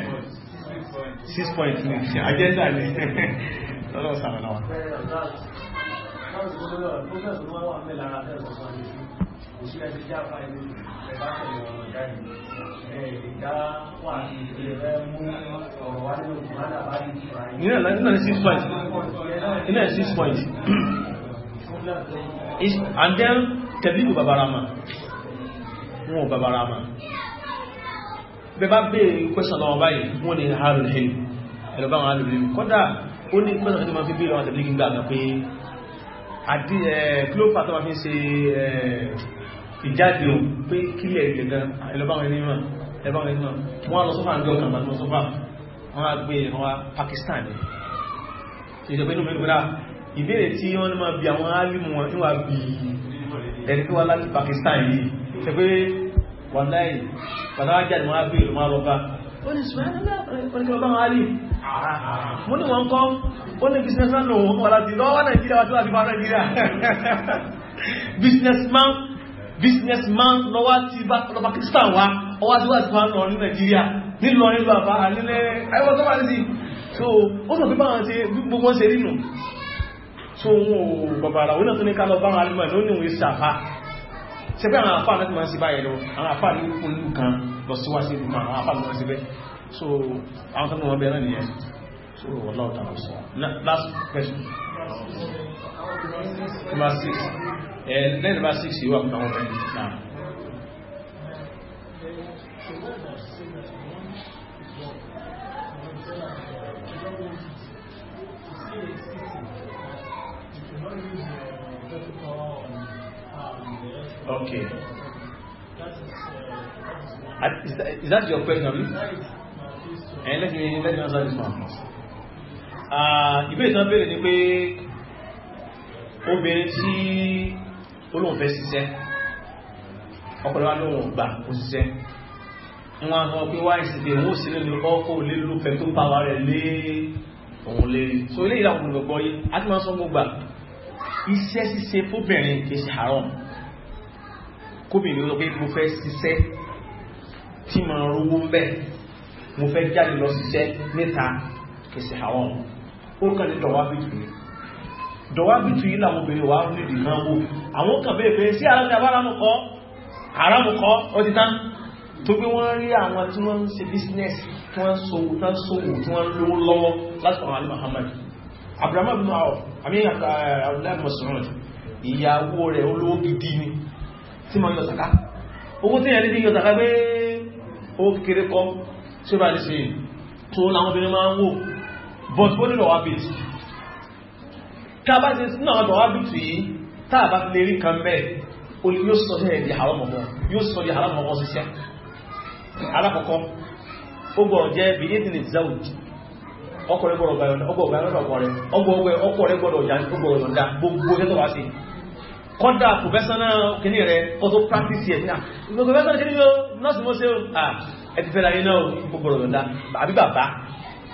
6.3 agenda ni lọ́dọ̀ Nínú náà six points. Nínú náà six points. Is, and then tẹ̀lú babarama. Wọ́n ò babarama. Bẹ bá bèèrè kwẹ́sàn lọ́wọ́ báyìí, wọ́n ni Harun Hill, ẹ̀lọ́bá wọn alùbìnrin. Kọ́dá, ó ní kwẹ́sàn tí ma fi bèèrè wọn tẹ̀lú gbígbà pé, àdí ẹ̀ kílópà tó ma fi ń ṣe ìjáde ò pé kílẹ̀ ìgbẹ̀gbẹ̀ ẹlọ́báwọn ẹni mọ̀ ẹlọ́báwọn ẹni mọ̀ wọ́n lọ sọ́fà àjọ kàmà lọ sọ́fà wọ́n á gbé ẹ̀rọ e, wa Pakistan ní ìjọba inú mẹ́rin gbọ́dá ìbéèrè tí wọ́n máa bí àwọn álìmù wọn níwà bí ẹni tó wá láti Pakistan yìí ṣe pé wọ́n láì bàtà wá jáde wọ́n á gbé ìrọ̀mọ́ e, lọ́ba ó ní ṣùgbọ́n ọlọ́bàwọn álì mo ní wọn kọ́ ó ní businessman lòun wọ́n láti lọ́wọ́ Nàìjíríà wá sí wà sí fún Nàìjíríà businessman businessman lọ́wọ́ ti bá lọ́pàá Pakistan wá ọwá tí wà tí wà lọ ní Nàìjíríà nílọ nílọ àbá ànílẹ̀ ẹwọ́ tó wà so ó sọ pípa àwọn tí gbogbo ṣe rínú so wọn ò bàbàrà wọn náà tó ní ká lọ bá àwọn alìmọ̀ ló níwọ̀n ìṣàfá ṣe pé àwọn àfà náà ti máa ń sí báyẹ̀ lọ àwọn àfà ní olú kan lọ síwáṣí ìlú kan so àwọn kan wọn last question number six lẹ́yìn bá 6 yíwà fún àwọn ọmọdé náà Okay. That is, uh, that is, that, is that your question? And eh, let me let me answer this one. you ah, tán béèrè ni pé obìnrin tí ó lóun fẹ́ ṣiṣẹ́ ọkọ̀lọ́wà lóun gbà kó ṣiṣẹ́ wọn àwọn pé wáyé sì dé òun ó sì lónìí ọkọ̀ òun lé lólùfẹ́ tó bá wa rẹ̀ lé òun lé so ilé ìlànà olùgbọ́ yìí a ti máa sọ gbogbo iṣẹ́ ṣíṣe fóbìnrin kì í ṣe haram kóbìnrin ló pé mo fẹ́ ṣiṣẹ́ tí mo rówó ń bẹ̀ mo fẹ́ jáde lọ ṣiṣẹ́ níta kì ṣe haram ó kàn ní tọ́wá bí jù dọ̀wábìtù yìí làwọn obìnrin wà ní ìdìkan wo àwọn kan bèèrè pé sí aláàmù kọ́ aráàmù kọ́ ó ti tán tó gbé wọ́n rí àwọn tí wọ́n ń ṣe business tí wọ́n sòwò tán sòwò tí wọ́n lówó lọ́wọ́ láti ọ̀rọ̀ alì Muhammad Abraham ibn Awf àmì uh, Abdullahi Mas'ud ìyàwó rẹ̀ olówó gidi ni tí ma yọ sàká owó tí yẹn ní yọ sàká pé ó kéré kọ́ tí ó bá ní sí tó làwọn obìnrin máa ń wò but ó nílò wá bèèrè kábà ti sínú àwọn àwọn àdútù yìí tá a bá fi lè rí kan bẹ́ẹ̀ o lè yóò sọ ní ẹ̀dì haram mọ́ yóò sọ di haram mọ́ ṣiṣẹ́ alákọ̀ọ́kọ́ ó gbọ́ jẹ́ bí ní ìdílé zawji ọkọ̀rẹ́ gbọ́dọ̀ bayọ̀nà ọgbọ̀ bayọ̀nà ọkọ̀rẹ́ ọgbọ̀ ọkọ̀rẹ́ gbọ́dọ̀ yà gbogbo ọ̀yọ̀nda gbogbo ẹgbẹ́ tó wá sí kọ́dà professional kìíní rẹ̀ kọ́ tó practice ẹ̀ náà gbogbo ẹgbẹ́ tó kìíní yóò nọ́ọ̀sì mọ́ sí ah, ẹ ti fẹ́ra yín náà gbogbo ọ̀yọ̀nda àbí bàbá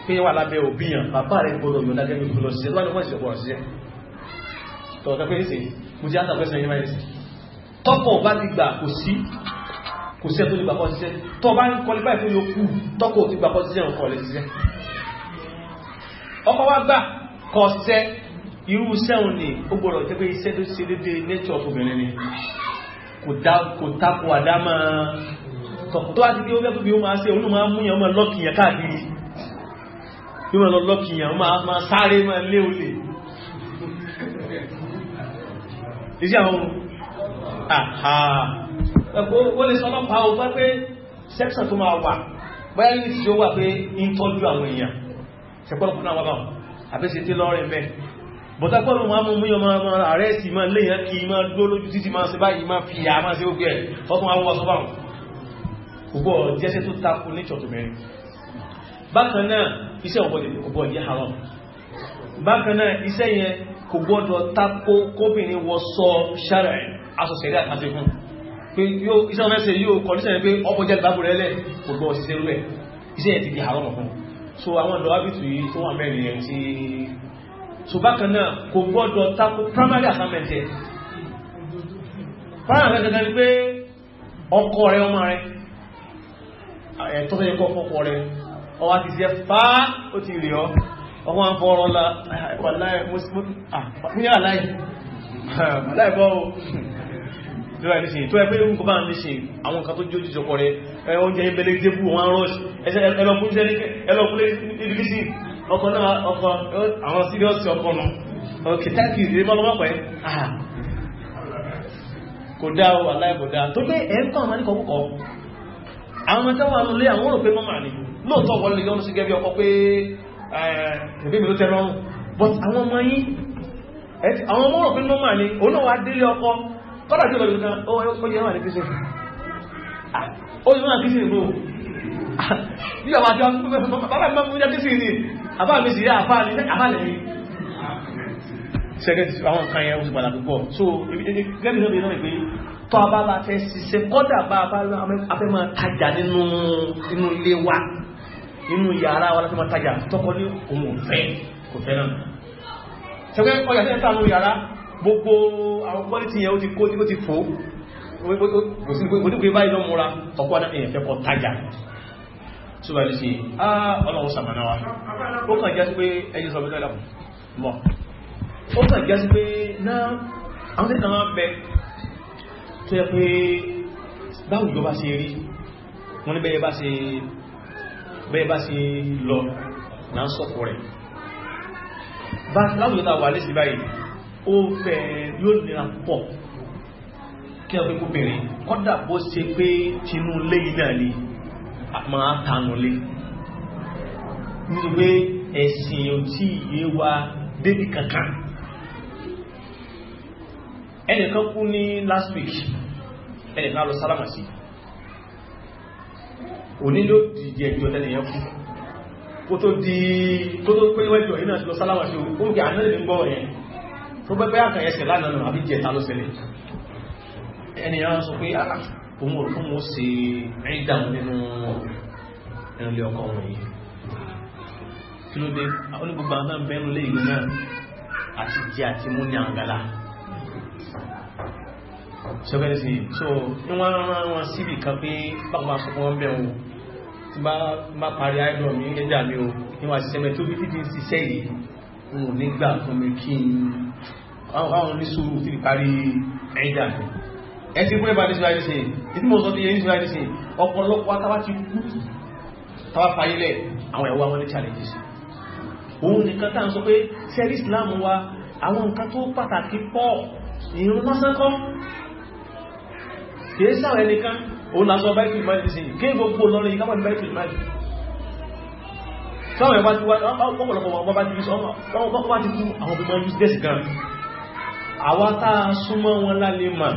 kí wà lábẹ́ òbíyàn bàbá rẹ̀ gbọ́dọ̀ ọ̀yọ̀nda gẹ́gẹ́ bí lọ sí ẹ tọ̀tọ̀ pé nísìnyí mo ti ánsà pẹ́sẹ̀ yẹmẹ́ nísìnyí tọ́pọ̀ bá ti gbà kò sí kò sí ẹ̀tọ́ nígbà pọ́síṣẹ́ tọ́ bá ń kọlí báyìí fún yókù tọ́kọ̀ ti gbà pọ́síṣẹ́ ọkọ̀ lè ṣiṣẹ́ ọkọ̀ wá gbà kọ̀ọ̀sẹ́ irú sẹ́hùn ni ó gbọ́dọ̀ jẹ́ pé iṣẹ́ tó ṣe déédéé nature of obìnrin ni kò tako àdámọ́ tọ̀tọ̀ àti pé ó fẹ́ tóbi ó máa ṣe lọ lọ́kìyàn máa sáré máa lé ìsí àwọn ohun àhà ẹ̀kọ́ ó lè sọlọ́pàá o fẹ́ pé section tó máa wà báyá ní tí ó wà pé ń tọ́jú àwọn èèyàn ṣẹ̀pọ̀lọpọ̀ náà wà báwọn àbẹ́sẹ̀ tí lọ́rin mẹ́ bọ̀tàpọ̀lù máa mú múyọ máa rẹ̀ sí máa léyàn kí máa dó lójú títí máa ṣe báyìí máa fi àmá sí ó gẹ̀ẹ́ fọ́tún àwọn wọ́n sọ́bàrùn gbogbo jẹ́sẹ́ tó takú ní ṣọ̀tù mẹ́rin bákan náà iṣẹ́ ọ̀bọ̀dẹ̀ ọ̀bọ̀dẹ̀ haram bákan náà iṣẹ́ yẹn kò gbọ́dọ̀ tako kóbìnrin wọ sọ ṣára ẹ̀ asọ̀sẹ̀rẹ̀ àtàfikún pé yóò iṣẹ́ ọ̀fẹ́sẹ̀ yóò kọ̀ níṣẹ́ pé ọkọ̀ jẹ́ ìbábò rẹ̀ lẹ̀ kò gbọ́ òṣìṣẹ́ rẹ̀ iṣẹ́ ẹ̀ ti di àárọ̀ fún so àwọn ọ̀dọ́ ábìtù yìí tó wà mẹ́rin ẹ̀ ti so bákan náà kò gbọ́dọ̀ tako primary assignment ẹ̀ primary assignment ni pé ọkọ rẹ ọmọ rẹ ẹ̀ tọ́fẹ́ yẹ kọ́ ọkọ rẹ ọwọ́ ti ṣe fá ó ti rí ọ ọwọ́n ń fọ́rọ̀ lá tó ẹgbẹ́ ìwọ̀n kọ́ bá ń lè ṣe àwọn nǹkan tó jójú jọpọ̀ rẹ̀ oúnjẹ ìbẹ̀lẹ̀ débù wọn rọ́ṣì ẹlọ́kúnlé ìdílísì ọkọ̀ náà ọkọ̀ àwọn síríọ́sì ọkọ̀ nù ọkẹ̀ tàbí ìrẹ́bọ́lọ́pẹ́ kò dá o aláìbọ̀dá tó gbé ẹ̀ẹ́kọ́ àmà ní kọkúkọ àwọn mẹ́tẹ́wà lọ lé àwọn òpé mọ́mà ní lóòtọ́ wọlé yọ́nù sí gẹ́bí ọkọ̀ pé ẹ̀bí eh, mi ló tẹ́ lọ́rùn but àwọn ọmọ yí àwọn ọmọ òfin ló máa ní òun wá délé ọkọ kọ́dà tí ìbẹ̀rẹ̀ kan ó yẹ wà ní kíṣẹ́ ah, ó yẹ wà ní kíṣẹ́ ìgbò ah, bí àwọn àjọ bàbá mi máa mú jẹ́ kíṣẹ́ ní àbá mi sì yá àbá mi àbá lẹ́yìn sẹ́gẹ́ ti àwọn kan yẹn ó sì padà púpọ̀ so gẹ́gẹ́ bí náà pé tọ́ abá bá fẹ́ ṣiṣẹ́ kọ́dà bá abá afẹ́ máa tajà nínú ilé wa nínú yàrá wa láti máa tajà tọ́kọ ní ohun fẹ́ kò fẹ́ náà ṣẹ́gbẹ́ ọjà tẹ́ sáà lórí yàrá gbogbo àwọn pọ́lítì yẹn ó ti kó ó ti fò gbogbo báyìí lọ́mú ra ọkọ̀ náà èèyàn fẹ́ kọ tajà tó bá lè ṣe ọlọ́run sàmànà wa ó kàn jásí pé ẹyí sọ bẹ́ẹ̀ lápò mọ́ ó kàn jásí pé náà àwọn tẹ́lẹ̀ náà bẹ tó yẹ pé báwùjọ bá ṣe rí wọ́n ní bẹ́ẹ̀ bá ṣe bẹ́ẹ̀ bá sí lọ náà sọ́pọ̀ rẹ̀ bá láwùjọ tàà wà lẹ́sì báyìí ó fẹ́ yóò nira pọ̀ kí ọ pé kó bèèrè kọ́dà bó ṣe pé tinú lé iná ni máa tanú lé nítorí ẹ̀sìn ò tí yé wa débì kankan ẹnìkan kú ní last week ẹnìkan lọ sálámà sí i òní ló dìde ẹjọ́ tẹ́lẹ̀ yẹn kú kó tó di kó tó pé wẹ́jọ yìí náà ti lọ sáláwà sí òun kí àná lè gbọ́ yẹn tó bẹ́ bẹ́ àkàyẹ sẹ̀ lánàá nù àbí jẹta ló ṣẹlẹ̀ ẹni yẹn sọ pé ah, òun ò fún mo ṣe ẹ̀ẹ́dàmù nínú ilé ọkọ wọn yìí kí ló dé onígbogbo àwọn bẹ́ẹ̀ lé ìlú náà àti jẹ ṣọ́gẹ́rẹ́ sí so ní wọ́n rán wọn síbì kan pé pàpàá sọ fún wọn bẹ̀ wọn tí bá parí idol mi ẹjà mi o ní wọ́n ṣiṣẹ́ mẹ́tò bí títí ṣiṣẹ́ yìí wọn ò ní gbà fún mi kí n àwọn oníṣòro ti parí ẹjà mi ẹ ti gbé bá níṣẹ́ àìsí ìdí mo sọ ti yẹ níṣẹ́ àìsí ọ̀pọ̀lọpọ̀ atáwá ti kú táwá fayílẹ̀ àwọn ẹ̀wọ́ àwọn ní challenges òun nìkan tá à ń sọ pé sẹ́rí Islam wa àwọn nǹkan tó pàtàkì pọ̀ ìrún lásán kọ́ kìí sáwọn ẹnìkan òun lásọ báyìí máa ti sìn kí gbogbo lọ́rọ̀ yìí káwọn báyìí máa ti sáwọn ẹ̀bá ti wá ọ̀pọ̀lọpọ̀ wọn bá ti fi sọ́mọ̀ wọ́n bá ti kú àwọn ọmọ yìí dẹ̀sì gan àwa tá a súnmọ́ wọn lálé mà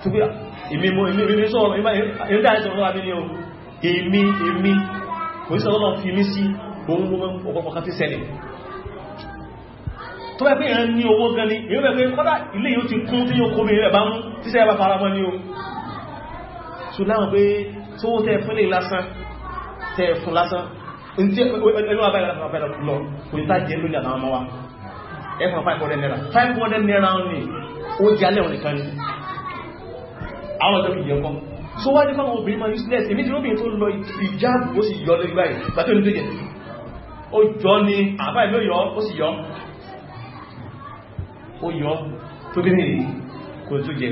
tó bí èmi mọ́ èmi sọ̀rọ̀ èmi dáa sọ̀rọ̀ àmì ni o èmi èmi kò pé ìran ní owó gan ni èmi pé kọ́dà ilé yóò ti kún tí yóò kó mi rẹ̀ bá mú tí sẹ́ bá fara mọ́ ní o so láwọn pé tó tẹ́ fún lè lásán tẹ́ fún lásán ẹnu àbáyé lọ kò ní tàjẹ́ lónìí àwọn ọmọ wa ẹfà 500 naira 500 naira ní ó jẹ́ alẹ́ òníkan ní àwọn ọ̀dọ́ ìyẹn kan so wá ní fáwọn obìnrin ma useless èmi tí ó bìnrin tó lọ ìjáàbù ó sì yọ lórí báyìí gbàtí ó ní tóyẹ ó jọ ní àbáyé ló yọ ó sì yọ ó yọ tó bí nìyí kò tó jẹ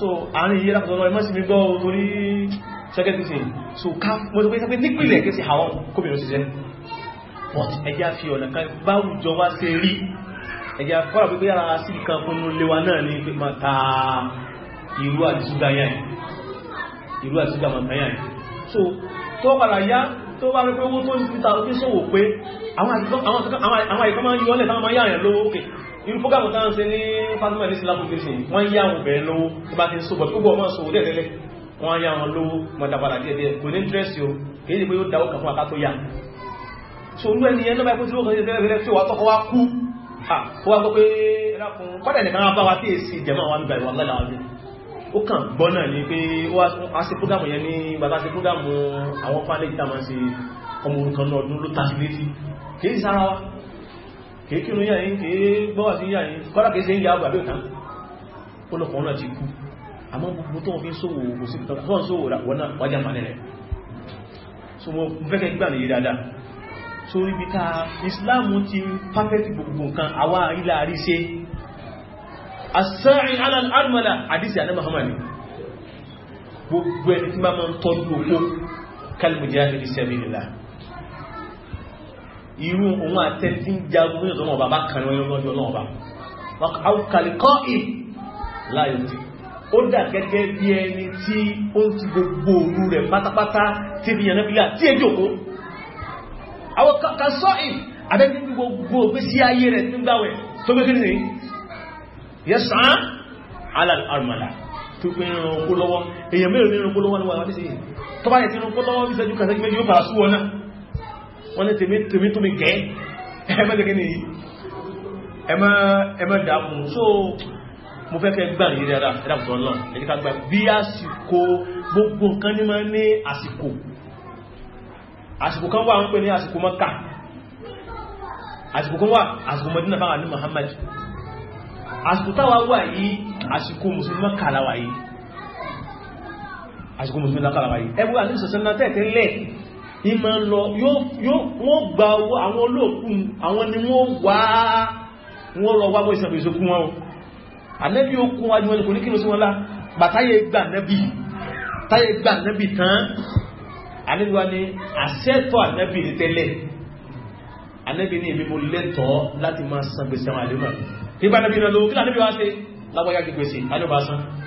so àárín yíra kò lọ́rọ̀ mọ́sí mi gbọ́ torí secretary so ká mọ́ tó pé sápé nípìnlẹ̀ kí sí àwọn kóbìnrin òṣìṣẹ́ but ẹjá fi ọ̀nà kan báwùjọ wá ṣe rí ẹjá kọ́ra pé yára sí kan fún léwa náà ní pé máa ta ìrú àdìsúgà yàn ìrú máa yàn so tó padà yá tó bá rí pé owó tó ń ta ló fi sòwò pé àwọn àìkọ́ máa ń yọ ọ́lẹ̀ táwọn máa yà yàn lówó irú fọ́gàmù tán ṣe ní Fatima ní sílápù fèsì wọ́n yá àwọn obìnrin lówó tó bá ti ń sóbọ̀ tó gbọ́ ọmọ sọ òdẹ́ tẹ́lẹ̀ wọ́n yá àwọn lówó mọ̀tàbàlà díẹ̀díẹ̀ kò ní dírẹ́sì o èyí pé ó dáwọ́ kan fún akátó yá so olú ẹni ẹni báyìí kó tí ó kàn sí tẹ́lẹ̀ tí ó wà tọ́kọ wá kú ó wá gbọ́ pé ẹ̀rákun kọ́dà nìkan wá bá wa tí èsì ìjẹ̀mọ́ wa ń gbà ìwà lọ́la ọdún ó kàn gbọ́ náà ni pé a ṣe fúgàmù yẹn ní bàbá ṣe fúgàmù àwọn fánlẹ̀ ìtàmà ṣe ọmọ orúkọ náà ọdún ló tàṣílẹ́sí kìí sára wa kéèkìrún yà yìí kéè gbọ́wà sí yà yìí kọ́lá kéèsẹ̀ yà àgbà bí òtán olùkọ́ náà ti kú àmọ́ gbogbo tó wọ́n fi sówò òsìkò tọ́wọ́n sówò wọ́n wájá màá nẹ́rẹ̀ so mo fẹ́kẹ́ gbà lè dáadáa so ibi ta Islam ti pàfẹ́tì gbogbo nǹkan àwa ilẹ̀ àríṣe asáàrin alàmàlà àdísì àná ẹni tí máa ń tọ́jú òkú kalmujahid sabilillah irú òun àtẹ́tí ń jagun ní ọ̀sán ọba bá kàn ní ọjọ́ náà ọba àwùkàlìkọ́ ì láyé tí ó dà gẹ́gẹ́ bí ẹni tí ó ti gbogbo òru rẹ̀ pátápátá tí ibi yànnà bílá tí èjì òkú àwọn kàṣọ́ ì àbẹ́bí gbogbo pé sí ayé rẹ̀ tí ń gbáwẹ̀ tó gbé kíni yẹsàn alàlùmọ̀lá tó gbé irun okó lọ́wọ́ èèyàn mélòó ní irun lọ́wọ́ ní wà wọ́n ní tèmi tó mi gẹ́ ẹmọ́ jẹ́ kíni so mo fẹ́ kẹ́ gbà rí rẹ̀ ẹ̀dàkùsọ̀ lọ ẹ̀dàkà gbà bí àsìkò gbogbo nǹkan ní máa ní àsìkò àsìkò kan wà ń pè ní àsìkò Mákà àsìkò kan wà àsìkò Mẹ́dínà bá Muhammad àsìkò táwa wà yìí àsìkò mùsùlùmí Mákà láwà yìí àsìkò mùsùlùmí lákàlàwà yìí ìmọ̀ lọ yóò gba owó àwọn olóòkú àwọn ni wọ́n wá wọ́n lọ wá bọ́ ìsànbẹ̀ ìsòkú wọn o ànẹ́bí okun wájú wọn kò ní kí ló sí wọn lá bàtáyé gbà nẹ́bí táyé gbà nẹ́bí tán ànẹ́bí wa ni àṣẹ́tọ̀ ànẹ́bí ní tẹ́lẹ̀ ànẹ́bí ní èmi mo lẹ́tọ̀ọ́ láti máa san gbèsè àwọn àlè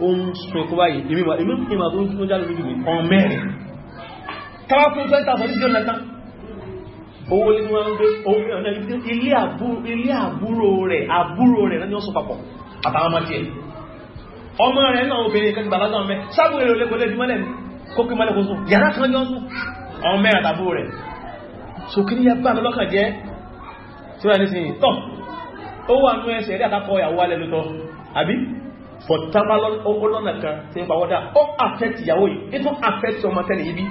ó ń sun ẹkọ́ báyìí ìmìmọ̀ ìmìmọ̀ tó ń tún jáde lójú mi ọ̀n mẹ́rin tàbá fún tọ́ta fọ́ níjọ́ lẹ́ta owó lé wọ́n ń gbé ilé àbúrò rẹ̀ àbúrò rẹ̀ náà ni ó sọ papọ̀ àtàwọn ọmọ tiẹ̀ ọmọ rẹ̀ náà obìnrin kan gbàgbà náà mẹ́ sábò èrò lẹ́kọ̀ọ́ lẹ́dí mọ́lẹ̀ kókè mọ́lẹ̀ kó sùn yàrá kan jọ sùn ọmọ mẹ́rin àtàbò rẹ̀ so kí ni yẹ bá mi lọ́kàn jẹ́ tí wọ́n ní sin tọ́ ó wà nú ẹsẹ̀ rí àtàkọ ìyàwó alẹ́ lótọ́ àbí For lọ́nà kan tí ń pàwọ́dá ó affect ìyàwó yìí ètò affect ọmọ tẹ́lẹ̀ yìí bí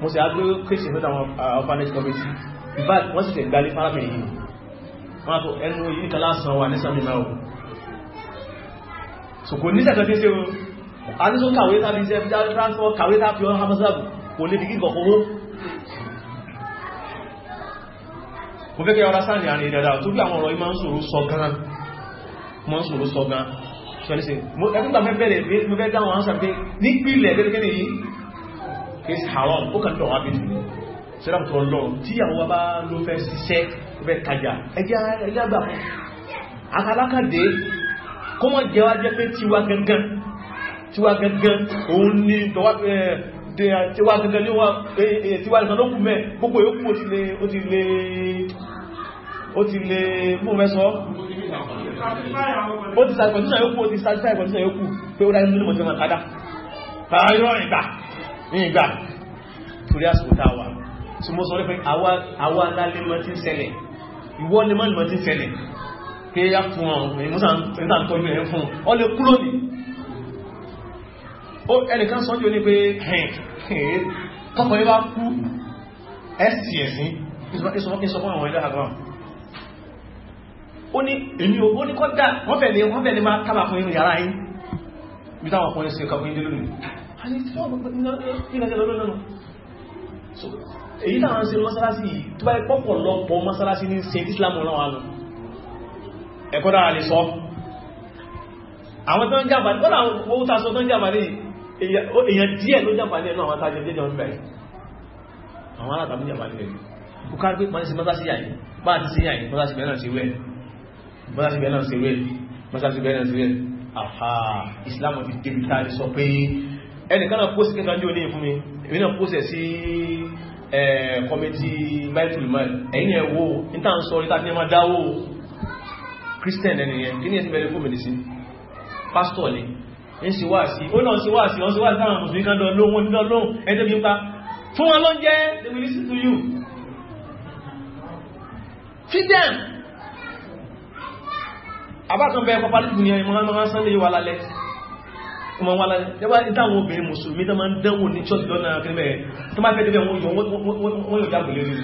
mo sì agbé christian lọ́dà àwọn uh, orphanage committee ìbáà wọ́n sì tẹ̀gbà ní fárámì yìí wọ́n tó ẹnu yìí kan lásán wà nísàmì náà so kò ní sẹ́kọ̀ tí ṣe o a ní tó kàwé tàbí ṣe fíjá transfer kàwé tàbí ọ́n hamasabu kò lè dìgí kọ̀kọ́wó mo fẹ́ kẹ́ ọ̀rá sáà ní àrìn ìdàdà tó bí àwọn ọ̀rọ̀ ìmá ń sòrò sọ gan-an mọ́sùn ló sọ gan ṣọ́lẹ́sẹ̀ ẹgbẹ́gbà mẹ́bẹ̀rẹ̀ mẹ́bẹ̀ dáwọn ánsà pé ní pílẹ̀ gẹ́gẹ́ ní yìí is haram ó kàn tọ̀wọ́ bí sẹ́ràn tó lọ tí àwọn bá ló fẹ́ ṣiṣẹ́ fẹ́ tajà ẹjẹ́ àgbà akalákàdé kó mọ́ jẹwa jẹ́ pé tiwa gangan tiwa gangan òun ni tiwa gangan ní wọ́n tiwa gangan ló kù mẹ́ gbogbo yóò kú ó ti lè ó ti lè mú mẹ́sọ́ ó ti sàkọ̀tíṣà yóò kú ó ti sàkọ̀tíṣà ìkọ̀tíṣà yóò kú pé ó dájú nímọ̀ tí wọ́n kádá ààrọ̀ ìgbà ní ìgbà torí àsìkò tá wà tí mo sọ pé àwa alálé mọ́ tí ń ṣẹlẹ̀ ìwọ ni mọ́ ìmọ̀ tí ń ṣẹlẹ̀ pé yá fún ọ ìmúsàntọ́jú ẹ̀ fún ọ lè kúrò ní ẹnìkan sọ́jú ní pé tọ́pọ̀ yẹ́ bá kú ẹ̀sì ẹ̀sìn ìsọ̀kọ́ àwọn ilé àgbà ó ní èmi ò ní kọ́dá wọ́n fẹ́ lè wọ́n fẹ́ lè máa tábà fún inú yàrá yìí bí táwọn ọkùnrin sí ọkùnrin dé lónìí èyí táwọn ṣe mọ́sálásí tó bá pọ́pọ̀ lọ́pọ̀ mọ́sálásí ní ṣe islamu náà nù ẹ̀kọ́ dára lè sọ àwọn tó ń jàbà tó láwọn owó tàṣọ tó ń jàbà ní èyàn díẹ̀ ló jàbà ní ẹ̀nà àwọn tàṣẹ jẹ́jọ ń bẹ̀rẹ̀ àwọn alátàmú jàbà ní ẹ̀yìn kò kárí pé pàṣẹ mọ́sálásí yàyìn bá àti sí yàyìn mọ́sálásí mẹ́rin sí wẹ́ẹ̀ mọ́sásíbẹ̀ náà sí rẹ̀ mọ́sásíbẹ̀ náà sí rẹ̀ àhà islamu ti dé ìta sọ pé ẹnìkan náà pósì kí n kanjú olè fún mi èmi náà pósì sí kọmítí baitul mal ẹ̀yìn ẹ̀wọ́ níta ń sọ orí tàbí ẹmà dáwó christian ẹniyẹn kí ní ẹ̀sìn bẹ̀rẹ̀ fún mẹ́lẹ̀sìn pastor ni ń sí wáàsí ó náà sí wáàsí wọ́n sí wáàsí táwọn mùsùlùmí kan dán lóhun dídán lóhun ẹjọ́ bí ń pa fún wọn ló ń jẹ́ they will listen to you feed them abákan bẹ́ẹ̀ pápá lùkù ní ẹmọ ọmọ sunday wà lálẹ́ ọmọ wà lálẹ́ lẹ́wà ìtàwọn obìnrin mùsùlùmí tó máa ń dánwò ní church lọ́nà akẹ́lẹ́bẹ̀ tó máa fẹ́ débẹ̀ wọ́n yọ wọ́n yọ jágùn lérí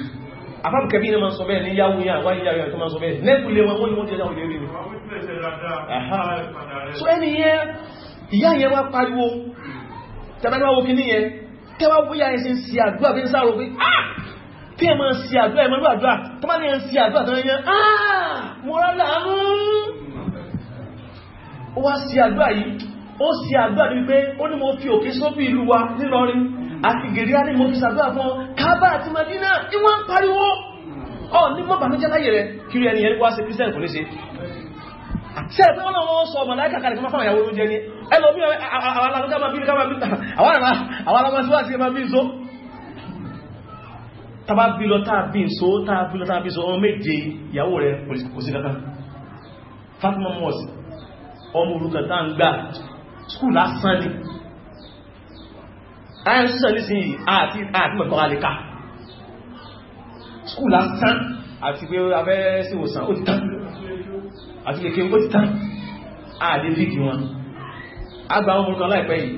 afáàmù kẹbí ní ma sọ bẹ́ẹ̀ ní yáwó yá wáyé yáwó yá tó ma sọ bẹ́ẹ̀ lẹ́kùnlé wọn wọ́n ni wọ́n jẹ́ jáwó lérí ni so ẹni yẹn ìyá yẹn wá pariwo tẹ́bẹ́lá wo kí ní yẹn kẹwàá bóyá yẹn sí ń sí àdúrà bí ń sáàrò pé ah kí ẹ máa sí àdúrà ẹ̀mọ́lú àdúrà tó bá ní ẹ̀ ń sí àdúrà tó yẹn ah mọ́rálà ń ó wá sí àdúrà yìí ó sí àdúrà ní pé ó ní mo fi òkè sóbì ìlú wa nÍlọrin àti gèríà ní mo fi sàdúrà fún Káàbà àti Madina ní wọ́n ń pariwo ọ ní mọ́ bàmíjẹ́ láyé rẹ̀ kiri ẹni ẹni wá sí Christian kò ní ṣe ṣe ẹ̀fẹ́ wọn náà wọ́n sọ ọmọ láìka kalẹ̀ fún àwọn ìyàwó oúnjẹ ni ẹlòmí àwọn alága máa bí ní ká máa bí àwọn alága sí wá sí máa bí nso tàbá bí lọ tàà bí nso tàà bí lọ tàà bí nso ọmọ méje ìyàwó rẹ̀ kò sí kankan Fatima mọ́ọ̀sì ọmọ orúkọ tá ń gbà skúù lásán ni ayẹ́ sísọ nísìnyí àti àtìmọ̀kọ́ alìká skúù lásán àti pé abẹ́ síwòsàn ó ti tán àti lè kéwọ́ ti tán àdé fíkì wọn agbà ọmọ orúkọ láìpẹ́ yìí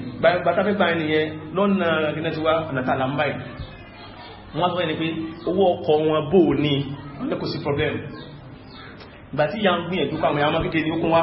gbàtàfẹ́ gbà ẹniyẹn lọ́nà gínẹ́tiwá nàtàlà ń báyìí wọ́n sọ ẹni pé owó ọkọ̀ wọn bò ní wọ́n lẹ́kọ̀ọ́ sí problem gbàtí ya ń gbìyànjú káwọn ya máa kékeré ní okun wá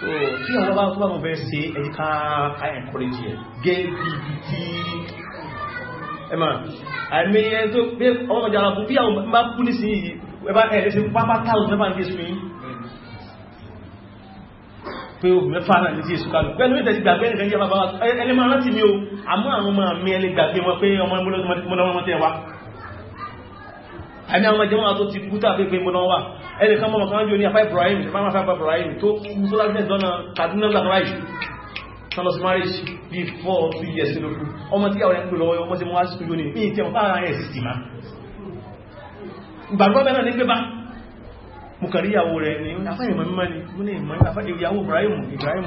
So, tí àwọn bá tó bá mọ̀ fẹ́ ṣe ẹ̀yíká encourage ẹ̀ gẹ́ẹ̀bì tí ẹmà àmì ẹ̀ tó gbé ọmọ ìjà àbú bí àwọn bá kú ní sí ẹbá ẹ̀rẹ́ sí pápá táwọn ẹbá ń gé sí pé o mẹ́fà náà ní sí ìsúkàlù pẹ̀lú ìtẹ̀sí gbàgbé ẹnìkan jẹ́ bàbá ẹni máa rántí mi o àmọ́ àwọn ọmọ mi ẹni gbàgbé wọn pé ọmọ ìmúlọ́mọ́tẹ́ wa àmì àwọn ọmọ ìjẹun àtó ti kú tàbí pé mọ́nà wà ẹni kan mọ́mọ̀ kan jò ní afá Ibrahim ṣe máa fáfá Ibrahim tó kú tó láti ẹ̀dọ́nà Kaduna lakrai sanlọ́sí marriage bí 4 3 years ló kú ọmọ tí àwọn ẹ̀kùn lọ́wọ́ ọmọ tí wọ́n á sì kúrò ní ní ìtẹ́ ọ̀pá ara rẹ̀ sì má ìgbàgbọ́ bẹ́ẹ̀ náà ní gbébá mo kàrí ìyàwó rẹ̀ ní afá ìmọ̀ mímọ́ ni mo ní ìmọ̀ afá ìyàwó Ibrahim Ibrahim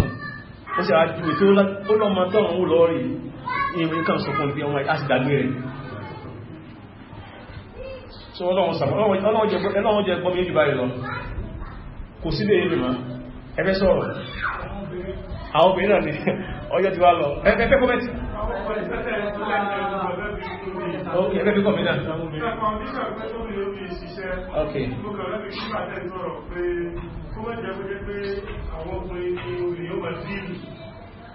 ó sì àjúwe tó lọ́mọ tọ́run wù lọ́rí ìrìn kan sọ fún ibi ọmọ àti ìdàgbé rẹ̀ so ọlọ́run sàmọ́ ọlọ́run jẹ gbọ́mí jù báyìí lọ kò sí lè rí mọ́ ẹgbẹ́ sọ̀rọ̀ àwọn obìnrin náà ni ọjọ́ ti wá lọ ẹgbẹ́ ok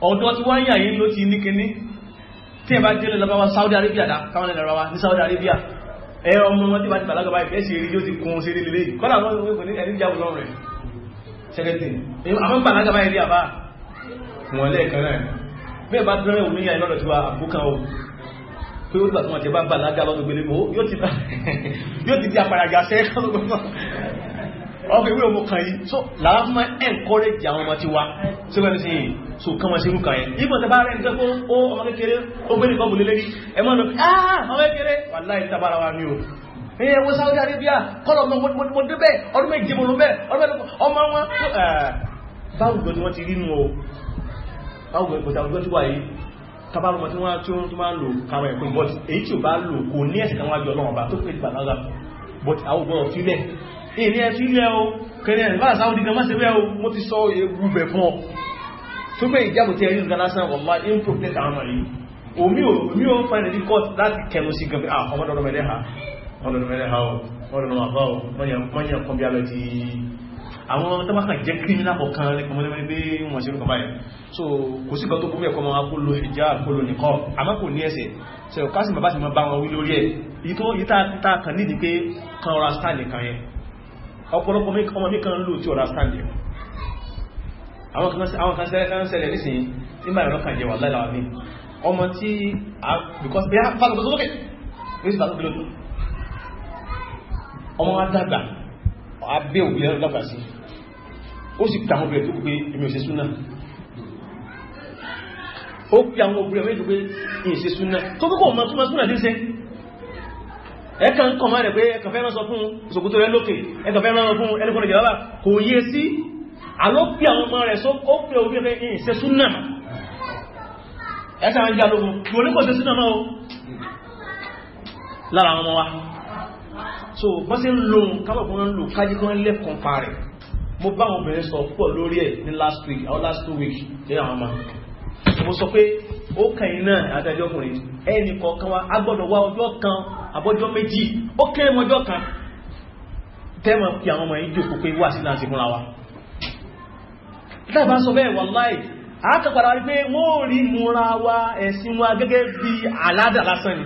ọ̀dọ́ tí wọ́n yà yìí ló ti ní kíní tí ẹ bá délé lọ́bàá Saudi Arabia dá káwọn ẹ̀rọ wa ní Saudi Arabia ẹ ọmọ wọn tí bá ti bàlágà báyìí fẹ́ẹ̀sì eré yóò ti kún sí ilé yìí kọ́lá wọn wọ́n ní ẹni jáwọ́ lọ́rùn rẹ̀ sẹ́kẹ́tì àwọn bàlágà báyìí rí àbá wọn lẹ́ẹ̀kan náà bí ẹ bá dúró òun yà lọ́dọ̀ tí wa àbúkan o pé ó gbà tí wọn ti bá bàlágà lọ́dọ̀ gbélé mọ́ yóò ti di àpàràgà sẹ́ so làwọn encourage àwọn ọmọ tiwa sígbẹ́ni sí yìí so kán ma ṣe rúkà yẹn ibò tẹ bá rẹ̀ nǹkan fún ó ọmọ kékeré ó gbé nìkan mú lélẹ́rí ẹ mọ́ lọ pé ah, ah ọmọ kékeré wà láì tabara wa ní o ní ẹwọ Saudi Arabia kọ́lọ̀ mo débẹ̀ ọdún méje mo lọ bẹ́ ọdún méje ọmọ wọn báwo gbọ́n tí wọ́n ti rí nù o báwo gbọ́n tí wà yìí tabaruma tí wọ́n tí wọ́n tó máa lò kàwọn ẹ̀kùn but èyí tí ó bá lò kò ní ẹ̀sìn kan wájú ọlọ́wọ̀n bá tó pè gbà náà but àwọn ọgbọ̀n fílẹ̀ èyí ni ẹ fílẹ̀ o kẹrẹ ẹ̀ bá Saudi gan mọ́ sí bẹ́ẹ̀ o mo ti sọ ewu bẹ̀ fún ọ tó gbé ìjábò tí ẹ̀rí nǹkan lásán wọ̀n máa ń protect àwọn yìí omi ò mi ò find it court láti kẹnu sí gan ah ọmọdé ọdọ mẹlẹ ha ọmọdé ọdọ mẹlẹ ha o ọmọdé ọdọ àbá o mọnyàn kan bí alọ ti àwọn tó bá kàn jẹ criminal kọ̀ọ̀kan ní kọmọdé mẹlẹ pé wọn ṣe lókàn so kò sí kan tó kó mẹ́kọ́ máa kó lo ìjà kó lo nìkọ́ àmọ́ kò ní ẹsẹ̀ so kásì bàbá ti máa bá wọn wí lórí ẹ̀ yìí tó yìí tá a kàn nídìí pé kan ọ̀rá stand kan yẹn ọ̀pọ̀lọpọ̀ ọmọ mi kan lò tí ọ̀rá stand yẹn àwọn kan sẹ́lẹ̀ nísìnyí tí máa ìrọ́kàn jẹ wà láìláwà ní ọmọ tí a because bí a fàtàkì sókè ní sí fàtàkì lótú ọmọ wa dàgbà abẹ́ òbí lẹ́nu dàgbà sí ó sì pè àwọn obìnrin tó pé èmi ò ṣe súnà ó pè àwọn obìnrin méjì pé èmi ò ṣe súnà tó kókò ọmọ súnmọ́ súnà díṣẹ́ ẹ̀kan kọ̀ máa rẹ̀ pé ẹ̀kan fẹ́ rán sọ fún ìṣòkútó rẹ̀ àló pí àwọn ọmọ rẹ̀ só ó pé orí rẹ̀ ní ìṣẹ́ súnnà ẹ̀ta ìjà lógún tó ní kò sí súnnà náà lára àwọn ọmọ wa so bọ́ sí ń lo kábọ̀kún ń lò kájíkan lẹ́kùn pa rẹ̀ mo bá àwọn obìnrin sọ púpọ̀ lórí ẹ̀ ní last week our last two weeks lé àwọn ọmọ mo sọ pé ó kẹ̀yìn náà adájọ́ ọkùnrin ẹnì kọ̀ọ̀kan wa a gbọ́dọ̀ wá ọjọ́ kan àbọ́jọ́ méjì ó kéré mọ́jọ́ kan tẹ́mọ̀ pé àwọn ọmọ yìí jòkó pé wà sí láti fúnra wa tẹ́bà sọ bẹ́ẹ̀ wàláì àtàkàrà wípé wọ́n rí múra wa ẹ̀sìn wa gẹ́gẹ́ bí aládà lásán ni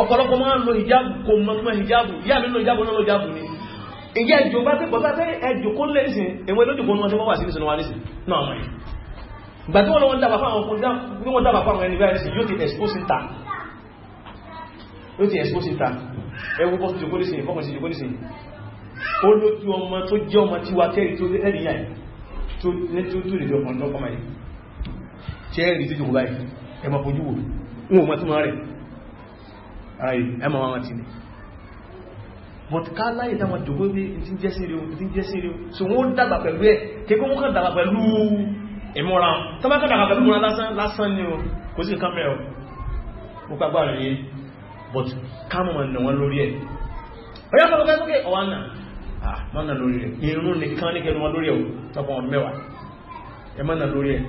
ọ̀pọ̀lọpọ̀ máa ń lo hijabu kò mọ̀ hijabu yà mí lo hijabu náà lo hijabu ni ìjẹ́ ìjò bá pẹ́ pọ̀tá pé ẹjò kó lè sìn ẹ̀wọ̀n lójòkó wọn tí wọ́n wà sí ìsinmi wa nísìn náà wọ́n ìgbà tí wọ́n dábà fún àwọn ọkùnrin ní wọ́n dábà fún àwọn ẹni báyìí sí yóò ti expose ta yóò ti expose ta ẹwọ́ bọ́sù jòkó nísìn ìfọ́kùn sí jòkó nísìn ó lójú ọmọ tó jẹ́ ọmọ tí wa tẹ́rì tó tẹ́rì yáyìí But lè dọ̀kan dọ́kọ́mà yìí chẹ́ẹ̀rì tí jùgbà yìí ẹmà fojú wò ní o mọ́tí mọ́ rẹ̀ ara yìí ẹmà wọn ti ní but ká láyé dáwọn jùgbó bí tí jẹ́ sí rí o so wọ́n dàgbà pẹ̀lú ẹ̀ kékọ́ wọ́n kàn dàgbà pẹ̀lú ìmúra tó bá kàn dàgbà pẹ̀lú ìmúra lásán ni o kò sí kámẹ́ o ó gbàgbà rẹ̀ yé but kámọ̀ nà wọn lórí ẹ̀ ọ̀yá mọ́nà lórí rẹ̀ irun nìkan ní kẹnu wọn lórí ẹ̀ tọ́pọ̀ wọn mẹ́wàá ẹ mọ́nà lórí ẹ̀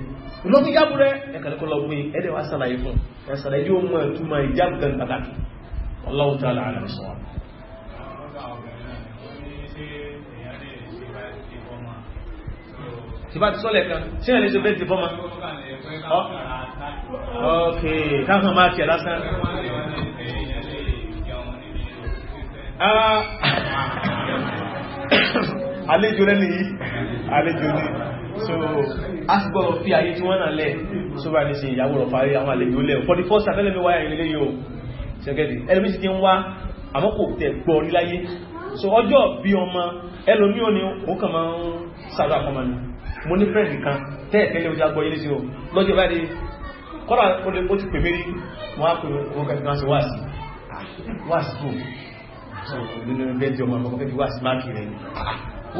lókè jábù rẹ̀ ẹ kàlẹ́kọ́ lọ gbé ẹ̀dẹ̀ wá sàlàyé fún ẹ sàlàyé yóò mọ ìtumọ̀ ìjábù gan pàtàkì Allahu ta'ala àlẹ́ sọ wọn. tí bá ti sọ́lẹ̀ kan tí ẹ̀ lè ṣe bẹ́ẹ̀ ti fọ́mọ. ok káàkiri máa tiẹ̀ lásán. àlejò lẹ́ni yìí àlejò ní so a ti gbọ́rọ̀ fi ayé tí wọ́n náà lẹ̀ so bá ní ṣe ìyàwó rọ̀ parí àwọn àlejò lẹ̀ for the first time ẹlẹ́mi wáyà ilé yóò ṣẹ́gẹ́dì ẹlẹ́mi ti ń wá àmọ́ kò tẹ̀ gbọ́ níláyé so ọjọ́ bí ọmọ ẹlòmí ò ní ó kàn máa ń sàdọ̀ àkọ́mọ ni mo ní fẹ́ẹ̀dì kan tẹ́ẹ̀tẹ́lẹ̀ ó jágbọ́ ilé sí o lọ́jọ́ bá di kọ́ra ó ti pè mérí wọ́n á pè ó kàtí wá sí wá sí wá sí nínú rédíò ọmọ ọmọ fẹ́bí wá sí máàkì rẹ̀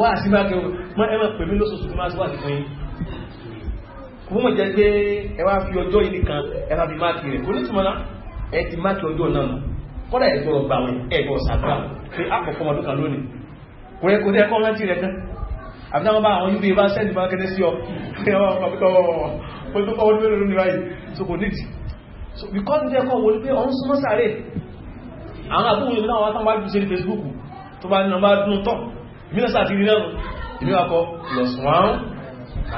wá sí máàkì rẹ̀ ẹmọ pẹ̀lú lóṣòṣù tó máa sí wá sí fún yí kò mọ̀ jẹ́ pé ẹ wá fi ọjọ́ yìí nìkan ẹ bá fi máàkì rẹ̀ kò ní túnmọ́lá ẹ ti máàkì ọjọ́ náà nù kọ́dà ẹ̀ gbọ́rọ̀ gbà wọn ẹ̀ gbọ́rọ̀ sàdúrà pé àkọ́kọ́ ọmọdún kan lónìí kò yẹ kó tẹ́ kọ́ rántí rẹ̀ kan àbí táwọn bá àwọn yúdé bá sẹ́ẹ̀dì máa kẹ́dẹ́ sí ọ ọdún mélòó ní báyìí so kò nídìí àwọn àbúrò ilé náà wọ́n tán wájú sí Facebook tó bá nínú bá dún tọ́ mínísà ti rí náà ìlú akọ plus one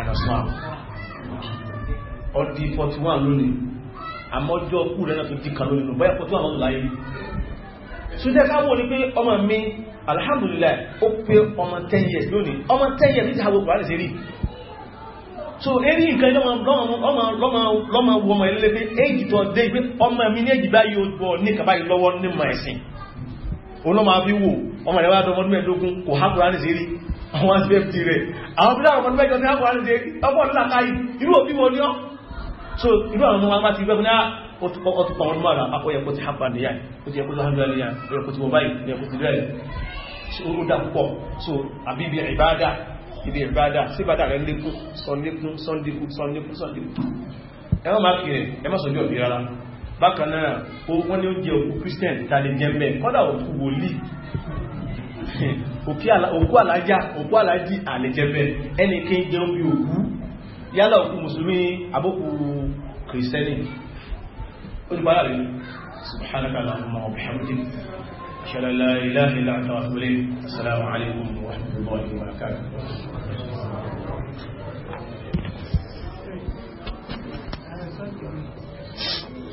minus one ọdí 41 lónìí àmọ́jọ́ kú rẹ̀ náà tó di kan lónìí bóyá 41 lọ́dún láyé ṣújẹ́ years lónìí ọmọ 10 years ní ti àwọn òkúrò so eré nǹkan ilé lọ́mọ wọ ọmọ ilé pé éjì tó dé pé ọmọ mi ní èjì báyìí ó gbọ́ ní kàbáyìí lọ́wọ́ ní mọ̀ ẹ̀sìn olóma fi wò ọmọ ìrẹ́wà tó ọmọdún mẹ́ẹ̀dógún kò hákùrá ní sírí àwọn aspect rẹ̀ àwọn bí láwọn ọmọdún mẹ́jọ ní hákùrá ní sírí ọgbọ́n ní làkáyì irú òbí wọn ní ọ́ so irú àwọn ọmọ wa ti gbẹ́ fún ọtún pàwọn mọ́ra akọ́yẹ̀kọ́ ah, ti ah, hákùrá níyà ó ti yẹ kó ti hákùrá níyà ó yẹ kó ti wọ báyìí ó yẹ kó ti rẹ̀ ó dà púpọ̀ so àbíbi ìbáadà ibi ìbádà sí ìbádà rẹ̀ lékún sọ́ndékún sọ́ndékún sọ́ndékún sọ́ndékún ẹwọ́n máa fi rẹ̀ ẹmọ́ sọ́jọ́ òbí rárá bákan náà wọ́n ni ó jẹ òkú christian tàbí jẹ́mẹ́ kọ́dà òkú wòlíì òkú alájá òkú alájí àlẹ́jẹ́bẹ́ ẹni kí ń jẹ́ omi òkú yálà òkú mùsùlùmí àbókù kìrìsẹ́nì ó ti bára rẹ̀ subhanakallahumma wa bihamdik ashhadu an la ilaha illa anta astaghfiruka wa atubu ilayk assalamu alaykum wa rahmatullahi wa barakatuh